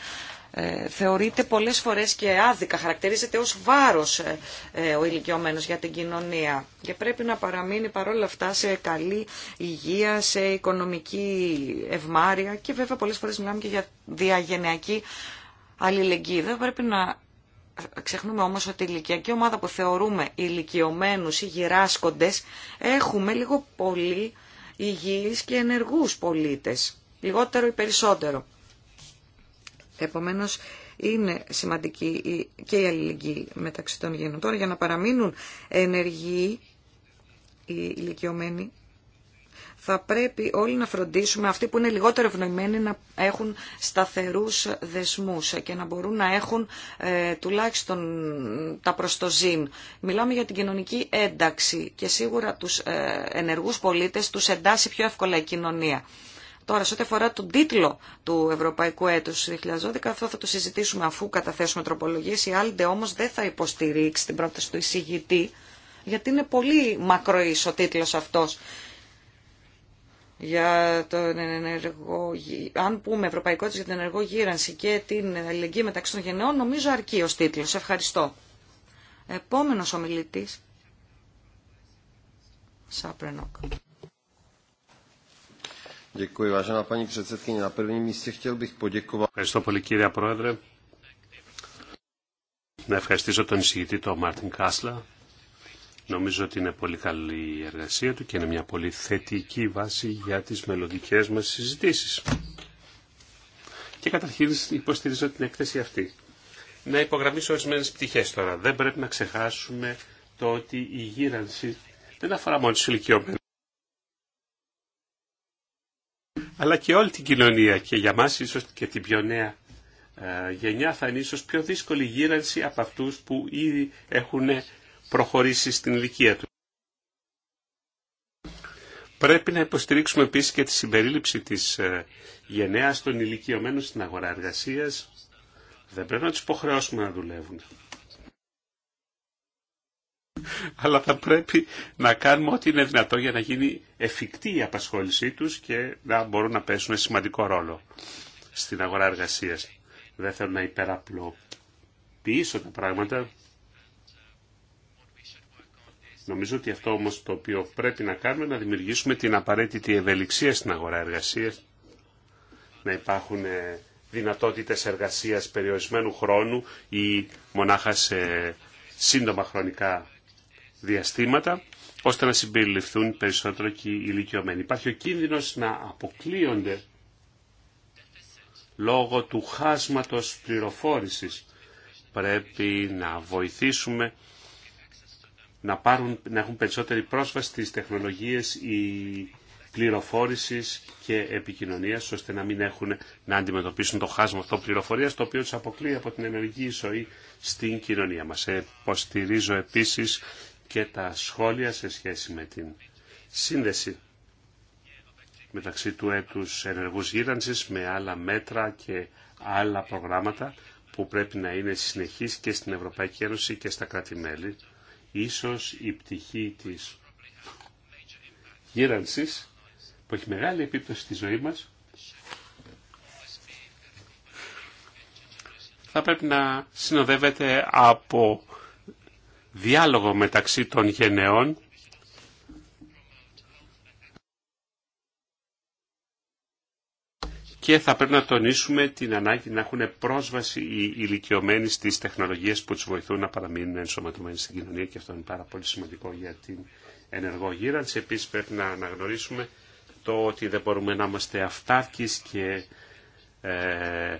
ε, θεωρείται πολλές φορές και άδικα, χαρακτηρίζεται ως βάρος ε, ε, ο ηλικιωμένος για την κοινωνία και πρέπει να παραμείνει παρόλα αυτά σε καλή υγεία, σε οικονομική ευμάρεια και βέβαια πολλές φορές μιλάμε και για διαγενειακή αλληλεγγύη. Δεν πρέπει να ξεχνούμε όμως ότι η ηλικιακή ομάδα που θεωρούμε ηλικιωμένους ή γυράσκοντες έχουμε λίγο πολύ υγιείς και ενεργούς πολίτες, λιγότερο ή περισσότερο. Επομένως, είναι σημαντική και η αλληλεγγύη μεταξύ των γενών. για να παραμείνουν ενεργοί οι ηλικιωμένοι θα πρέπει όλοι να φροντίσουμε αυτοί που είναι λιγότερο ευνοημένοι να έχουν σταθερούς δεσμούς και να μπορούν να έχουν ε, τουλάχιστον τα προστοζήν. Μιλάμε για την κοινωνική ένταξη και σίγουρα τους ε, ενεργούς πολίτες τους εντάσσει πιο εύκολα η κοινωνία. Τώρα, σε ό,τι αφορά τον τίτλο του Ευρωπαϊκού Έτους 2012, αυτό θα το συζητήσουμε αφού καταθέσουμε τροπολογίες. Η Άλντε όμως δεν θα υποστηρίξει την πρόταση του εισηγητή, γιατί είναι πολύ μακροής ο τίτλος αυτός για τον ενεργό, αν πούμε ευρωπαϊκότητα για την ενεργό γύρανση και την αλληλεγγύη μεταξύ των γενναιών, νομίζω αρκεί ως τίτλος. Ευχαριστώ. Επόμενος ομιλητής. Σάπρενοκ. Ευχαριστώ πολύ κύριε Πρόεδρε. Να ευχαριστήσω τον εισηγητή τον Μάρτιν Κάσλα Νομίζω ότι είναι πολύ καλή η εργασία του και είναι μια πολύ θετική βάση για τις μελλοντικέ μας συζητήσεις. Και καταρχήν υποστηρίζω την έκθεση αυτή. Να υπογραμμίσω ορισμένε πτυχές τώρα. Δεν πρέπει να ξεχάσουμε το ότι η γύρανση δεν αφορά μόνο τους ηλικιωμένους. Αλλά και όλη την κοινωνία και για μας ίσως και την πιο νέα ε, γενιά θα είναι ίσως πιο δύσκολη γύρανση από αυτούς που ήδη έχουν προχωρήσει στην ηλικία του. Πρέπει να υποστηρίξουμε επίσης και τη συμπερίληψη της ε, γενναίας των ηλικιωμένων στην αγορά εργασίας. Δεν πρέπει να τους υποχρεώσουμε να δουλεύουν. Αλλά θα πρέπει να κάνουμε ό,τι είναι δυνατό για να γίνει εφικτή η απασχόλησή τους και να μπορούν να πέσουν σημαντικό ρόλο στην αγορά εργασίας. Δεν θέλω να υπεραπλοποιήσω τα πράγματα. Νομίζω ότι αυτό όμως το οποίο πρέπει να κάνουμε είναι να δημιουργήσουμε την απαραίτητη ευελιξία στην αγορά εργασίας, να υπάρχουν ε, δυνατότητες εργασίας περιορισμένου χρόνου ή μονάχα σε σύντομα χρονικά διαστήματα, ώστε να συμπεριληφθούν περισσότερο και οι ηλικιωμένοι. Υπάρχει ο κίνδυνος να αποκλείονται λόγω του χάσματος πληροφόρησης. Πρέπει να βοηθήσουμε να, πάρουν, να έχουν περισσότερη πρόσβαση στις τεχνολογίες η πληροφόρηση και επικοινωνία, ώστε να μην έχουν να αντιμετωπίσουν το χάσμα αυτό πληροφορία, το οποίο του αποκλείει από την ενεργή ζωή στην κοινωνία μας. Υποστηρίζω επίσης και τα σχόλια σε σχέση με την σύνδεση μεταξύ του έτους ενεργούς γύρανσης με άλλα μέτρα και άλλα προγράμματα που πρέπει να είναι συνεχής και στην Ευρωπαϊκή Ένωση και στα κράτη-μέλη Ίσως η πτυχή της γύρανσης που έχει μεγάλη επίπτωση στη ζωή μας θα πρέπει να συνοδεύεται από διάλογο μεταξύ των γενεών και θα πρέπει να τονίσουμε την ανάγκη να έχουν πρόσβαση οι ηλικιωμένοι στις τεχνολογίες που τους βοηθούν να παραμείνουν ενσωματωμένοι στην κοινωνία και αυτό είναι πάρα πολύ σημαντικό για την ενεργό γύρανση. Επίσης πρέπει να αναγνωρίσουμε το ότι δεν μπορούμε να είμαστε αυτάρκεις και ε,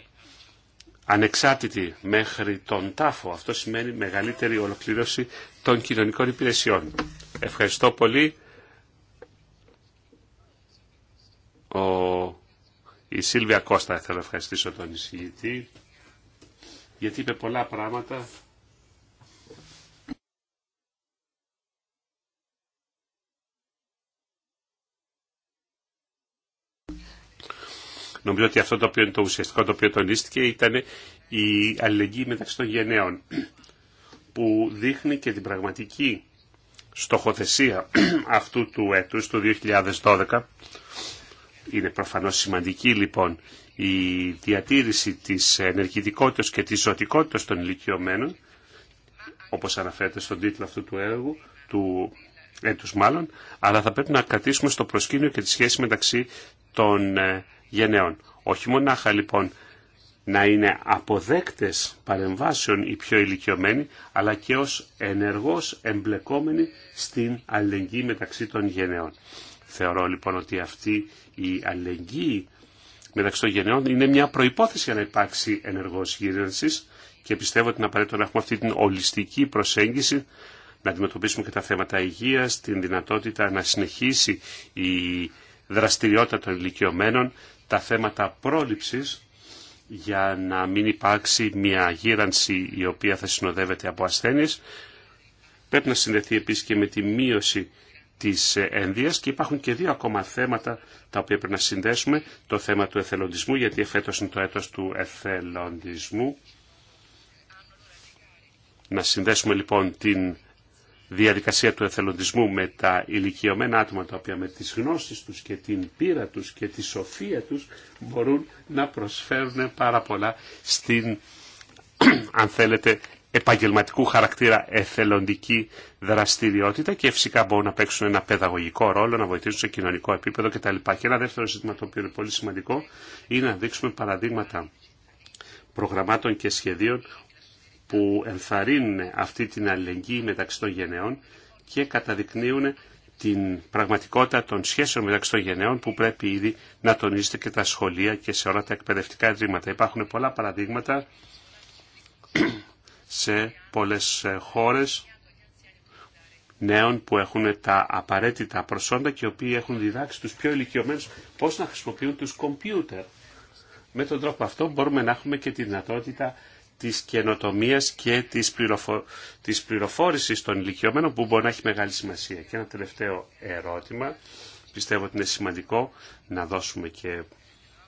ανεξάρτητοι μέχρι τον τάφο. Αυτό σημαίνει μεγαλύτερη ολοκλήρωση των κοινωνικών υπηρεσιών. Ευχαριστώ πολύ. Ο η Σίλβια Κώστα θέλω να ευχαριστήσω τον εισηγητή γιατί είπε πολλά πράγματα Νομίζω ότι αυτό το οποίο είναι το ουσιαστικό το οποίο τονίστηκε ήταν η αλληλεγγύη μεταξύ των γενναίων που δείχνει και την πραγματική στοχοθεσία αυτού του έτους, του 2012 είναι προφανώς σημαντική λοιπόν η διατήρηση της ενεργητικότητας και της ζωτικότητας των ηλικιωμένων, όπως αναφέρεται στον τίτλο αυτού του έργου, του έτους μάλλον, αλλά θα πρέπει να κρατήσουμε στο προσκήνιο και τη σχέση μεταξύ των ε, γενναιών. Όχι μονάχα λοιπόν να είναι αποδέκτες παρεμβάσεων οι πιο ηλικιωμένοι, αλλά και ως ενεργός εμπλεκόμενοι στην αλληλεγγύη μεταξύ των γενναίων. Θεωρώ λοιπόν ότι αυτή η αλληλεγγύη μεταξύ των γενναιών είναι μια προϋπόθεση για να υπάρξει ενεργός γύρανσης και πιστεύω ότι είναι απαραίτητο να έχουμε αυτή την ολιστική προσέγγιση να αντιμετωπίσουμε και τα θέματα υγείας, την δυνατότητα να συνεχίσει η δραστηριότητα των ηλικιωμένων, τα θέματα πρόληψης για να μην υπάρξει μια γύρανση η οποία θα συνοδεύεται από ασθένειες. Πρέπει να συνδεθεί επίσης και με τη μείωση της και υπάρχουν και δύο ακόμα θέματα τα οποία πρέπει να συνδέσουμε. Το θέμα του εθελοντισμού, γιατί εφέτος είναι το έτος του εθελοντισμού. Να συνδέσουμε λοιπόν την διαδικασία του εθελοντισμού με τα ηλικιωμένα άτομα τα οποία με τις γνώσεις τους και την πείρα τους και τη σοφία τους μπορούν να προσφέρουν πάρα πολλά στην <clears throat> αν θέλετε επαγγελματικού χαρακτήρα εθελοντική δραστηριότητα και φυσικά μπορούν να παίξουν ένα παιδαγωγικό ρόλο, να βοηθήσουν σε κοινωνικό επίπεδο κτλ. Και ένα δεύτερο ζήτημα το οποίο είναι πολύ σημαντικό είναι να δείξουμε παραδείγματα προγραμμάτων και σχεδίων που ενθαρρύνουν αυτή την αλληλεγγύη μεταξύ των γενναίων... και καταδεικνύουν την πραγματικότητα των σχέσεων μεταξύ των γενναιών που πρέπει ήδη να τονίζεται και τα σχολεία και σε όλα τα εκπαιδευτικά ιδρύματα. Υπάρχουν πολλά παραδείγματα σε πολλές ε, χώρες νέων που έχουν τα απαραίτητα προσόντα και οι οποίοι έχουν διδάξει τους πιο ηλικιωμένους πώς να χρησιμοποιούν τους κομπιούτερ. Με τον τρόπο αυτό μπορούμε να έχουμε και τη δυνατότητα της καινοτομία και της, πληροφο... της πληροφόρησης των ηλικιωμένων που μπορεί να έχει μεγάλη σημασία. Και ένα τελευταίο ερώτημα, πιστεύω ότι είναι σημαντικό να δώσουμε και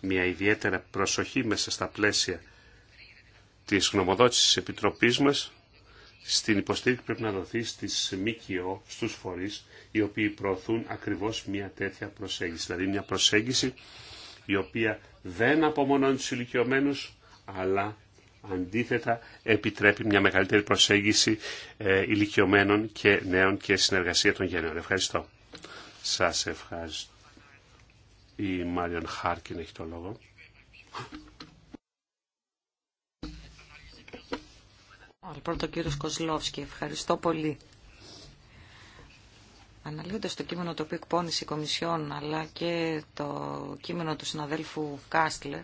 μια ιδιαίτερη προσοχή μέσα στα πλαίσια της γνωμοδότησης Επιτροπής μας στην υποστήριξη πρέπει να δοθεί στις ΜΚΟ, στους φορείς, οι οποίοι προωθούν ακριβώς μια τέτοια προσέγγιση. Δηλαδή μια προσέγγιση η οποία δεν απομονώνει τους ηλικιωμένου, αλλά αντίθετα επιτρέπει μια μεγαλύτερη προσέγγιση ε, ηλικιωμένων και νέων και συνεργασία των γενναιών. Ευχαριστώ. Σας ευχαριστώ. Η Μάριον Χάρκιν έχει το λόγο. Ωραία, πρώτο λοιπόν, κύριο Κοσλόφσκι, ευχαριστώ πολύ. Αναλύοντας το κείμενο το οποίο εκπώνησε η Κομισιόν αλλά και το κείμενο του συναδέλφου Κάστλε,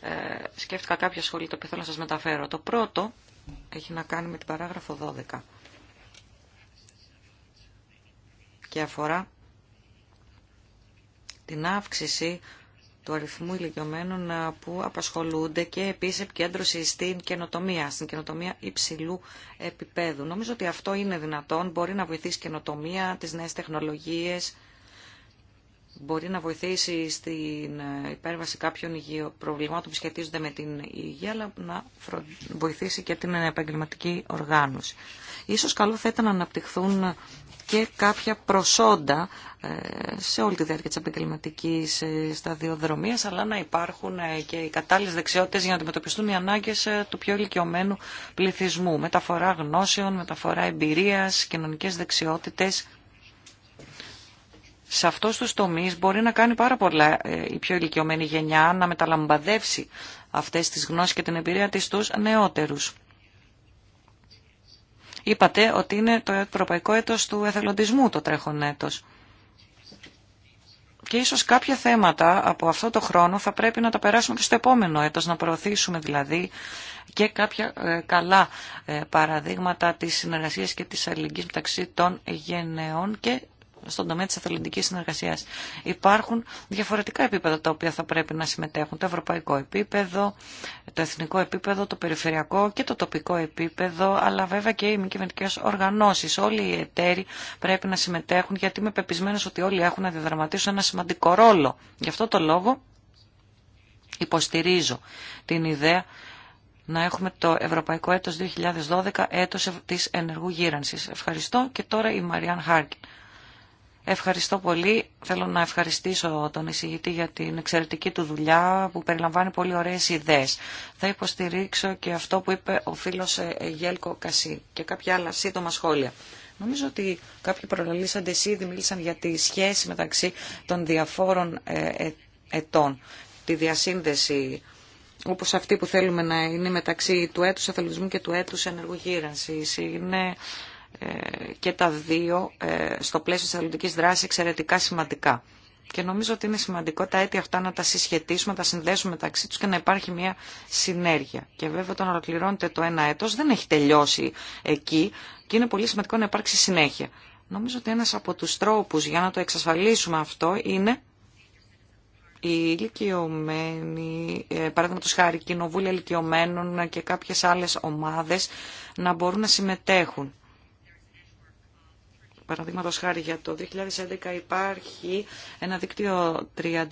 ε, σκέφτηκα κάποια σχόλια το οποίο θέλω να σας μεταφέρω. Το πρώτο έχει να κάνει με την παράγραφο 12 και αφορά την αύξηση του αριθμού ηλικιωμένων ε, που απασχολούνται και επίσης επικέντρωση στην καινοτομία, στην καινοτομία υψηλού επίπεδου. Νομίζω ότι αυτό είναι δυνατόν, μπορεί να βοηθήσει καινοτομία, τις νέες τεχνολογίες, μπορεί να βοηθήσει στην ε, υπέρβαση κάποιων προβλημάτων που σχετίζονται με την υγεία, αλλά να βοηθήσει και την επαγγελματική οργάνωση. Ίσως καλό θα ήταν να αναπτυχθούν και κάποια προσόντα ε, σε όλη τη διάρκεια της επαγγελματικής ε, σταδιοδρομίας, αλλά να υπάρχουν ε, και οι κατάλληλες δεξιότητες για να αντιμετωπιστούν οι ανάγκες του πιο ηλικιωμένου πληθυσμού. Μεταφορά γνώσεων, μεταφορά εμπειρίας, κοινωνικές δεξιότητες. Σε αυτός τους τομείς μπορεί να κάνει πάρα πολλά η πιο ηλικιωμένη γενιά να μεταλαμπαδεύσει αυτές τις γνώσεις και την εμπειρία της στους νεότερους. Είπατε ότι είναι το ευρωπαϊκό έτος του εθελοντισμού το τρέχον έτος. Και ίσως κάποια θέματα από αυτό το χρόνο θα πρέπει να τα περάσουμε και στο επόμενο έτος, να προωθήσουμε δηλαδή και κάποια ε, καλά ε, παραδείγματα της συνεργασίας και της αλληλεγγύης μεταξύ των γενναιών και στον τομέα τη εθελοντική συνεργασία. Υπάρχουν διαφορετικά επίπεδα τα οποία θα πρέπει να συμμετέχουν. Το ευρωπαϊκό επίπεδο, το εθνικό επίπεδο, το περιφερειακό και το τοπικό επίπεδο, αλλά βέβαια και οι μη κυβερνητικέ οργανώσεις. Όλοι οι εταίροι πρέπει να συμμετέχουν γιατί είμαι πεπισμένο ότι όλοι έχουν να διαδραματίσουν ένα σημαντικό ρόλο. Γι' αυτό το λόγο υποστηρίζω την ιδέα να έχουμε το Ευρωπαϊκό έτος 2012, έτος της ενεργού γύρανσης. Ευχαριστώ και τώρα η Μαριάν Χάρκιν. Ευχαριστώ πολύ. Θέλω να ευχαριστήσω τον εισηγητή για την εξαιρετική του δουλειά που περιλαμβάνει πολύ ωραίες ιδέες. Θα υποστηρίξω και αυτό που είπε ο φίλος ε, Γέλκο Κασί και κάποια άλλα σύντομα σχόλια. Νομίζω ότι κάποιοι προλαλήσαντε ήδη μίλησαν για τη σχέση μεταξύ των διαφόρων ε, ε, ετών, τη διασύνδεση όπως αυτή που θέλουμε να είναι μεταξύ του έτους αθλητισμού και του έτους ενεργογύρανσης. Είναι και τα δύο ε, στο πλαίσιο της ελληνική δράσης εξαιρετικά σημαντικά. Και νομίζω ότι είναι σημαντικό τα αίτια αυτά να τα συσχετίσουμε, να τα συνδέσουμε μεταξύ του και να υπάρχει μια συνέργεια. Και βέβαια, όταν ολοκληρώνεται το ένα έτος δεν έχει τελειώσει εκεί και είναι πολύ σημαντικό να υπάρξει συνέχεια. Νομίζω ότι ένας από τους τρόπους για να το εξασφαλίσουμε αυτό είναι οι ηλικιωμένοι, ε, τους χάρη κοινοβούλια ηλικιωμένων και κάποιε άλλε ομάδε να μπορούν να συμμετέχουν Παραδείγματο χάρη για το 2011 υπάρχει ένα δίκτυο 33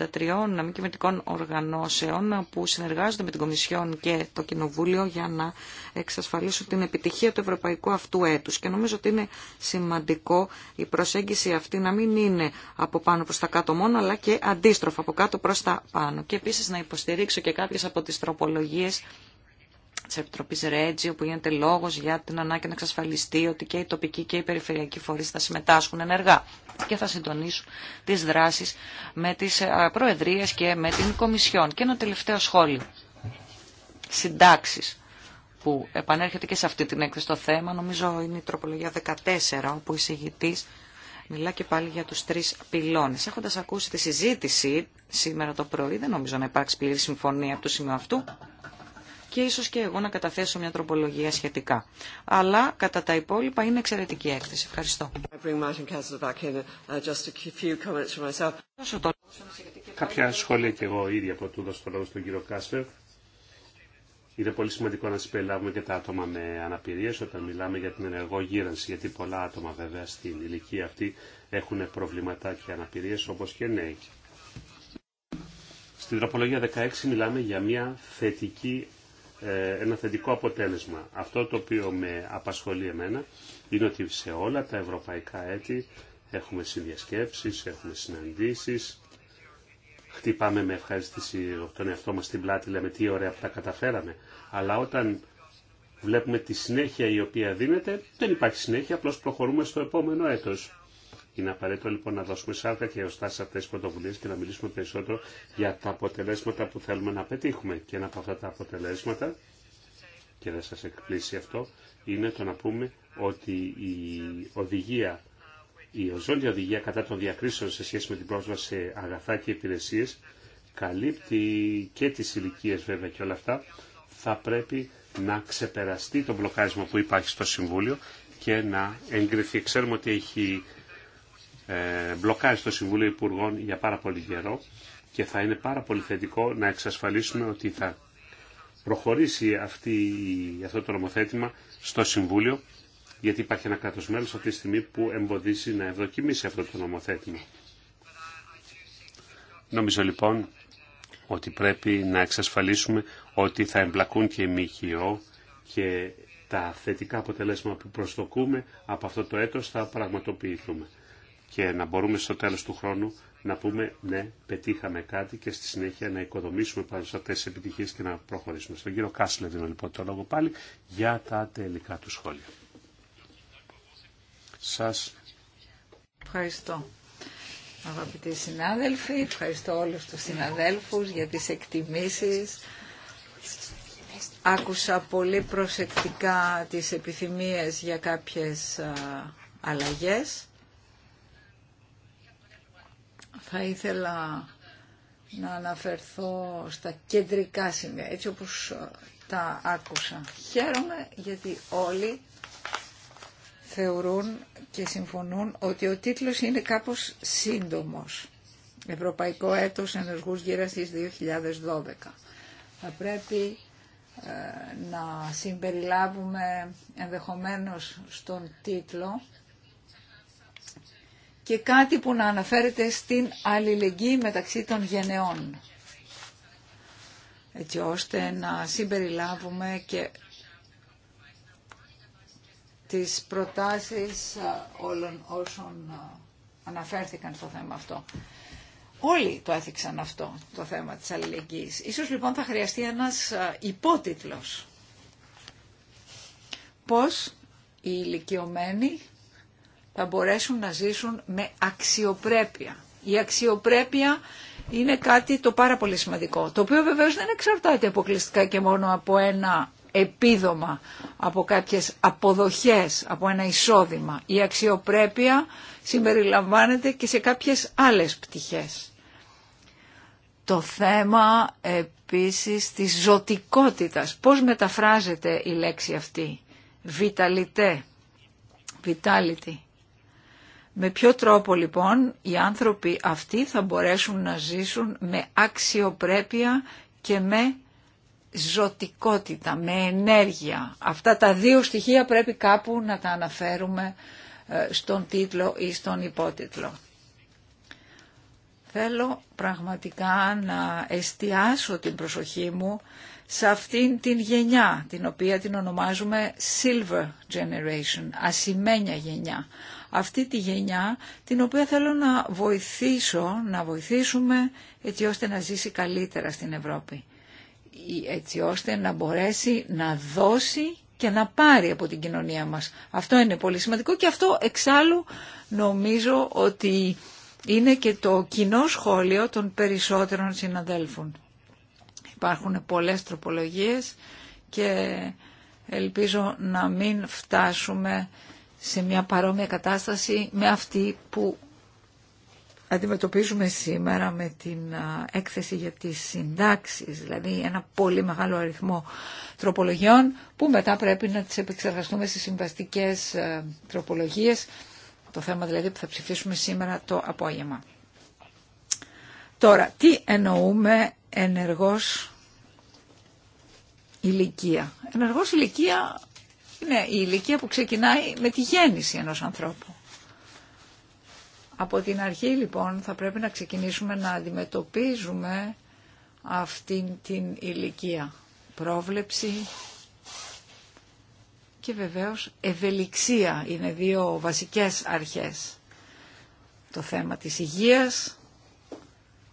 μη κυβερνητικών οργανώσεων που συνεργάζονται με την Κομισιόν και το Κοινοβούλιο για να εξασφαλίσουν την επιτυχία του ευρωπαϊκού αυτού έτου. Και νομίζω ότι είναι σημαντικό η προσέγγιση αυτή να μην είναι από πάνω προς τα κάτω μόνο, αλλά και αντίστροφα από κάτω προ τα πάνω. Και επίση να υποστηρίξω και κάποιε από τι τροπολογίε τη Επιτροπή Ρέτζι, όπου γίνεται λόγο για την ανάγκη να εξασφαλιστεί ότι και οι τοπικοί και οι περιφερειακοί φορείς θα συμμετάσχουν ενεργά και θα συντονίσουν τι δράσει με τι ε, προεδρίε και με την Κομισιόν. Και ένα τελευταίο σχόλιο. Συντάξει που επανέρχεται και σε αυτή την έκθεση το θέμα, νομίζω είναι η τροπολογία 14, όπου η συγητή μιλά και πάλι για τους τρεις πυλώνες. Έχοντας ακούσει τη συζήτηση σήμερα το πρωί, δεν νομίζω να υπάρξει πλήρη συμφωνία από το σημείο αυτού, και ίσως και εγώ να καταθέσω μια τροπολογία σχετικά. Αλλά κατά τα υπόλοιπα είναι εξαιρετική έκθεση. Ευχαριστώ. Κάποια σχόλια και εγώ ήδη από το στο λόγο στον κύριο Κάσπερ. Είναι πολύ σημαντικό να συμπεριλάβουμε και τα άτομα με αναπηρίε όταν μιλάμε για την ενεργό γύρανση, γιατί πολλά άτομα βέβαια στην ηλικία αυτή έχουν προβλήματα και αναπηρίε όπω και νέοι. Στην τροπολογία 16 μιλάμε για μια θετική ε, ένα θετικό αποτέλεσμα. Αυτό το οποίο με απασχολεί εμένα είναι ότι σε όλα τα ευρωπαϊκά έτη έχουμε συνδιασκέψεις, έχουμε συναντήσεις, χτυπάμε με ευχαρίστηση τον εαυτό μας στην πλάτη, λέμε τι ωραία που τα καταφέραμε. Αλλά όταν βλέπουμε τη συνέχεια η οποία δίνεται, δεν υπάρχει συνέχεια, απλώς προχωρούμε στο επόμενο έτος. Είναι απαραίτητο λοιπόν να δώσουμε σάρκα και ωστά σε αυτέ τι πρωτοβουλίε και να μιλήσουμε περισσότερο για τα αποτελέσματα που θέλουμε να πετύχουμε. Και ένα από αυτά τα αποτελέσματα, και δεν σα εκπλήσει αυτό, είναι το να πούμε ότι η οδηγία, η οζόλια οδηγία κατά των διακρίσεων σε σχέση με την πρόσβαση σε αγαθά και υπηρεσίε, καλύπτει και τι ηλικίε βέβαια και όλα αυτά, θα πρέπει να ξεπεραστεί το μπλοκάρισμα που υπάρχει στο Συμβούλιο και να εγκριθεί. Ξέρουμε ότι έχει ε, μπλοκάρει στο Συμβούλιο Υπουργών για πάρα πολύ καιρό και θα είναι πάρα πολύ θετικό να εξασφαλίσουμε ότι θα προχωρήσει αυτή, αυτό το νομοθέτημα στο Συμβούλιο γιατί υπάρχει ένα κράτος μέλος αυτή τη στιγμή που εμποδίζει να ευδοκιμήσει αυτό το νομοθέτημα. Νομίζω λοιπόν ότι πρέπει να εξασφαλίσουμε ότι θα εμπλακούν και οι ΜΚΟ και τα θετικά αποτελέσματα που προσδοκούμε από αυτό το έτος θα πραγματοποιηθούμε και να μπορούμε στο τέλος του χρόνου να πούμε ναι, πετύχαμε κάτι και στη συνέχεια να οικοδομήσουμε πάνω σε αυτές τις επιτυχίες και να προχωρήσουμε. Στον κύριο Κάσλε δίνω λοιπόν το λόγο πάλι για τα τελικά του σχόλια. Σας ευχαριστώ. Αγαπητοί συνάδελφοι, ευχαριστώ όλους τους συναδέλφους για τις εκτιμήσεις. Άκουσα πολύ προσεκτικά τις επιθυμίες για κάποιες αλλαγές. Θα ήθελα να αναφερθώ στα κεντρικά σημεία, έτσι όπως ε, τα άκουσα. Χαίρομαι γιατί όλοι θεωρούν και συμφωνούν ότι ο τίτλος είναι κάπως σύντομος. Ευρωπαϊκό έτος ενεργούς γύρασης 2012. Θα πρέπει ε, να συμπεριλάβουμε ενδεχομένως στον τίτλο και κάτι που να αναφέρεται στην αλληλεγγύη μεταξύ των γενεών έτσι ώστε να συμπεριλάβουμε και τις προτάσεις όλων όσων αναφέρθηκαν στο θέμα αυτό. Όλοι το έθιξαν αυτό το θέμα της αλληλεγγύης. Ίσως λοιπόν θα χρειαστεί ένας υπότιτλος. Πώς οι ηλικιωμένοι θα μπορέσουν να ζήσουν με αξιοπρέπεια. Η αξιοπρέπεια είναι κάτι το πάρα πολύ σημαντικό, το οποίο βεβαίως δεν εξαρτάται αποκλειστικά και μόνο από ένα επίδομα, από κάποιες αποδοχές, από ένα εισόδημα. Η αξιοπρέπεια συμπεριλαμβάνεται και σε κάποιες άλλες πτυχές. Το θέμα επίσης της ζωτικότητας. Πώς μεταφράζεται η λέξη αυτή. Βιταλιτέ. Vitality. Με ποιο τρόπο λοιπόν οι άνθρωποι αυτοί θα μπορέσουν να ζήσουν με αξιοπρέπεια και με ζωτικότητα, με ενέργεια. Αυτά τα δύο στοιχεία πρέπει κάπου να τα αναφέρουμε ε, στον τίτλο ή στον υπότιτλο. Θέλω πραγματικά να εστιάσω την προσοχή μου σε αυτήν την γενιά, την οποία την ονομάζουμε Silver Generation, ασημένια γενιά αυτή τη γενιά την οποία θέλω να βοηθήσω, να βοηθήσουμε έτσι ώστε να ζήσει καλύτερα στην Ευρώπη. Έτσι ώστε να μπορέσει να δώσει και να πάρει από την κοινωνία μας. Αυτό είναι πολύ σημαντικό και αυτό εξάλλου νομίζω ότι είναι και το κοινό σχόλιο των περισσότερων συναδέλφων. Υπάρχουν πολλές τροπολογίες και ελπίζω να μην φτάσουμε σε μια παρόμοια κατάσταση με αυτή που αντιμετωπίζουμε σήμερα με την έκθεση για τις συντάξεις, δηλαδή ένα πολύ μεγάλο αριθμό τροπολογιών που μετά πρέπει να τις επεξεργαστούμε στις συμβαστικές τροπολογίες, το θέμα δηλαδή που θα ψηφίσουμε σήμερα το απόγευμα. Τώρα, τι εννοούμε ενεργός ηλικία. Ενεργός ηλικία είναι η ηλικία που ξεκινάει με τη γέννηση ενός ανθρώπου. Από την αρχή λοιπόν θα πρέπει να ξεκινήσουμε να αντιμετωπίζουμε αυτήν την ηλικία. Πρόβλεψη και βεβαίως ευελιξία είναι δύο βασικές αρχές. Το θέμα της υγείας,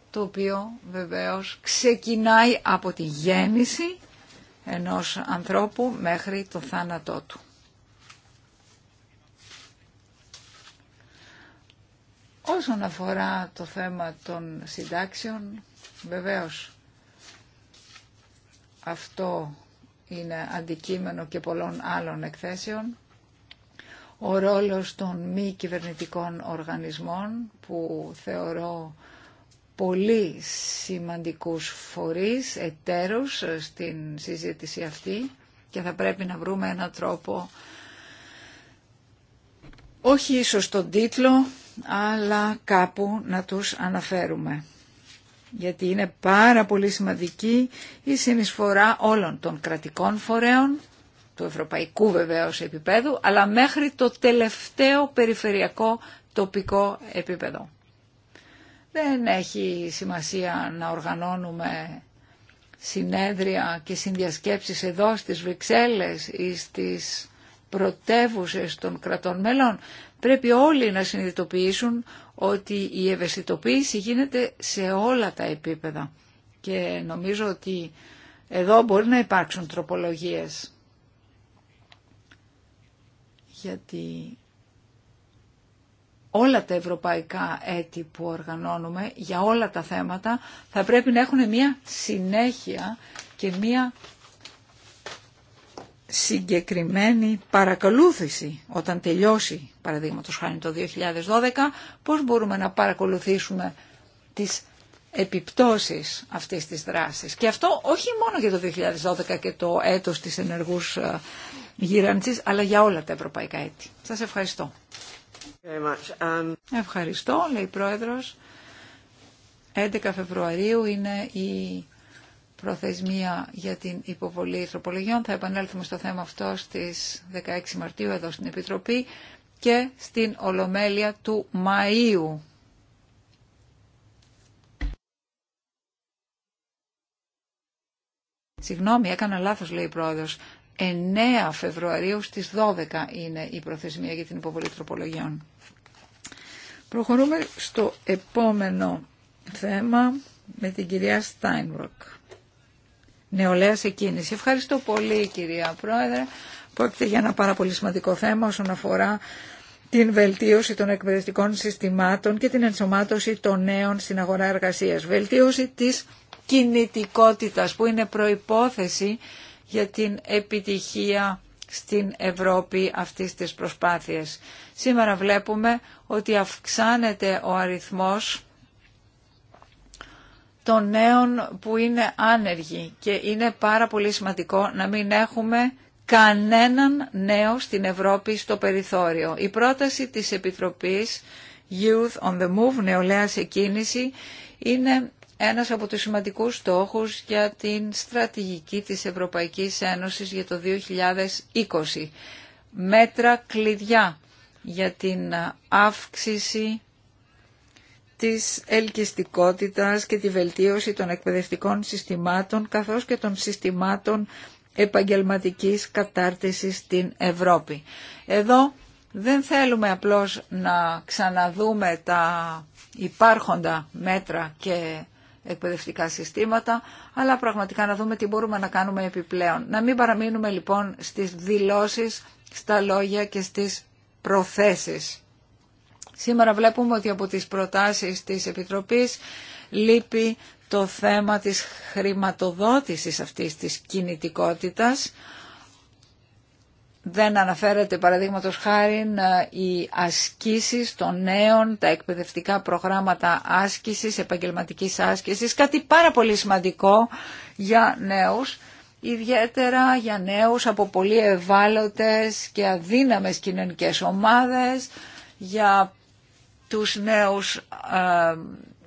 το οποίο βεβαίως ξεκινάει από τη γέννηση ενός ανθρώπου μέχρι το θάνατό του. Όσον αφορά το θέμα των συντάξεων, βεβαίως αυτό είναι αντικείμενο και πολλών άλλων εκθέσεων. Ο ρόλος των μη κυβερνητικών οργανισμών που θεωρώ πολύ σημαντικούς φορείς, εταίρους ε, στην συζήτηση αυτή και θα πρέπει να βρούμε έναν τρόπο, όχι ίσως τον τίτλο, αλλά κάπου να τους αναφέρουμε. Γιατί είναι πάρα πολύ σημαντική η συνεισφορά όλων των κρατικών φορέων, του ευρωπαϊκού βεβαίως επίπεδου, αλλά μέχρι το τελευταίο περιφερειακό τοπικό επίπεδο. Δεν έχει σημασία να οργανώνουμε συνέδρια και συνδιασκέψεις εδώ στις Βρυξέλλες ή στις πρωτεύουσες των κρατών μελών. Πρέπει όλοι να συνειδητοποιήσουν ότι η ευαισθητοποίηση γίνεται σε όλα τα επίπεδα. Και νομίζω ότι εδώ μπορεί να υπάρξουν τροπολογίες. Γιατί όλα τα ευρωπαϊκά έτη που οργανώνουμε, για όλα τα θέματα, θα πρέπει να έχουν μια συνέχεια και μια συγκεκριμένη παρακολούθηση όταν τελειώσει παραδείγματο χάρη το 2012 πώς μπορούμε να παρακολουθήσουμε τις επιπτώσεις αυτής της δράσης και αυτό όχι μόνο για το 2012 και το έτος της ενεργούς ε, γύρανσης αλλά για όλα τα ευρωπαϊκά έτη. Σας ευχαριστώ. Um, Ευχαριστώ, λέει Πρόεδρος. 11 Φεβρουαρίου είναι η προθεσμία για την υποβολή τροπολογιών. Θα επανέλθουμε στο θέμα αυτό στις 16 Μαρτίου εδώ στην Επιτροπή και στην Ολομέλεια του Μαΐου. Συγγνώμη, έκανα λάθος, λέει η πρόεδρος. 9 Φεβρουαρίου στις 12 είναι η προθεσμία για την υποβολή τροπολογιών. Προχωρούμε στο επόμενο θέμα με την κυρία Στάινροκ. Νεολαία σε κίνηση. Ευχαριστώ πολύ κυρία Πρόεδρε. Πρόκειται για ένα πάρα πολύ σημαντικό θέμα όσον αφορά την βελτίωση των εκπαιδευτικών συστημάτων και την ενσωμάτωση των νέων στην αγορά εργασίας. Βελτίωση της κινητικότητας που είναι προϋπόθεση για την επιτυχία στην Ευρώπη αυτής της προσπάθειας. Σήμερα βλέπουμε ότι αυξάνεται ο αριθμός των νέων που είναι άνεργοι και είναι πάρα πολύ σημαντικό να μην έχουμε κανέναν νέο στην Ευρώπη στο περιθώριο. Η πρόταση της Επιτροπής Youth on the Move, νεολαία σε κίνηση, είναι ένας από τους σημαντικούς στόχους για την στρατηγική της Ευρωπαϊκής Ένωσης για το 2020. Μέτρα κλειδιά για την αύξηση της ελκυστικότητας και τη βελτίωση των εκπαιδευτικών συστημάτων καθώς και των συστημάτων επαγγελματικής κατάρτισης στην Ευρώπη. Εδώ δεν θέλουμε απλώς να ξαναδούμε τα υπάρχοντα μέτρα και εκπαιδευτικά συστήματα, αλλά πραγματικά να δούμε τι μπορούμε να κάνουμε επιπλέον. Να μην παραμείνουμε λοιπόν στις δηλώσεις, στα λόγια και στις προθέσεις. Σήμερα βλέπουμε ότι από τις προτάσεις της Επιτροπής λείπει το θέμα της χρηματοδότησης αυτής της κινητικότητας δεν αναφέρεται παραδείγματο χάρη οι ασκήσεις των νέων, τα εκπαιδευτικά προγράμματα άσκησης, επαγγελματική άσκησης, κάτι πάρα πολύ σημαντικό για νέους, ιδιαίτερα για νέους από πολύ ευάλωτε και αδύναμες κοινωνικέ ομάδες, για τους νέους ε,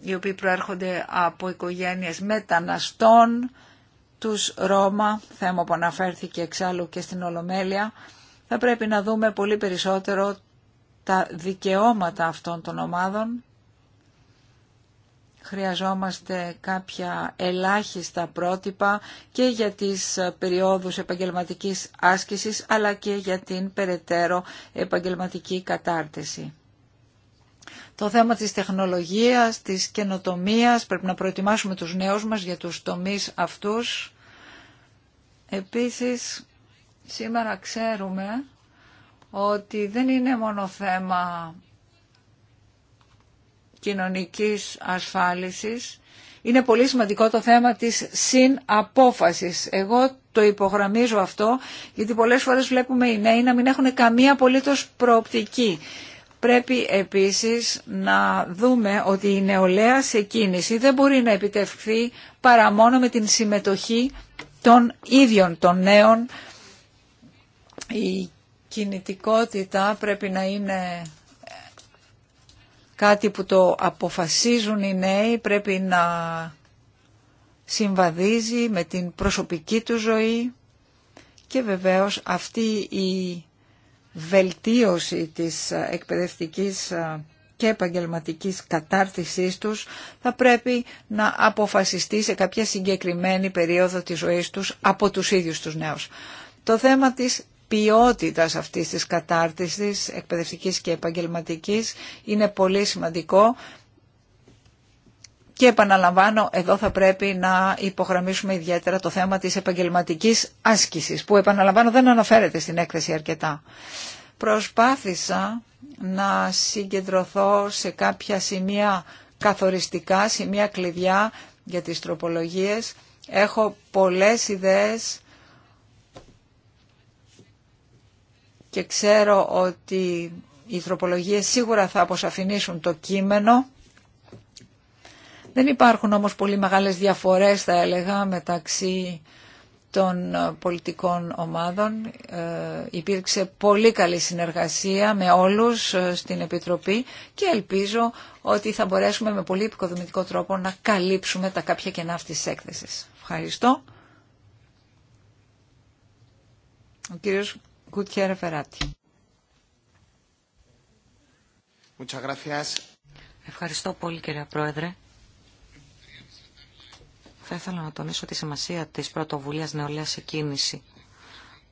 οι οποίοι προέρχονται από οικογένειες μεταναστών, τους Ρώμα, θέμα που αναφέρθηκε εξάλλου και στην Ολομέλεια, θα πρέπει να δούμε πολύ περισσότερο τα δικαιώματα αυτών των ομάδων. Χρειαζόμαστε κάποια ελάχιστα πρότυπα και για τις περιόδους επαγγελματικής άσκησης, αλλά και για την περαιτέρω επαγγελματική κατάρτιση το θέμα της τεχνολογίας, της καινοτομίας, πρέπει να προετοιμάσουμε τους νέους μας για τους τομείς αυτούς. Επίσης, σήμερα ξέρουμε ότι δεν είναι μόνο θέμα κοινωνικής ασφάλισης, είναι πολύ σημαντικό το θέμα της συναπόφασης. Εγώ το υπογραμμίζω αυτό, γιατί πολλές φορές βλέπουμε οι νέοι να μην έχουν καμία απολύτως προοπτική. Πρέπει επίσης να δούμε ότι η νεολαία σε κίνηση δεν μπορεί να επιτευχθεί παρά μόνο με την συμμετοχή των ίδιων των νέων. Η κινητικότητα πρέπει να είναι κάτι που το αποφασίζουν οι νέοι, πρέπει να συμβαδίζει με την προσωπική του ζωή και βεβαίως αυτή η βελτίωση της εκπαιδευτικής και επαγγελματική κατάρτισής τους θα πρέπει να αποφασιστεί σε κάποια συγκεκριμένη περίοδο της ζωή τους από τους ίδιου του νέου. Το θέμα τη ποιότητα αυτή της κατάρτιση, εκπαιδευτική και επαγγελματική είναι πολύ σημαντικό και επαναλαμβάνω, εδώ θα πρέπει να υπογραμμίσουμε ιδιαίτερα το θέμα της επαγγελματικής άσκησης, που επαναλαμβάνω δεν αναφέρεται στην έκθεση αρκετά. Προσπάθησα να συγκεντρωθώ σε κάποια σημεία καθοριστικά, σημεία κλειδιά για τις τροπολογίες. Έχω πολλές ιδέες και ξέρω ότι οι τροπολογίες σίγουρα θα αποσαφηνίσουν το κείμενο δεν υπάρχουν όμως πολύ μεγάλες διαφορές θα έλεγα μεταξύ των ε, πολιτικών ομάδων. Ε, υπήρξε πολύ καλή συνεργασία με όλους ε, στην Επιτροπή και ελπίζω ότι θα μπορέσουμε με πολύ επικοδομητικό τρόπο να καλύψουμε τα κάποια κενά αυτής της έκθεσης. Ευχαριστώ. Ο κύριος Φεράτη. Ευχαριστώ πολύ κύριε Πρόεδρε. Θα ήθελα να τονίσω τη σημασία της πρωτοβουλίας νεολαίας σε κίνηση.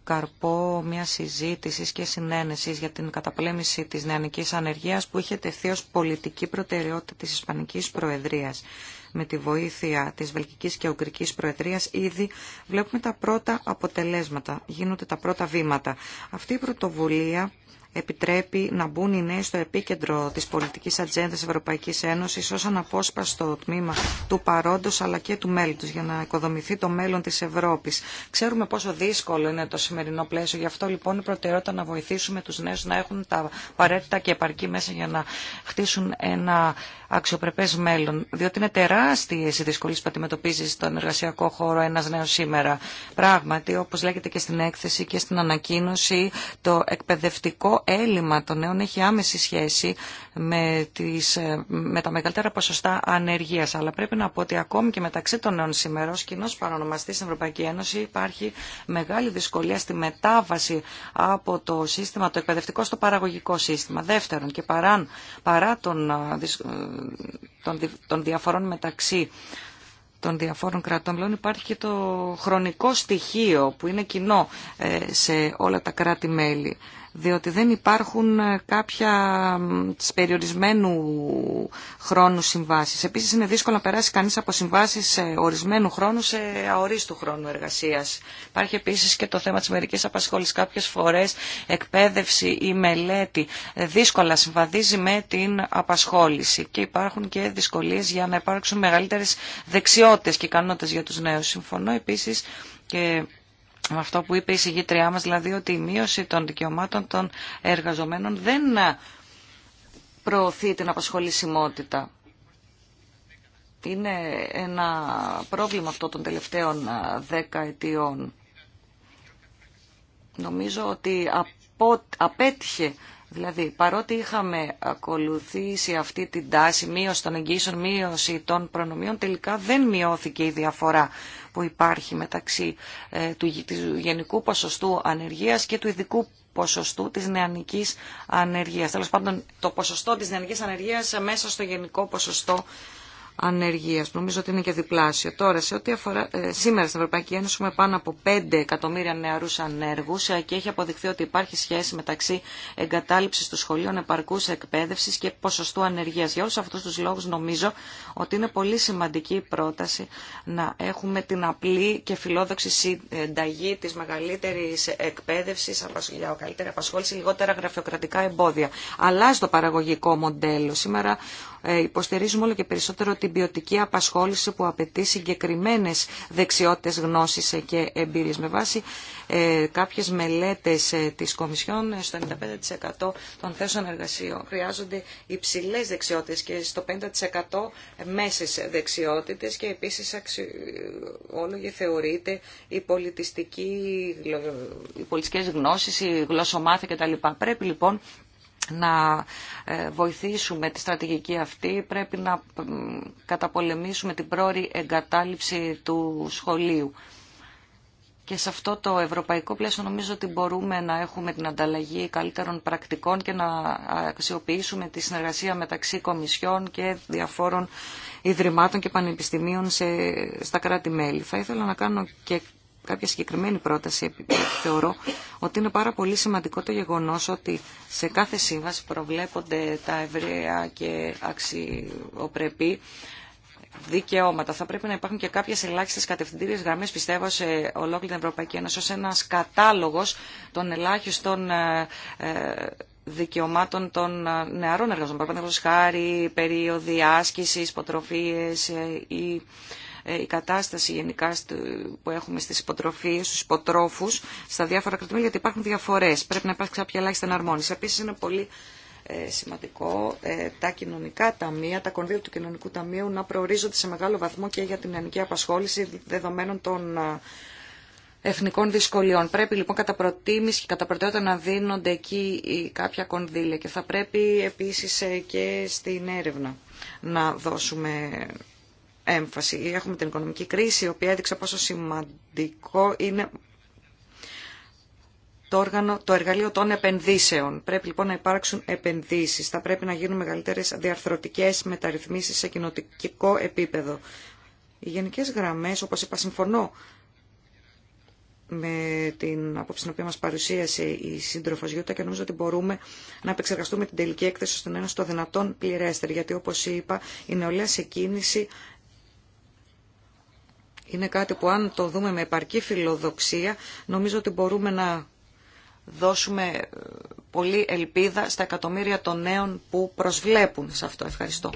Καρπό μια συζήτηση και συνένεση για την καταπολέμηση της νεανικής ανεργίας που είχε τεθεί ως πολιτική προτεραιότητα της Ισπανικής Προεδρίας. Με τη βοήθεια της Βελγικής και Ουγγρικής Προεδρίας ήδη βλέπουμε τα πρώτα αποτελέσματα, γίνονται τα πρώτα βήματα. Αυτή η πρωτοβουλία επιτρέπει να μπουν οι νέοι στο επίκεντρο της πολιτικής ατζέντας Ευρωπαϊκής Ένωσης ως αναπόσπαστο τμήμα του παρόντος αλλά και του μέλλοντος για να οικοδομηθεί το μέλλον της Ευρώπης. Ξέρουμε πόσο δύσκολο είναι το σημερινό πλαίσιο, γι' αυτό λοιπόν η προτεραιότητα να βοηθήσουμε τους νέους να έχουν τα απαραίτητα και επαρκή μέσα για να χτίσουν ένα αξιοπρεπέ μέλλον. Διότι είναι τεράστιε οι δυσκολίε που αντιμετωπίζει στον εργασιακό χώρο ένα νέο σήμερα. Πράγματι, όπω λέγεται και στην έκθεση και στην ανακοίνωση, το εκπαιδευτικό έλλειμμα των νέων έχει άμεση σχέση με, τις, ε, με τα μεγαλύτερα ποσοστά ανεργίας. Αλλά πρέπει να πω ότι ακόμη και μεταξύ των νέων σήμερα ως κοινός παρονομαστής στην Ευρωπαϊκή Ένωση υπάρχει μεγάλη δυσκολία στη μετάβαση από το σύστημα, το εκπαιδευτικό στο παραγωγικό σύστημα. Δεύτερον και παρά, παρά ε, ε, των, διαφορών μεταξύ των διαφόρων κρατών υπάρχει και το χρονικό στοιχείο που είναι κοινό σε όλα τα κράτη-μέλη διότι δεν υπάρχουν ε, κάποια της περιορισμένου χρόνου συμβάσεις. Επίσης είναι δύσκολο να περάσει κανείς από συμβάσεις ορισμένου χρόνου σε αορίστου χρόνου εργασίας. Υπάρχει επίσης και το θέμα της μερικής απασχόλησης. Κάποιες φορές εκπαίδευση ή μελέτη δύσκολα συμβαδίζει με την απασχόληση και υπάρχουν και δυσκολίες για να υπάρξουν μεγαλύτερες δεξιότητες και ικανότητες για τους νέους. Συμφωνώ επίσης και με αυτό που είπε η συγγήτριά μας, δηλαδή ότι η μείωση των δικαιωμάτων των εργαζομένων δεν προωθεί την απασχολησιμότητα. Είναι ένα πρόβλημα αυτό των τελευταίων δέκα ετιών. Νομίζω ότι απο... απέτυχε Δηλαδή, παρότι είχαμε ακολουθήσει αυτή την τάση μείωση των εγγύσεων, μείωση των προνομίων, τελικά δεν μειώθηκε η διαφορά που υπάρχει μεταξύ ε, του, γενικού ποσοστού ανεργίας και του ειδικού ποσοστού της νεανικής ανεργίας. Τέλος πάντων, το ποσοστό της νεανικής ανεργίας μέσα στο γενικό ποσοστό ανεργία. Νομίζω ότι είναι και διπλάσιο. Τώρα, σε ό,τι αφορά, ε, σήμερα στην Ευρωπαϊκή Ένωση έχουμε πάνω από 5 εκατομμύρια νεαρού ε, και έχει αποδειχθεί ότι υπάρχει σχέση μεταξύ εγκατάλειψη του σχολείων, επαρκού εκπαίδευση και ποσοστού ανεργία. Για όλου αυτού του λόγου νομίζω ότι είναι πολύ σημαντική η πρόταση να έχουμε την απλή και φιλόδοξη συνταγή τη μεγαλύτερη εκπαίδευση, για καλύτερη απασχόληση, λιγότερα γραφειοκρατικά εμπόδια. Αλλάζει το παραγωγικό μοντέλο. Σήμερα ε, υποστηρίζουμε όλο και περισσότερο την ποιοτική απασχόληση που απαιτεί συγκεκριμένε δεξιότητε, γνώσει ε, και εμπειρίε. Με βάση ε, κάποιε μελέτε τη Κομισιόν, στο 95% των θέσεων εργασίων χρειάζονται υψηλέ δεξιότητε και στο 50% μέσε δεξιότητε και επίση και θεωρείται πολιτιστική, οι πολιτιστικέ γνώσει, η γλωσσομάθεια κτλ. Πρέπει λοιπόν να ε, βοηθήσουμε τη στρατηγική αυτή πρέπει να καταπολεμήσουμε την πρόρη εγκατάλειψη του σχολείου. Και σε αυτό το ευρωπαϊκό πλαίσιο νομίζω ότι μπορούμε να έχουμε την ανταλλαγή καλύτερων πρακτικών και να αξιοποιήσουμε τη συνεργασία μεταξύ κομισιών και διαφόρων ιδρυμάτων και πανεπιστημίων σε, στα κράτη-μέλη. Θα ήθελα να κάνω και κάποια συγκεκριμένη πρόταση, θεωρώ ότι είναι πάρα πολύ σημαντικό το γεγονός ότι σε κάθε σύμβαση προβλέπονται τα ευρεία και αξιοπρεπή δικαιώματα. Θα πρέπει να υπάρχουν και κάποιες ελάχιστες κατευθυντήριες γραμμές, πιστεύω, σε ολόκληρη την Ευρωπαϊκή Ένωση, ως ένας κατάλογος των ελάχιστων ε, ε, δικαιωμάτων των ε, νεαρών εργαζομένων. Παραδείγματο χάρη, περίοδοι άσκηση, υποτροφίε ή ε, η κατάσταση γενικά που έχουμε στις υποτροφίες, στους υποτρόφους, στα διάφορα κρατημέρια, γιατί υπάρχουν διαφορές. Πρέπει να υπάρξει κάποια ελάχιστα εναρμόνιση. Επίσης είναι πολύ ε, σημαντικό ε, τα κοινωνικά ταμεία, τα κονδύλια του κοινωνικού ταμείου να προορίζονται σε μεγάλο βαθμό και για την ενική απασχόληση δεδομένων των εθνικών δυσκολιών. Πρέπει λοιπόν κατά προτίμηση και κατά προτεραιότητα να δίνονται εκεί κάποια κονδύλια και θα πρέπει επίσης και στην έρευνα να δώσουμε έμφαση. Έχουμε την οικονομική κρίση, η οποία έδειξε πόσο σημαντικό είναι το, όργανο, το εργαλείο των επενδύσεων. Πρέπει λοιπόν να υπάρξουν επενδύσει. Θα πρέπει να γίνουν μεγαλύτερε διαρθρωτικέ μεταρρυθμίσει σε κοινοτικό επίπεδο. Οι Γενικέ γραμμέ, όπω είπα, συμφωνώ με την απόψη την οποία μας παρουσίασε η σύντροφος Γιώτα και νομίζω ότι μπορούμε να επεξεργαστούμε την τελική έκθεση στον ένα στο δυνατόν πληρέστερ γιατί όπως είπα η νεολαία σε κίνηση είναι κάτι που αν το δούμε με επαρκή φιλοδοξία, νομίζω ότι μπορούμε να δώσουμε ε, πολύ ελπίδα στα εκατομμύρια των νέων που προσβλέπουν σε αυτό. Ευχαριστώ.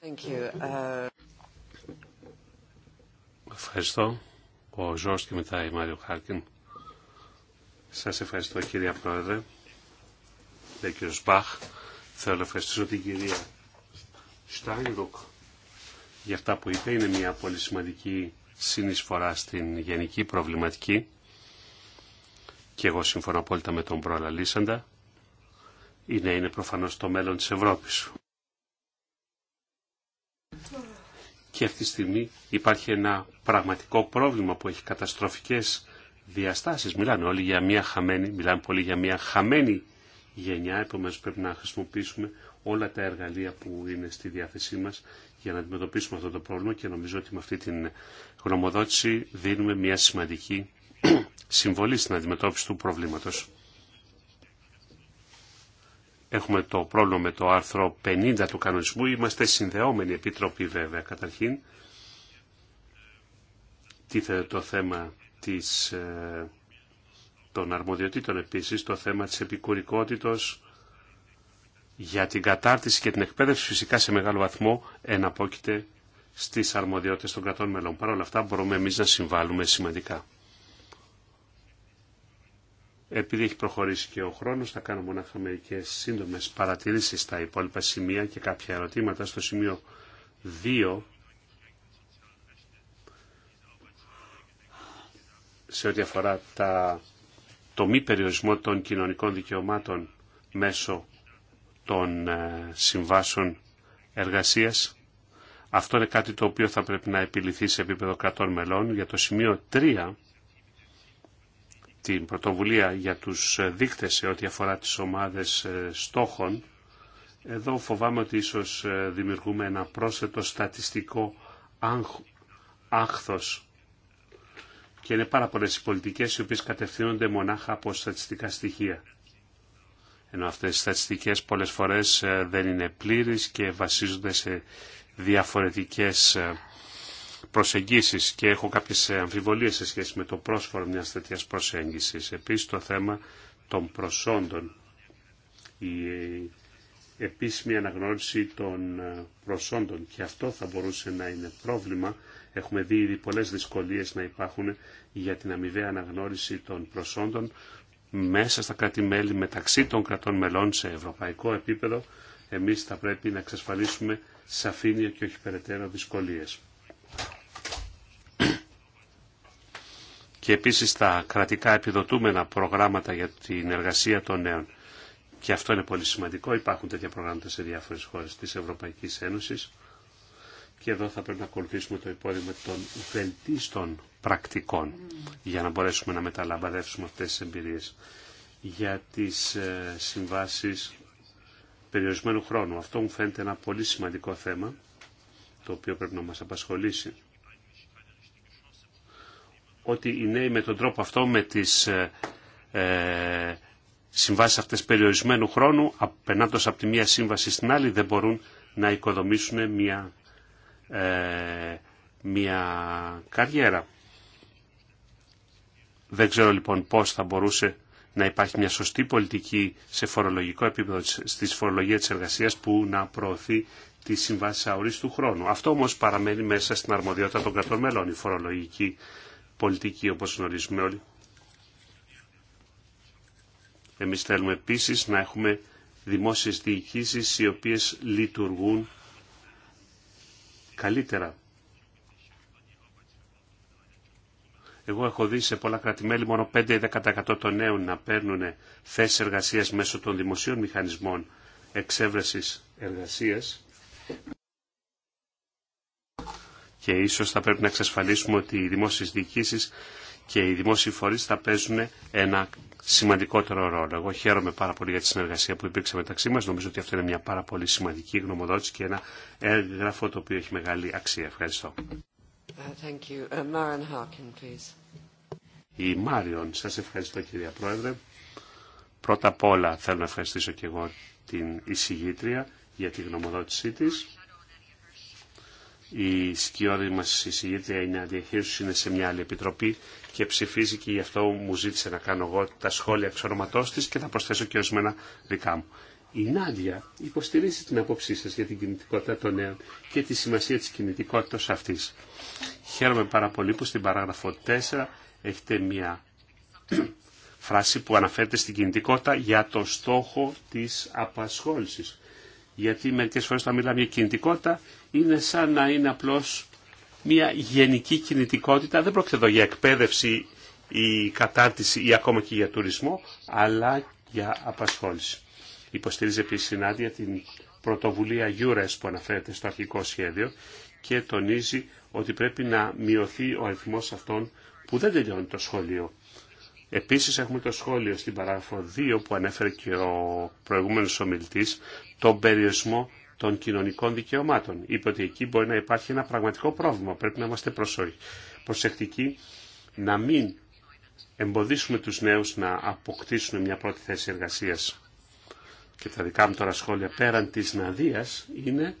Thank you. Ε, ευχαριστώ. Ο Ζώος και μετά η Μάριο Χάρκιν. Σας ευχαριστώ κύριε Πρόεδρε. Λέει κύριος Μπαχ. Θέλω να ευχαριστήσω την κυρία Στάινρουκ για αυτά που είπε. Είναι μια πολύ σημαντική συνεισφορά στην γενική προβληματική και εγώ συμφωνώ απόλυτα με τον Λίσαντα, Είναι, είναι προφανώς το μέλλον της Ευρώπης. Και αυτή τη στιγμή υπάρχει ένα πραγματικό πρόβλημα που έχει καταστροφικές διαστάσεις. Μιλάνε όλοι για μια χαμένη, μιλάνε πολύ για μια χαμένη γενιά, επομένως πρέπει να χρησιμοποιήσουμε όλα τα εργαλεία που είναι στη διάθεσή μας για να αντιμετωπίσουμε αυτό το πρόβλημα και νομίζω ότι με αυτή την γνωμοδότηση δίνουμε μια σημαντική συμβολή στην αντιμετώπιση του προβλήματος. Έχουμε το πρόβλημα με το άρθρο 50 του κανονισμού. Είμαστε συνδεόμενοι επιτροπή βέβαια καταρχήν. Τίθεται το θέμα της, ε, των αρμοδιοτήτων επίσης, το θέμα της επικουρικότητος, για την κατάρτιση και την εκπαίδευση φυσικά σε μεγάλο βαθμό εναπόκειται στις αρμοδιότητες των κρατών μελών. Παρ' όλα αυτά μπορούμε εμείς να συμβάλλουμε σημαντικά. Επειδή έχει προχωρήσει και ο χρόνος, θα κάνω μονάχα μερικέ σύντομες παρατηρήσεις στα υπόλοιπα σημεία και κάποια ερωτήματα στο σημείο 2. σε ό,τι αφορά τα, το μη περιορισμό των κοινωνικών δικαιωμάτων μέσω των ε, συμβάσεων εργασίας. Αυτό είναι κάτι το οποίο θα πρέπει να επιληθεί σε επίπεδο κρατών μελών. Για το σημείο 3, την πρωτοβουλία για τους δείκτες σε ό,τι αφορά τις ομάδες ε, στόχων, εδώ φοβάμαι ότι ίσως ε, δημιουργούμε ένα πρόσθετο στατιστικό άγχος και είναι πάρα πολλές οι πολιτικές οι οποίες κατευθύνονται μονάχα από στατιστικά στοιχεία ενώ αυτές οι στατιστικές πολλές φορές ε, δεν είναι πλήρεις και βασίζονται σε διαφορετικές ε, προσεγγίσεις και έχω κάποιες ε, αμφιβολίες σε σχέση με το πρόσφορο μιας τέτοιας προσέγγισης. Επίσης το θέμα των προσόντων, η επίσημη αναγνώριση των προσόντων και αυτό θα μπορούσε να είναι πρόβλημα. Έχουμε δει ήδη πολλές δυσκολίες να υπάρχουν για την αμοιβαία αναγνώριση των προσόντων μέσα στα κράτη-μέλη, μεταξύ των κρατών μελών σε ευρωπαϊκό επίπεδο, εμείς θα πρέπει να εξασφαλίσουμε σαφήνεια και όχι περαιτέρω δυσκολίες. Και επίσης τα κρατικά επιδοτούμενα προγράμματα για την εργασία των νέων. Και αυτό είναι πολύ σημαντικό. Υπάρχουν τέτοια προγράμματα σε διάφορες χώρες της Ευρωπαϊκής Ένωσης και εδώ θα πρέπει να ακολουθήσουμε το υπόδειγμα των βελτίστων πρακτικών για να μπορέσουμε να μεταλαμπαδεύσουμε αυτές τις εμπειρίες για τις ε, συμβάσεις περιορισμένου χρόνου. Αυτό μου φαίνεται ένα πολύ σημαντικό θέμα το οποίο πρέπει να μας απασχολήσει. Ότι οι νέοι με τον τρόπο αυτό, με τις ε, ε συμβάσεις αυτές περιορισμένου χρόνου, απενάντως από τη μία σύμβαση στην άλλη, δεν μπορούν να οικοδομήσουν μια ε, μια καριέρα. Δεν ξέρω λοιπόν πώς θα μπορούσε να υπάρχει μια σωστή πολιτική σε φορολογικό επίπεδο στις φορολογία της εργασίας που να προωθεί τι συμβάσει αορίστου χρόνου. Αυτό όμως παραμένει μέσα στην αρμοδιότητα των κρατών μελών, η φορολογική πολιτική όπως γνωρίζουμε όλοι. Εμείς θέλουμε επίσης να έχουμε δημόσιες διοικήσεις οι οποίες λειτουργούν καλύτερα. Εγώ έχω δει σε πολλά κρατημέλη μόνο 5-10% των νέων να παίρνουν θέσεις εργασίας μέσω των δημοσίων μηχανισμών εξέβρεσης εργασίας και ίσως θα πρέπει να εξασφαλίσουμε ότι οι δημόσιες διοικήσεις και οι δημόσιοι φορείς θα παίζουν ένα σημαντικότερο ρόλο. Εγώ χαίρομαι πάρα πολύ για τη συνεργασία που υπήρξε μεταξύ μας. Νομίζω ότι αυτό είναι μια πάρα πολύ σημαντική γνωμοδότηση και ένα έγγραφο το οποίο έχει μεγάλη αξία. Ευχαριστώ. Uh, uh Η Μάριον, σας ευχαριστώ κυρία Πρόεδρε. Πρώτα απ' όλα θέλω να ευχαριστήσω και εγώ την εισηγήτρια για τη γνωμοδότησή της. Η σκιώδη μας εισηγήτρια είναι αδιαχείριση, είναι σε μια άλλη επιτροπή και ψηφίζει και γι' αυτό μου ζήτησε να κάνω εγώ τα σχόλια εξ ονοματός και θα προσθέσω και ορισμένα δικά μου. Η Νάντια υποστηρίζει την άποψή σα για την κινητικότητα των νέων και τη σημασία τη κινητικότητα. αυτής. Χαίρομαι πάρα πολύ που στην παράγραφο 4 έχετε μια <clears throat> φράση που αναφέρεται στην κινητικότητα για το στόχο τη απασχόληση. Γιατί μερικέ φορέ όταν μιλάμε για κινητικότητα είναι σαν να είναι απλώς μια γενική κινητικότητα. Δεν πρόκειται εδώ για εκπαίδευση ή κατάρτιση ή ακόμα και για τουρισμό, αλλά για απασχόληση. Υποστηρίζει επίσης συνάντια την πρωτοβουλία EURES που αναφέρεται στο αρχικό σχέδιο και τονίζει ότι πρέπει να μειωθεί ο αριθμό αυτών που δεν τελειώνει το σχολείο. Επίσης έχουμε το σχόλιο στην παράγραφο 2 που ανέφερε και ο προηγούμενος ομιλητής, τον περιορισμό των κοινωνικών δικαιωμάτων. Είπε ότι εκεί μπορεί να υπάρχει ένα πραγματικό πρόβλημα. Πρέπει να είμαστε προσεκτικοί να μην εμποδίσουμε τους νέους να αποκτήσουν μια πρώτη θέση εργασίας. Και τα δικά μου τώρα σχόλια πέραν της Ναδίας είναι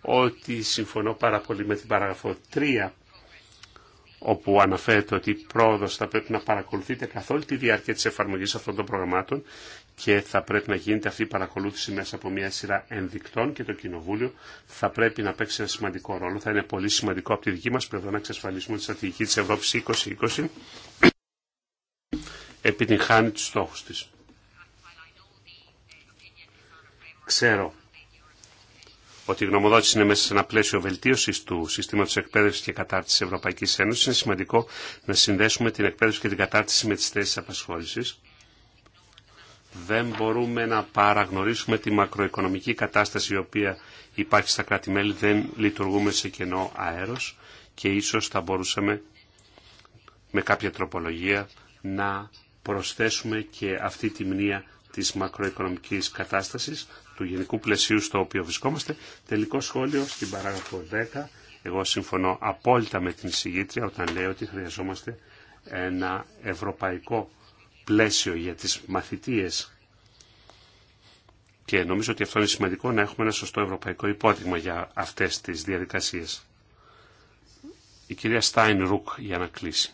ότι συμφωνώ πάρα πολύ με την παραγραφό 3 όπου αναφέρεται ότι η πρόοδος θα πρέπει να παρακολουθείται καθ' όλη τη διάρκεια της εφαρμογής αυτών των προγραμμάτων και θα πρέπει να γίνεται αυτή η παρακολούθηση μέσα από μια σειρά ενδεικτών και το Κοινοβούλιο θα πρέπει να παίξει ένα σημαντικό ρόλο. Θα είναι πολύ σημαντικό από τη δική μας πλευρά να εξασφαλίσουμε τη στρατηγική της Ευρώπης 2020 επιτυγχάνει τους στόχους της. Ξέρω ότι η γνωμοδότηση είναι μέσα σε ένα πλαίσιο βελτίωση του συστήματο εκπαίδευση και κατάρτιση Ευρωπαϊκή Ένωση. Είναι σημαντικό να συνδέσουμε την εκπαίδευση και την κατάρτιση με τι θέσει απασχόληση δεν μπορούμε να παραγνωρίσουμε τη μακροοικονομική κατάσταση η οποία υπάρχει στα κράτη-μέλη, δεν λειτουργούμε σε κενό αέρος και ίσως θα μπορούσαμε με κάποια τροπολογία να προσθέσουμε και αυτή τη μνήα της μακροοικονομικής κατάστασης, του γενικού πλαισίου στο οποίο βρισκόμαστε. Τελικό σχόλιο στην παράγραφο 10. Εγώ συμφωνώ απόλυτα με την συγγήτρια όταν λέει ότι χρειαζόμαστε ένα ευρωπαϊκό πλαίσιο για τις μαθητείες. Και νομίζω ότι αυτό είναι σημαντικό να έχουμε ένα σωστό ευρωπαϊκό υπότιμο για αυτές τις διαδικασίες. Η κυρία Στάιν Ρουκ για να κλείσει.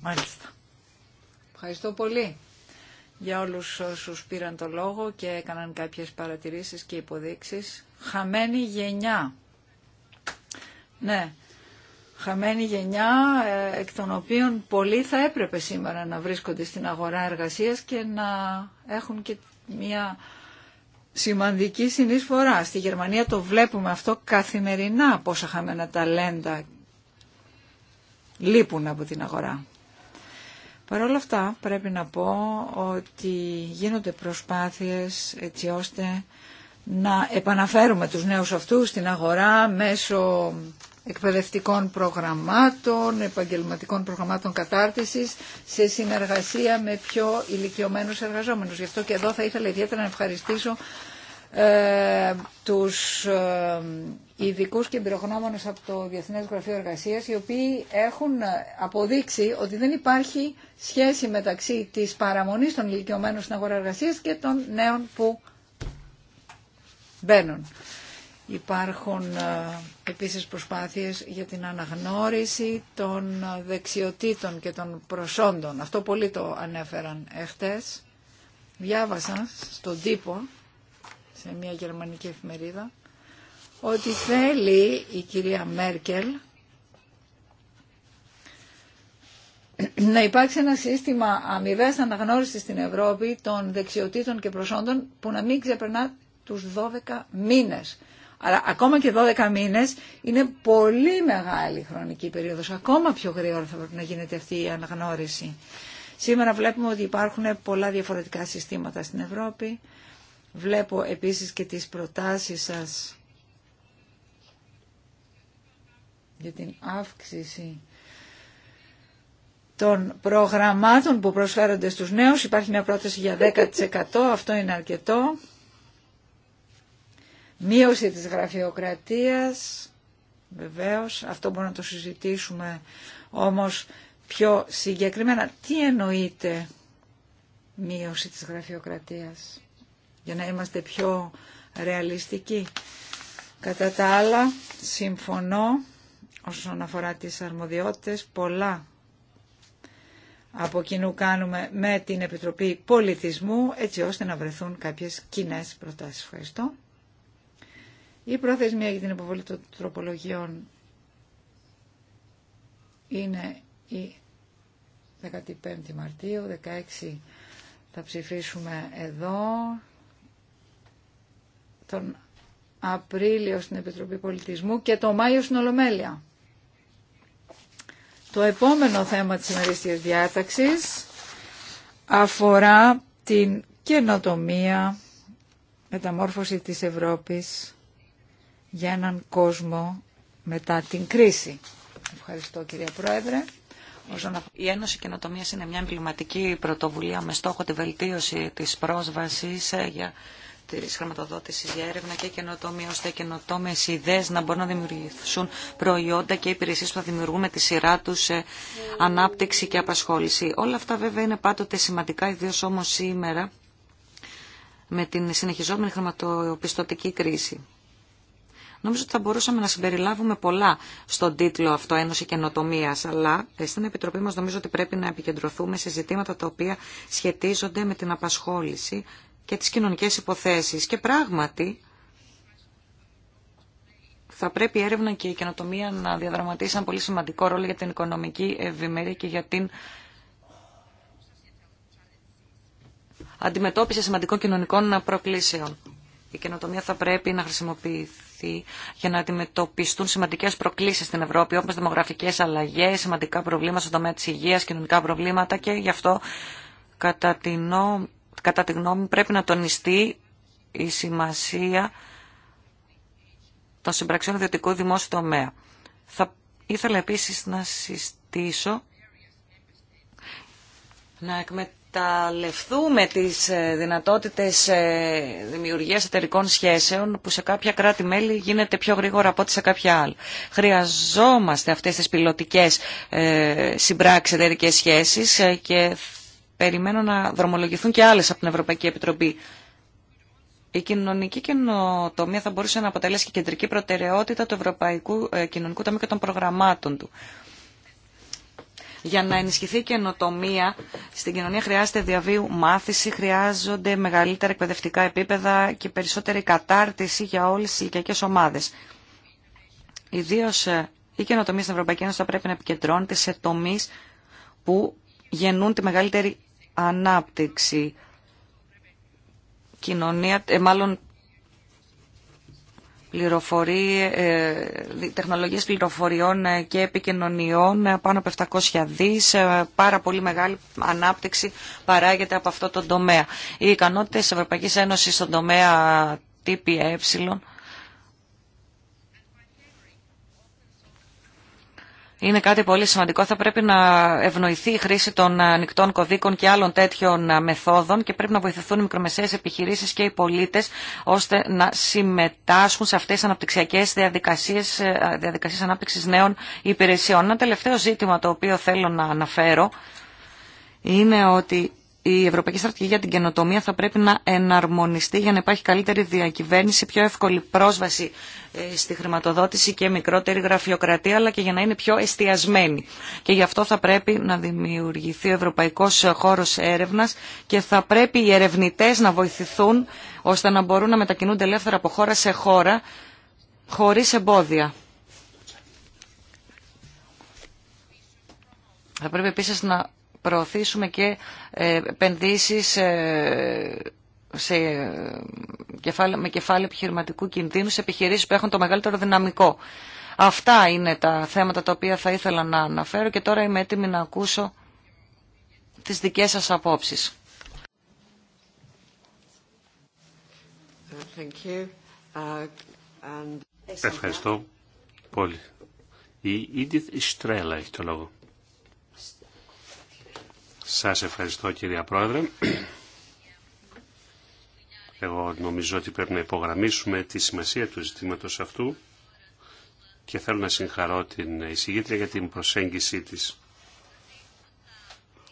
Μάλιστα. Ευχαριστώ πολύ για όλους όσους πήραν το λόγο και έκαναν κάποιες παρατηρήσεις και υποδείξεις. Χαμένη γενιά. Ναι, χαμένη γενιά ε, εκ των οποίων πολλοί θα έπρεπε σήμερα να βρίσκονται στην αγορά εργασίας και να έχουν και μια σημαντική συνεισφορά. Στη Γερμανία το βλέπουμε αυτό καθημερινά πόσα χαμένα ταλέντα λείπουν από την αγορά. Παρ' όλα αυτά πρέπει να πω ότι γίνονται προσπάθειες έτσι ώστε να επαναφέρουμε τους νέους αυτούς στην αγορά μέσω εκπαιδευτικών προγραμμάτων, επαγγελματικών προγραμμάτων κατάρτισης σε συνεργασία με πιο ηλικιωμένους εργαζόμενους. Γι' αυτό και εδώ θα ήθελα ιδιαίτερα να ευχαριστήσω ε, τους ε, ειδικού και εμπειρογνώμονες από το Διεθνές Γραφείο Εργασίας οι οποίοι έχουν αποδείξει ότι δεν υπάρχει σχέση μεταξύ της παραμονής των ηλικιωμένων στην αγορά εργασίας και των νέων που μπαίνουν. Υπάρχουν ε, επίσης προσπάθειες για την αναγνώριση των ε, δεξιοτήτων και των προσόντων. Αυτό πολύ το ανέφεραν εχθές. Διάβασα στον τύπο, σε μια γερμανική εφημερίδα, ότι θέλει η κυρία Μέρκελ να υπάρξει ένα σύστημα αμοιβές αναγνώρισης στην Ευρώπη των δεξιοτήτων και προσόντων που να μην ξεπερνά τους 12 μήνες. Αλλά ακόμα και 12 μήνες είναι πολύ μεγάλη χρονική περίοδο. Ακόμα πιο γρήγορα θα πρέπει να γίνεται αυτή η αναγνώριση. Σήμερα βλέπουμε ότι υπάρχουν πολλά διαφορετικά συστήματα στην Ευρώπη. Βλέπω επίσης και τις προτάσεις σας για την αύξηση των προγραμμάτων που προσφέρονται στους νέους. Υπάρχει μια πρόταση για 10%. Αυτό είναι αρκετό. Μείωση της γραφειοκρατίας, βεβαίως, αυτό μπορούμε να το συζητήσουμε όμως πιο συγκεκριμένα. Τι εννοείται μείωση της γραφειοκρατίας, για να είμαστε πιο ρεαλιστικοί. Κατά τα άλλα, συμφωνώ όσον αφορά τις αρμοδιότητες, πολλά από κοινού κάνουμε με την Επιτροπή Πολιτισμού, έτσι ώστε να βρεθούν κάποιες κοινέ προτάσεις. Ευχαριστώ. Η προθεσμία για την υποβολή των τροπολογιών είναι η 15η Μαρτίου, 16 θα ψηφίσουμε εδώ, τον Απρίλιο στην Επιτροπή Πολιτισμού και το Μάιο στην Ολομέλεια. Το επόμενο θέμα της ημερήσιας διάταξης αφορά την καινοτομία μεταμόρφωση της Ευρώπης για έναν κόσμο μετά την κρίση. Ευχαριστώ κυρία Πρόεδρε. Η Ένωση Καινοτομίας είναι μια εμβληματική πρωτοβουλία με στόχο τη βελτίωση της πρόσβασης ε, για τη χρηματοδότηση για έρευνα και καινοτομία, ώστε καινοτόμε ιδέε να μπορούν να δημιουργηθούν προϊόντα και υπηρεσίε που θα δημιουργούν με τη σειρά του ε, ανάπτυξη και απασχόληση. Όλα αυτά βέβαια είναι πάντοτε σημαντικά, ιδίω όμω σήμερα με την συνεχιζόμενη χρηματοπιστωτική κρίση. Νομίζω ότι θα μπορούσαμε να συμπεριλάβουμε πολλά στον τίτλο αυτό Ένωση Καινοτομία, αλλά στην Επιτροπή μα νομίζω ότι πρέπει να επικεντρωθούμε σε ζητήματα τα οποία σχετίζονται με την απασχόληση και τι κοινωνικέ υποθέσει. Και πράγματι, θα πρέπει η έρευνα και η καινοτομία να διαδραματίσει ένα πολύ σημαντικό ρόλο για την οικονομική ευημερία και για την αντιμετώπιση σημαντικών κοινωνικών προκλήσεων. Η καινοτομία θα πρέπει να χρησιμοποιηθεί για να αντιμετωπιστούν σημαντικέ προκλήσει στην Ευρώπη, όπω δημογραφικέ αλλαγέ, σημαντικά προβλήματα στον τομέα τη υγεία, κοινωνικά προβλήματα και γι' αυτό κατά τη, νο... κατά γνώμη πρέπει να τονιστεί η σημασία των συμπραξιών ιδιωτικού δημόσιου τομέα. Θα ήθελα επίσης να συστήσω να εκμεταλλευτούμε εκμεταλλευτούμε τις ε, δυνατότητες ε, δημιουργίας εταιρικών σχέσεων που σε κάποια κράτη-μέλη γίνεται πιο γρήγορα από ό,τι σε κάποια άλλη. Χρειαζόμαστε αυτές τις πιλωτικές ε, συμπράξεις εταιρικές σχέσεις και περιμένω να δρομολογηθούν και άλλες από την Ευρωπαϊκή Επιτροπή. Η κοινωνική καινοτομία θα μπορούσε να αποτελέσει και κεντρική προτεραιότητα του Ευρωπαϊκού Κοινωνικού Ταμείου και των προγραμμάτων του. Για να ενισχυθεί η καινοτομία στην κοινωνία χρειάζεται διαβίου μάθηση, χρειάζονται μεγαλύτερα εκπαιδευτικά επίπεδα και περισσότερη κατάρτιση για όλες τις ηλικιακές ομάδες. Ιδίως ε, η καινοτομία στην Ευρωπαϊκή Ένωση θα πρέπει να επικεντρώνεται σε τομείς που γεννούν τη μεγαλύτερη ανάπτυξη. Κοινωνία, ε, ε, τεχνολογίες πληροφοριών ε, και επικοινωνιών, ε, πάνω από 700 δις, πάρα πολύ μεγάλη ανάπτυξη παράγεται από αυτό το τομέα. Οι ικανότητες της Ευρωπαϊκής Ένωσης στον τομέα TPE... είναι κάτι πολύ σημαντικό. Θα πρέπει να ευνοηθεί η χρήση των ανοιχτών κωδίκων και άλλων τέτοιων μεθόδων και πρέπει να βοηθηθούν οι μικρομεσαίες επιχειρήσεις και οι πολίτες ώστε να συμμετάσχουν σε αυτές τις αναπτυξιακές διαδικασίες, ε, διαδικασίες ανάπτυξης νέων υπηρεσιών. Ένα τελευταίο ζήτημα το οποίο θέλω να αναφέρω είναι ότι η Ευρωπαϊκή Στρατηγική για την Καινοτομία θα πρέπει να εναρμονιστεί για να υπάρχει καλύτερη διακυβέρνηση, πιο εύκολη πρόσβαση ε, στη χρηματοδότηση και μικρότερη γραφειοκρατία, αλλά και για να είναι πιο εστιασμένη. Και γι' αυτό θα πρέπει να δημιουργηθεί ο Ευρωπαϊκός Χώρος Έρευνας και θα πρέπει οι ερευνητές να βοηθηθούν ώστε να μπορούν να μετακινούνται ελεύθερα από χώρα σε χώρα χωρίς εμπόδια. Θα πρέπει επίσης να προωθήσουμε και ε, επενδύσεις ε, σε κεφάλαιο, με κεφάλαιο επιχειρηματικού κινδύνου σε επιχειρήσεις που έχουν το μεγαλύτερο δυναμικό. Αυτά είναι τα θέματα τα οποία θα ήθελα να αναφέρω και τώρα είμαι έτοιμη να ακούσω τις δικές σας απόψεις. Uh, Ευχαριστώ πολύ. Η Edith Ιστρέλα έχει το λόγο. Σας ευχαριστώ κυρία Πρόεδρε. Εγώ νομίζω ότι πρέπει να υπογραμμίσουμε τη σημασία του ζητήματος αυτού και θέλω να συγχαρώ την εισηγήτρια για την προσέγγιση της.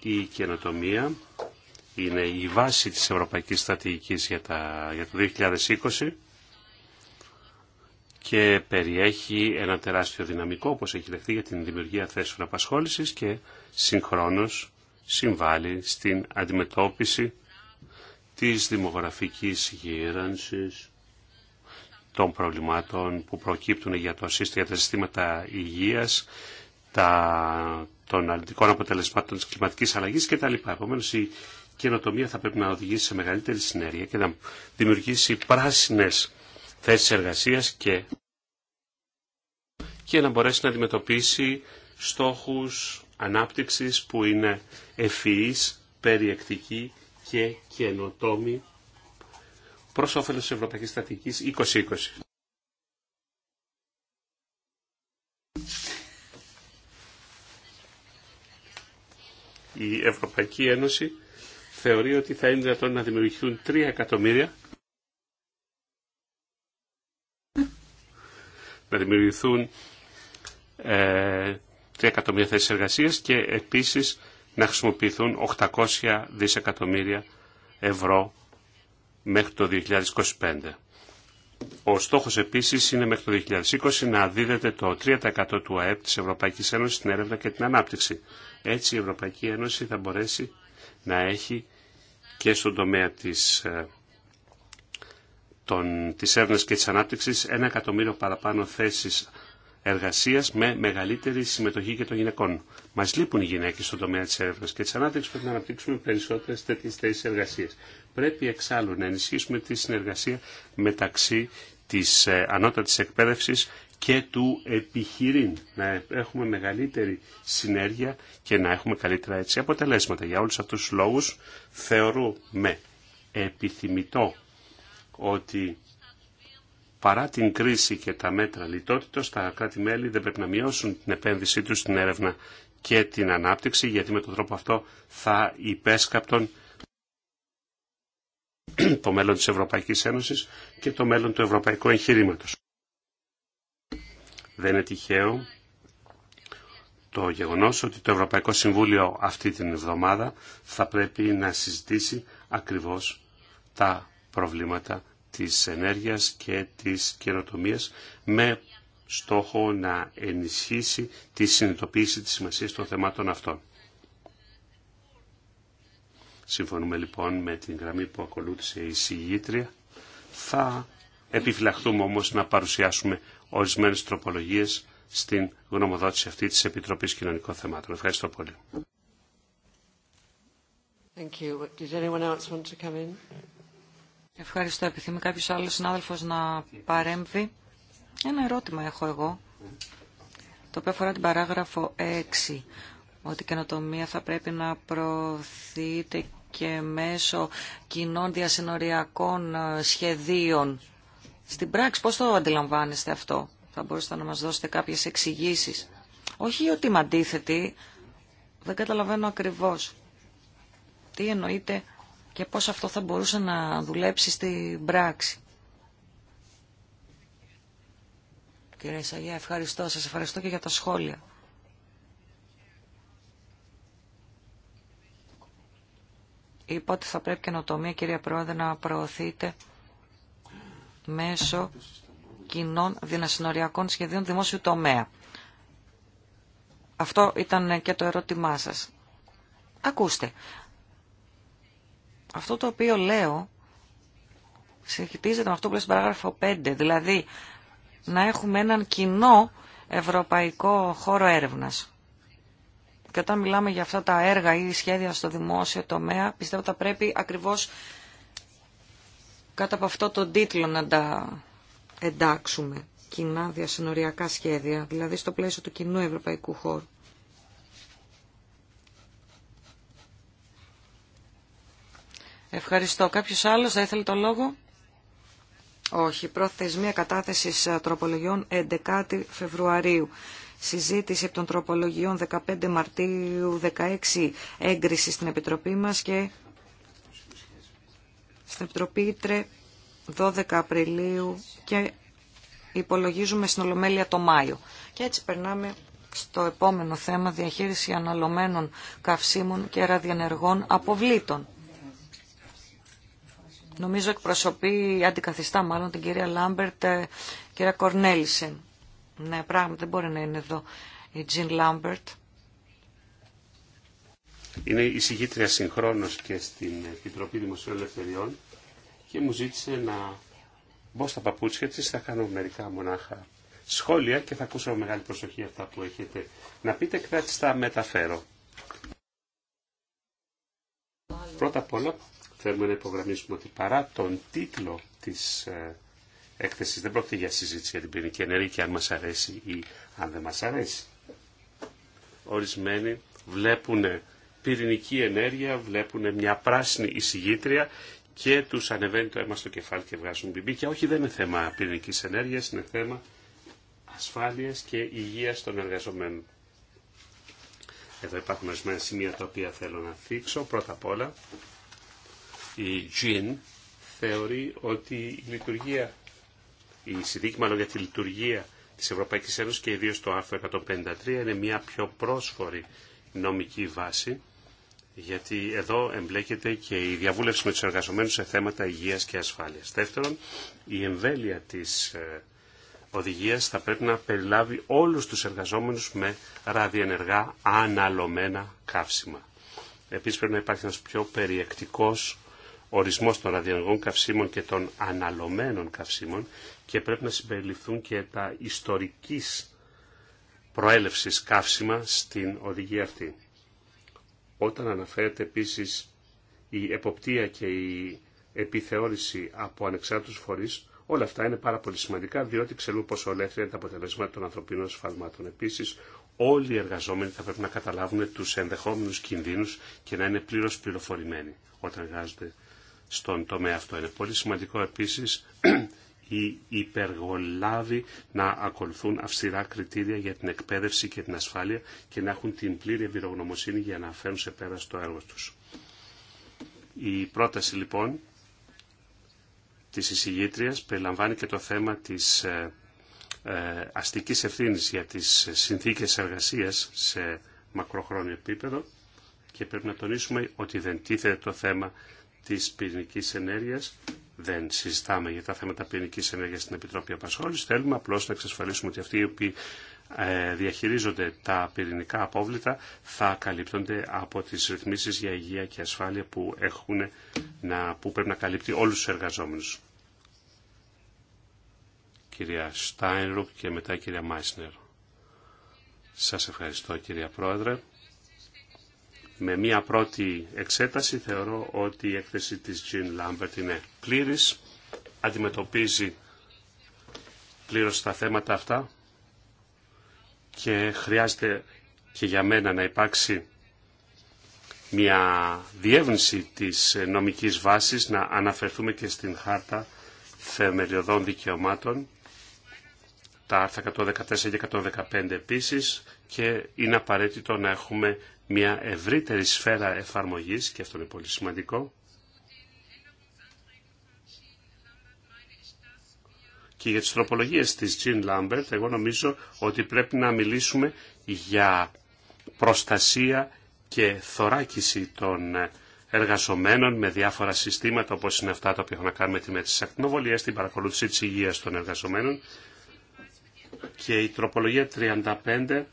Η καινοτομία είναι η βάση της Ευρωπαϊκής Στρατηγικής για, τα, για το 2020 και περιέχει ένα τεράστιο δυναμικό όπως έχει δεχτεί για την δημιουργία θέσεων απασχόλησης και συγχρόνως συμβάλλει στην αντιμετώπιση της δημογραφικής γύρανσης των προβλημάτων που προκύπτουν για, το, για τα συστήματα υγείας, των αρνητικών αποτελεσμάτων της κλιματικής αλλαγής κτλ. Επομένως η καινοτομία θα πρέπει να οδηγήσει σε μεγαλύτερη συνέργεια και να δημιουργήσει πράσινες θέσεις εργασίας και, και να μπορέσει να αντιμετωπίσει στόχους ανάπτυξης που είναι ευφυής, περιεκτική και καινοτόμη προς όφελος της Ευρωπαϊκής Στατικής 2020. Η Ευρωπαϊκή Ένωση θεωρεί ότι θα είναι δυνατόν να δημιουργηθούν 3 εκατομμύρια να δημιουργηθούν ε, εκατομμύρια θέσεις εργασίας και επίσης να χρησιμοποιηθούν 800 δισεκατομμύρια ευρώ μέχρι το 2025. Ο στόχος επίσης είναι μέχρι το 2020 να δίδεται το 3% του ΑΕΠ της Ευρωπαϊκής Ένωσης στην έρευνα και την ανάπτυξη. Έτσι η Ευρωπαϊκή Ένωση θα μπορέσει να έχει και στον τομέα της, ε, των, της έρευνας και της ανάπτυξης ένα εκατομμύριο παραπάνω θέσεις εργασίας με μεγαλύτερη συμμετοχή και των γυναικών. Μας λείπουν οι γυναίκε στον τομέα τη έρευνα και τη ανάπτυξη πρέπει να αναπτύξουμε περισσότερες τέτοιε θέσει εργασία. Πρέπει εξάλλου να ενισχύσουμε τη συνεργασία μεταξύ της ε, ανώτατης εκπαίδευση και του επιχειρήν. Να έχουμε μεγαλύτερη συνέργεια και να έχουμε καλύτερα έτσι αποτελέσματα. Για όλου αυτού τους λόγους θεωρούμε επιθυμητό ότι παρά την κρίση και τα μέτρα λιτότητος, τα κράτη-μέλη δεν πρέπει να μειώσουν την επένδυσή τους στην έρευνα και την ανάπτυξη, γιατί με τον τρόπο αυτό θα υπέσκαπτον το μέλλον της Ευρωπαϊκής Ένωσης και το μέλλον του ευρωπαϊκού εγχειρήματος. Δεν είναι τυχαίο το γεγονός ότι το Ευρωπαϊκό Συμβούλιο αυτή την εβδομάδα θα πρέπει να συζητήσει ακριβώς τα προβλήματα της ενέργειας και της καινοτομίας με στόχο να ενισχύσει τη συνειδητοποίηση της σημασίας των θεμάτων αυτών. Συμφωνούμε λοιπόν με την γραμμή που ακολούθησε η συγγήτρια. Θα επιφυλαχθούμε όμως να παρουσιάσουμε ορισμένες τροπολογίες στην γνωμοδότηση αυτή της Επιτροπής Κοινωνικών Θεμάτων. Ευχαριστώ πολύ. Ευχαριστώ. Επιθυμεί κάποιος άλλος συνάδελφος να παρέμβει. Ένα ερώτημα έχω εγώ, το οποίο αφορά την παράγραφο 6, ότι η καινοτομία θα πρέπει να προωθείται και μέσω κοινών διασυνοριακών ε, σχεδίων. Στην πράξη πώς το αντιλαμβάνεστε αυτό. Θα μπορούσατε να μας δώσετε κάποιες εξηγήσεις. Όχι ότι είμαι αντίθετη, δεν καταλαβαίνω ακριβώς. Τι εννοείται και πώς αυτό θα μπορούσε να δουλέψει στην πράξη. Κύριε Σαγιά, ευχαριστώ. Σας ευχαριστώ και για τα σχόλια. Είπα ότι θα πρέπει καινοτομία, κυρία Πρόεδρε, να προωθείτε μέσω κοινών δυνασυνοριακών σχεδίων δημόσιου τομέα. Αυτό ήταν και το ερώτημά σας. Ακούστε, αυτό το οποίο λέω συγχυτίζεται με αυτό που λέει στην παράγραφο 5, δηλαδή να έχουμε έναν κοινό ευρωπαϊκό χώρο έρευνας. Και όταν μιλάμε για αυτά τα έργα ή σχέδια στο δημόσιο τομέα, πιστεύω ότι θα πρέπει ακριβώς κάτω από αυτό το τίτλο να τα εντάξουμε. Κοινά διασυνοριακά σχέδια, δηλαδή στο πλαίσιο του κοινού ευρωπαϊκού χώρου. Ευχαριστώ. Κάποιος άλλο θα ήθελε το λόγο. Όχι. Προθεσμία κατάθεση ε, τροπολογιών 11 Φεβρουαρίου. Συζήτηση των τροπολογιών 15 Μαρτίου 16 έγκριση στην Επιτροπή μας και στην Επιτροπή Ήτρε 12 Απριλίου και υπολογίζουμε στην Ολομέλεια το Μάιο. Και έτσι περνάμε στο επόμενο θέμα διαχείριση αναλωμένων καυσίμων και ραδιενεργών αποβλήτων νομίζω εκπροσωπεί, αντικαθιστά μάλλον την κυρία Λάμπερτ, ε, κυρία Κορνέλισεν. Ναι, πράγματι δεν μπορεί να είναι εδώ η Τζιν Λάμπερτ. Είναι η εισηγήτρια συγχρόνως και στην Επιτροπή Δημοσίου Ελευθεριών και μου ζήτησε να μπω στα παπούτσια της, θα κάνω μερικά μονάχα σχόλια και θα ακούσω μεγάλη προσοχή αυτά που έχετε να πείτε και θα τα μεταφέρω. Πρώτα απ' όλα θέλουμε να υπογραμμίσουμε ότι παρά τον τίτλο της ε, έκθεσης δεν πρόκειται για συζήτηση για την πυρηνική ενέργεια και αν μα αρέσει ή αν δεν μα αρέσει. Ορισμένοι βλέπουν πυρηνική ενέργεια, βλέπουν μια πράσινη εισηγήτρια και τους ανεβαίνει το αίμα στο κεφάλι και βγάζουν και Όχι δεν είναι θέμα πυρηνικής ενέργειας, είναι θέμα ασφάλειας και υγείας των εργαζομένων. Εδώ υπάρχουν ορισμένα σημεία τα οποία θέλω να θίξω. Πρώτα απ' όλα, η Τζιν θεωρεί ότι η λειτουργία, η συνδίκη μάλλον για τη λειτουργία της Ευρωπαϊκής Ένωσης και ιδίως το άρθρο 153 είναι μια πιο πρόσφορη νομική βάση γιατί εδώ εμπλέκεται και η διαβούλευση με τους εργαζομένους σε θέματα υγείας και ασφάλειας. Δεύτερον, η εμβέλεια της ε, οδηγίας θα πρέπει να περιλάβει όλους τους εργαζόμενους με ραδιενεργά αναλωμένα καύσιμα. Επίσης πρέπει να υπάρχει ένας πιο περιεκτικός ορισμός των ραδιενεργών καυσίμων και των αναλωμένων καυσίμων και πρέπει να συμπεριληφθούν και τα ιστορικής προέλευσης καύσιμα στην οδηγία αυτή. Όταν αναφέρεται επίσης η εποπτεία και η επιθεώρηση από ανεξάρτητους φορείς, όλα αυτά είναι πάρα πολύ σημαντικά, διότι ξέρουμε πόσο ολέθρια είναι τα αποτελέσματα των ανθρωπίνων σφαλμάτων. Επίσης, όλοι οι εργαζόμενοι θα πρέπει να καταλάβουν τους ενδεχόμενους κινδύνους και να είναι πλήρως πληροφορημένοι όταν εργάζονται στον τομέα αυτό. Είναι πολύ σημαντικό επίσης <clears throat> οι υπεργολάβοι να ακολουθούν αυστηρά κριτήρια για την εκπαίδευση και την ασφάλεια και να έχουν την πλήρη εμπειρογνωμοσύνη για να φέρουν σε πέρα στο έργο τους. Η πρόταση λοιπόν της εισηγήτριας περιλαμβάνει και το θέμα της ε, ε, αστικής ευθύνης για τις συνθήκες εργασίας σε μακροχρόνιο επίπεδο και πρέπει να τονίσουμε ότι δεν τίθεται το θέμα της πυρηνικής ενέργειας. Δεν συζητάμε για τα θέματα πυρηνικής ενέργειας στην Επιτροπή Απασχόλησης. Θέλουμε απλώς να εξασφαλίσουμε ότι αυτοί οι οποίοι ε, διαχειρίζονται τα πυρηνικά απόβλητα θα καλύπτονται από τις ρυθμίσεις για υγεία και ασφάλεια που, έχουν να, που πρέπει να καλύπτει όλους τους εργαζόμενους. Κυρία Στάινρουκ και μετά κυρία Μάισνερ. Σας ευχαριστώ κυρία Πρόεδρε με μία πρώτη εξέταση θεωρώ ότι η έκθεση της Jean Lambert είναι πλήρης, αντιμετωπίζει πλήρως τα θέματα αυτά και χρειάζεται και για μένα να υπάρξει μια διεύνηση της νομικής βάσης, να αναφερθούμε και στην χάρτα θεμελιωδών δικαιωμάτων, τα άρθρα 114 και 115 επίσης και είναι απαραίτητο να έχουμε μια ευρύτερη σφαίρα εφαρμογής και αυτό είναι πολύ σημαντικό. Και για τις τροπολογίες της Jean Lambert, εγώ νομίζω ότι πρέπει να μιλήσουμε για προστασία και θωράκιση των εργαζομένων με διάφορα συστήματα όπως είναι αυτά τα οποία έχουν να κάνουν με τη ακτινοβολίες... την παρακολούθηση της υγείας των εργαζομένων και η τροπολογία 35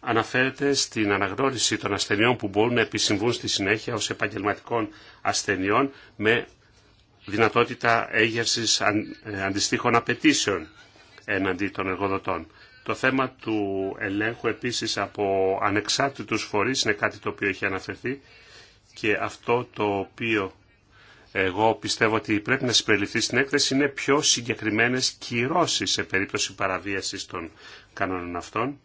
αναφέρεται στην αναγνώριση των ασθενειών που μπορούν να επισυμβούν στη συνέχεια ως επαγγελματικών ασθενειών με δυνατότητα έγερσης ε, αντιστοίχων απαιτήσεων εναντί των εργοδοτών. Το θέμα του ελέγχου επίσης από ανεξάρτητους φορείς είναι κάτι το οποίο έχει αναφερθεί και αυτό το οποίο εγώ πιστεύω ότι πρέπει να συμπεριληφθεί στην έκθεση είναι πιο συγκεκριμένες κυρώσεις σε περίπτωση παραβίασης των κανόνων αυτών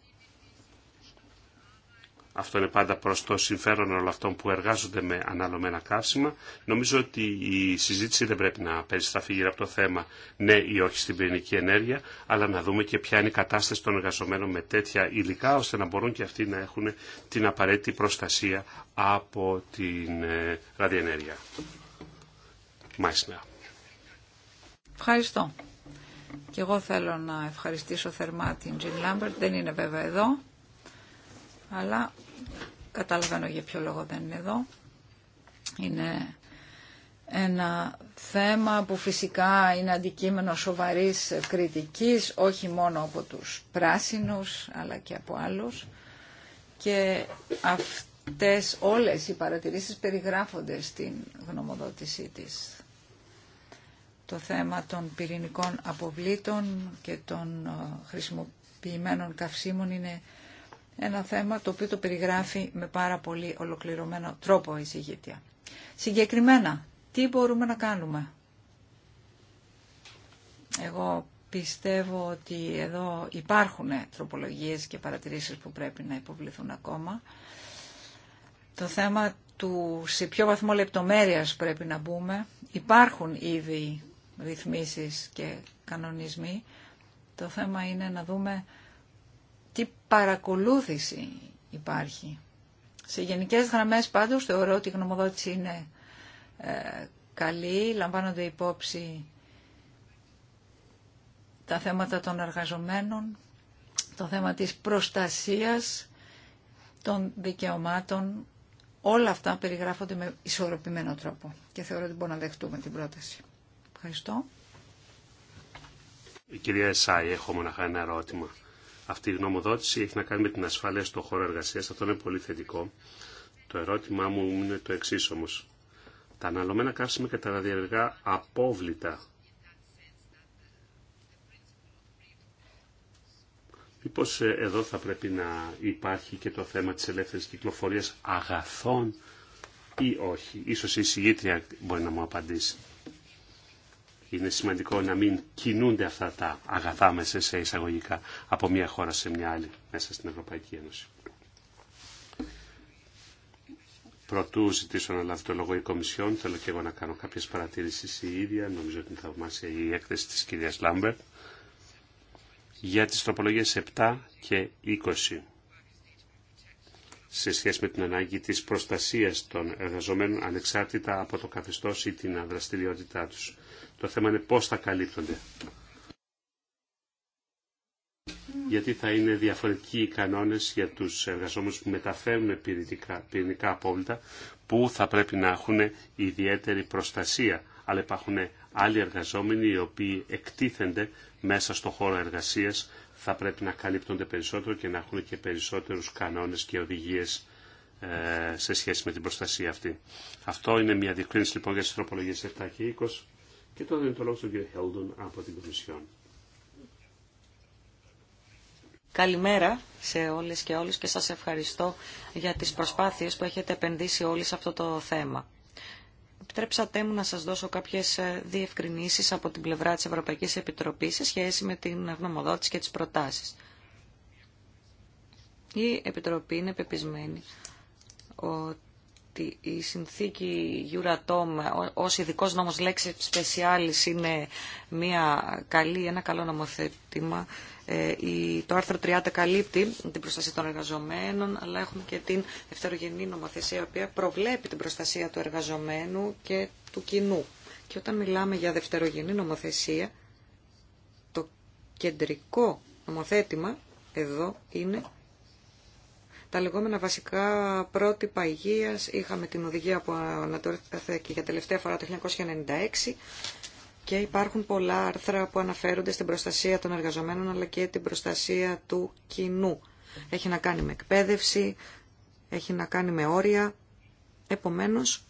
αυτό είναι πάντα προς το συμφέρον όλων αυτών που εργάζονται με αναλωμένα καύσιμα. Νομίζω ότι η συζήτηση δεν πρέπει να περιστραφεί γύρω από το θέμα ναι ή όχι στην πυρηνική ενέργεια, αλλά να δούμε και ποια είναι η κατάσταση των εργαζομένων με τέτοια υλικά, ώστε να μπορούν και αυτοί να έχουν την απαραίτητη προστασία από την ε, ραδιενέργεια. Μάλιστα. Ευχαριστώ. Και εγώ θέλω να ευχαριστήσω θερμά την Τζιν Λάμπερτ. Δεν είναι βέβαια εδώ, αλλά Καταλαβαίνω για ποιο λόγο δεν είναι εδώ. Είναι ένα θέμα που φυσικά είναι αντικείμενο σοβαρής κριτικής, όχι μόνο από τους πράσινους, αλλά και από άλλους. Και αυτές όλες οι παρατηρήσεις περιγράφονται στην γνωμοδότησή της. Το θέμα των πυρηνικών αποβλήτων και των ε, χρησιμοποιημένων καυσίμων είναι ένα θέμα το οποίο το περιγράφει με πάρα πολύ ολοκληρωμένο τρόπο η συγγήτρια. Συγκεκριμένα, τι μπορούμε να κάνουμε. Εγώ πιστεύω ότι εδώ υπάρχουν τροπολογίες και παρατηρήσεις που πρέπει να υποβληθούν ακόμα. Το θέμα του σε ποιο βαθμό λεπτομέρειας πρέπει να μπούμε. Υπάρχουν ήδη ρυθμίσεις και κανονισμοί. Το θέμα είναι να δούμε τι παρακολούθηση υπάρχει. Σε γενικές γραμμές πάντως θεωρώ ότι η γνωμοδότηση είναι ε, καλή, λαμβάνονται υπόψη τα θέματα των εργαζομένων, το θέμα της προστασίας των δικαιωμάτων. Όλα αυτά περιγράφονται με ισορροπημένο τρόπο και θεωρώ ότι μπορούμε να δεχτούμε την πρόταση. Ευχαριστώ. Η ε, κυρία Εσάη, έχω μοναχά ένα ερώτημα. Αυτή η γνωμοδότηση έχει να κάνει με την ασφάλεια στον χώρο εργασία. Αυτό είναι πολύ θετικό. Το ερώτημά μου είναι το εξή όμω. Τα αναλωμένα καύσιμα και τα απόβλητα. Μήπω ε, εδώ θα πρέπει να υπάρχει και το θέμα της ελεύθερης κυκλοφορίας αγαθών ή όχι. Ίσως η συγγήτρια μπορεί να μου απαντήσει είναι σημαντικό να μην κινούνται αυτά τα αγαθά μέσα σε εισαγωγικά από μια χώρα σε μια άλλη μέσα στην Ευρωπαϊκή Ένωση. Πρωτού ζητήσω να λάβει το λόγο η Κομισιόν, θέλω και εγώ να κάνω κάποιε παρατηρήσει η ίδια. Νομίζω ότι είναι θαυμάσια η έκθεση τη κυρία Λάμπερτ για τις τροπολογίες 7 και 20 σε σχέση με την ανάγκη της προστασίας των εργαζομένων ανεξάρτητα από το καθεστώς ή την δραστηριότητά τους. Το θέμα είναι πώς θα καλύπτονται. Γιατί θα είναι διαφορετικοί οι κανόνες για τους εργαζόμενους που μεταφέρουν πυρηνικά, απόλυτα, απόβλητα που θα πρέπει να έχουν ιδιαίτερη προστασία. Αλλά υπάρχουν άλλοι εργαζόμενοι οι οποίοι εκτίθενται μέσα στο χώρο εργασίας θα πρέπει να καλύπτονται περισσότερο και να έχουν και περισσότερους κανόνες και οδηγίες ε, σε σχέση με την προστασία αυτή. Αυτό είναι μια διευκρίνηση λοιπόν για τις τροπολογίες 7 και 20. Και τώρα είναι το λόγο στον κύριο Χέλντον από την Κομισιόν. Καλημέρα σε όλες και όλους και σας ευχαριστώ για τις προσπάθειες που έχετε επενδύσει όλοι σε αυτό το θέμα. Επιτρέψατε μου να σας δώσω κάποιες ε, διευκρινήσεις από την πλευρά της Ευρωπαϊκής Επιτροπής σε σχέση με την γνωμοδότηση και τις προτάσεις. Η Επιτροπή είναι πεπισμένη ότι ότι η συνθήκη Euratom ως ειδικός νόμος λέξη σπεσιάλης είναι μια καλή, ένα καλό νομοθέτημα. Ε, το άρθρο 30 καλύπτει την προστασία των εργαζομένων, αλλά έχουμε και την δευτερογενή νομοθεσία, η οποία προβλέπει την προστασία του εργαζομένου και του κοινού. Και όταν μιλάμε για δευτερογενή νομοθεσία, το κεντρικό νομοθέτημα εδώ είναι τα λεγόμενα βασικά πρότυπα υγείας. Είχαμε την οδηγία που ανατολήθηκε για τελευταία φορά το 1996 και υπάρχουν πολλά άρθρα που αναφέρονται στην προστασία των εργαζομένων αλλά και την προστασία του κοινού. Έχει να κάνει με εκπαίδευση, έχει να κάνει με όρια. Επομένως,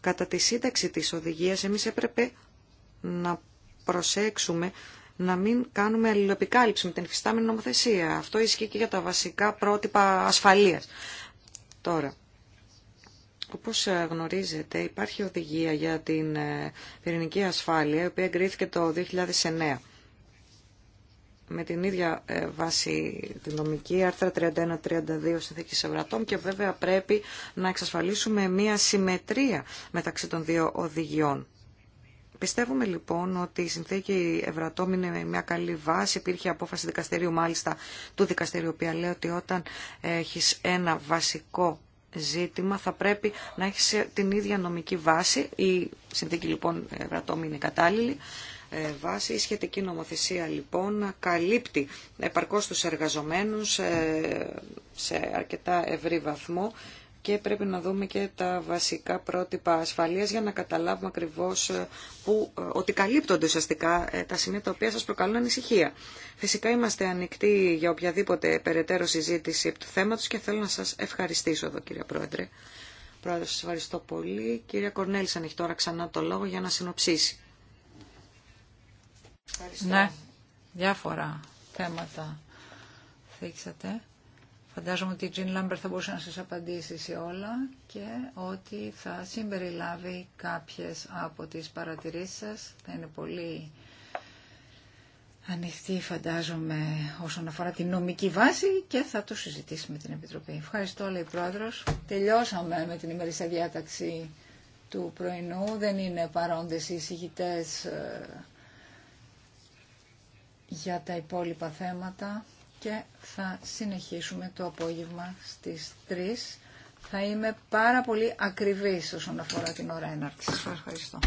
κατά τη σύνταξη της οδηγίας εμείς έπρεπε να προσέξουμε να μην κάνουμε αλληλοεπικάλυψη με την υφιστάμενη νομοθεσία. Αυτό ισχύει και για τα βασικά πρότυπα ασφαλείας. Τώρα, όπως ε, γνωρίζετε, υπάρχει οδηγία για την ε, πυρηνική ασφάλεια, η οποία εγκρίθηκε το 2009 με την ίδια ε, βάση τη νομική, άρθρα 31-32 συνθήκης Ευρατών και βέβαια πρέπει να εξασφαλίσουμε μία συμμετρία μεταξύ των δύο οδηγιών. Πιστεύουμε λοιπόν ότι η συνθήκη Ευρατόμ είναι μια καλή βάση. Υπήρχε απόφαση δικαστηρίου μάλιστα του δικαστηρίου, οποία λέει ότι όταν έχεις ένα βασικό ζήτημα θα πρέπει να έχεις την ίδια νομική βάση. Η συνθήκη λοιπόν Ευρατόμ είναι κατάλληλη ε, βάση. Η σχετική νομοθεσία λοιπόν καλύπτει επαρκώς τους εργαζομένους ε, σε αρκετά ευρύ βαθμό και πρέπει να δούμε και τα βασικά πρότυπα ασφαλείας για να καταλάβουμε ακριβώς ε, που, ε, ότι καλύπτονται ουσιαστικά ε, τα σημεία τα οποία σας προκαλούν ανησυχία. Φυσικά είμαστε ανοιχτοί για οποιαδήποτε περαιτέρω συζήτηση του θέματος και θέλω να σας ευχαριστήσω εδώ κύριε Πρόεδρε. Πρόεδρε, σας ευχαριστώ πολύ. Κυρία Κορνέλη, τώρα ξανά το λόγο για να συνοψίσει. Ευχαριστώ. Ναι, διάφορα θέματα θίξατε. Φαντάζομαι ότι η Τζιν Λάμπερ θα μπορούσε να σας απαντήσει σε όλα και ότι θα συμπεριλάβει κάποιες από τις παρατηρήσεις σας. Θα είναι πολύ ανοιχτή φαντάζομαι όσον αφορά την νομική βάση και θα το συζητήσουμε με την Επιτροπή. Ευχαριστώ λέει Πρόεδρος. Τελειώσαμε με την ημερήσια διάταξη του πρωινού. Δεν είναι παρόντες οι εισηγητές ε, για τα υπόλοιπα θέματα και θα συνεχίσουμε το απόγευμα στις 3. Θα είμαι πάρα πολύ ακριβής όσον αφορά την ώρα έναρξης. Σας ευχαριστώ.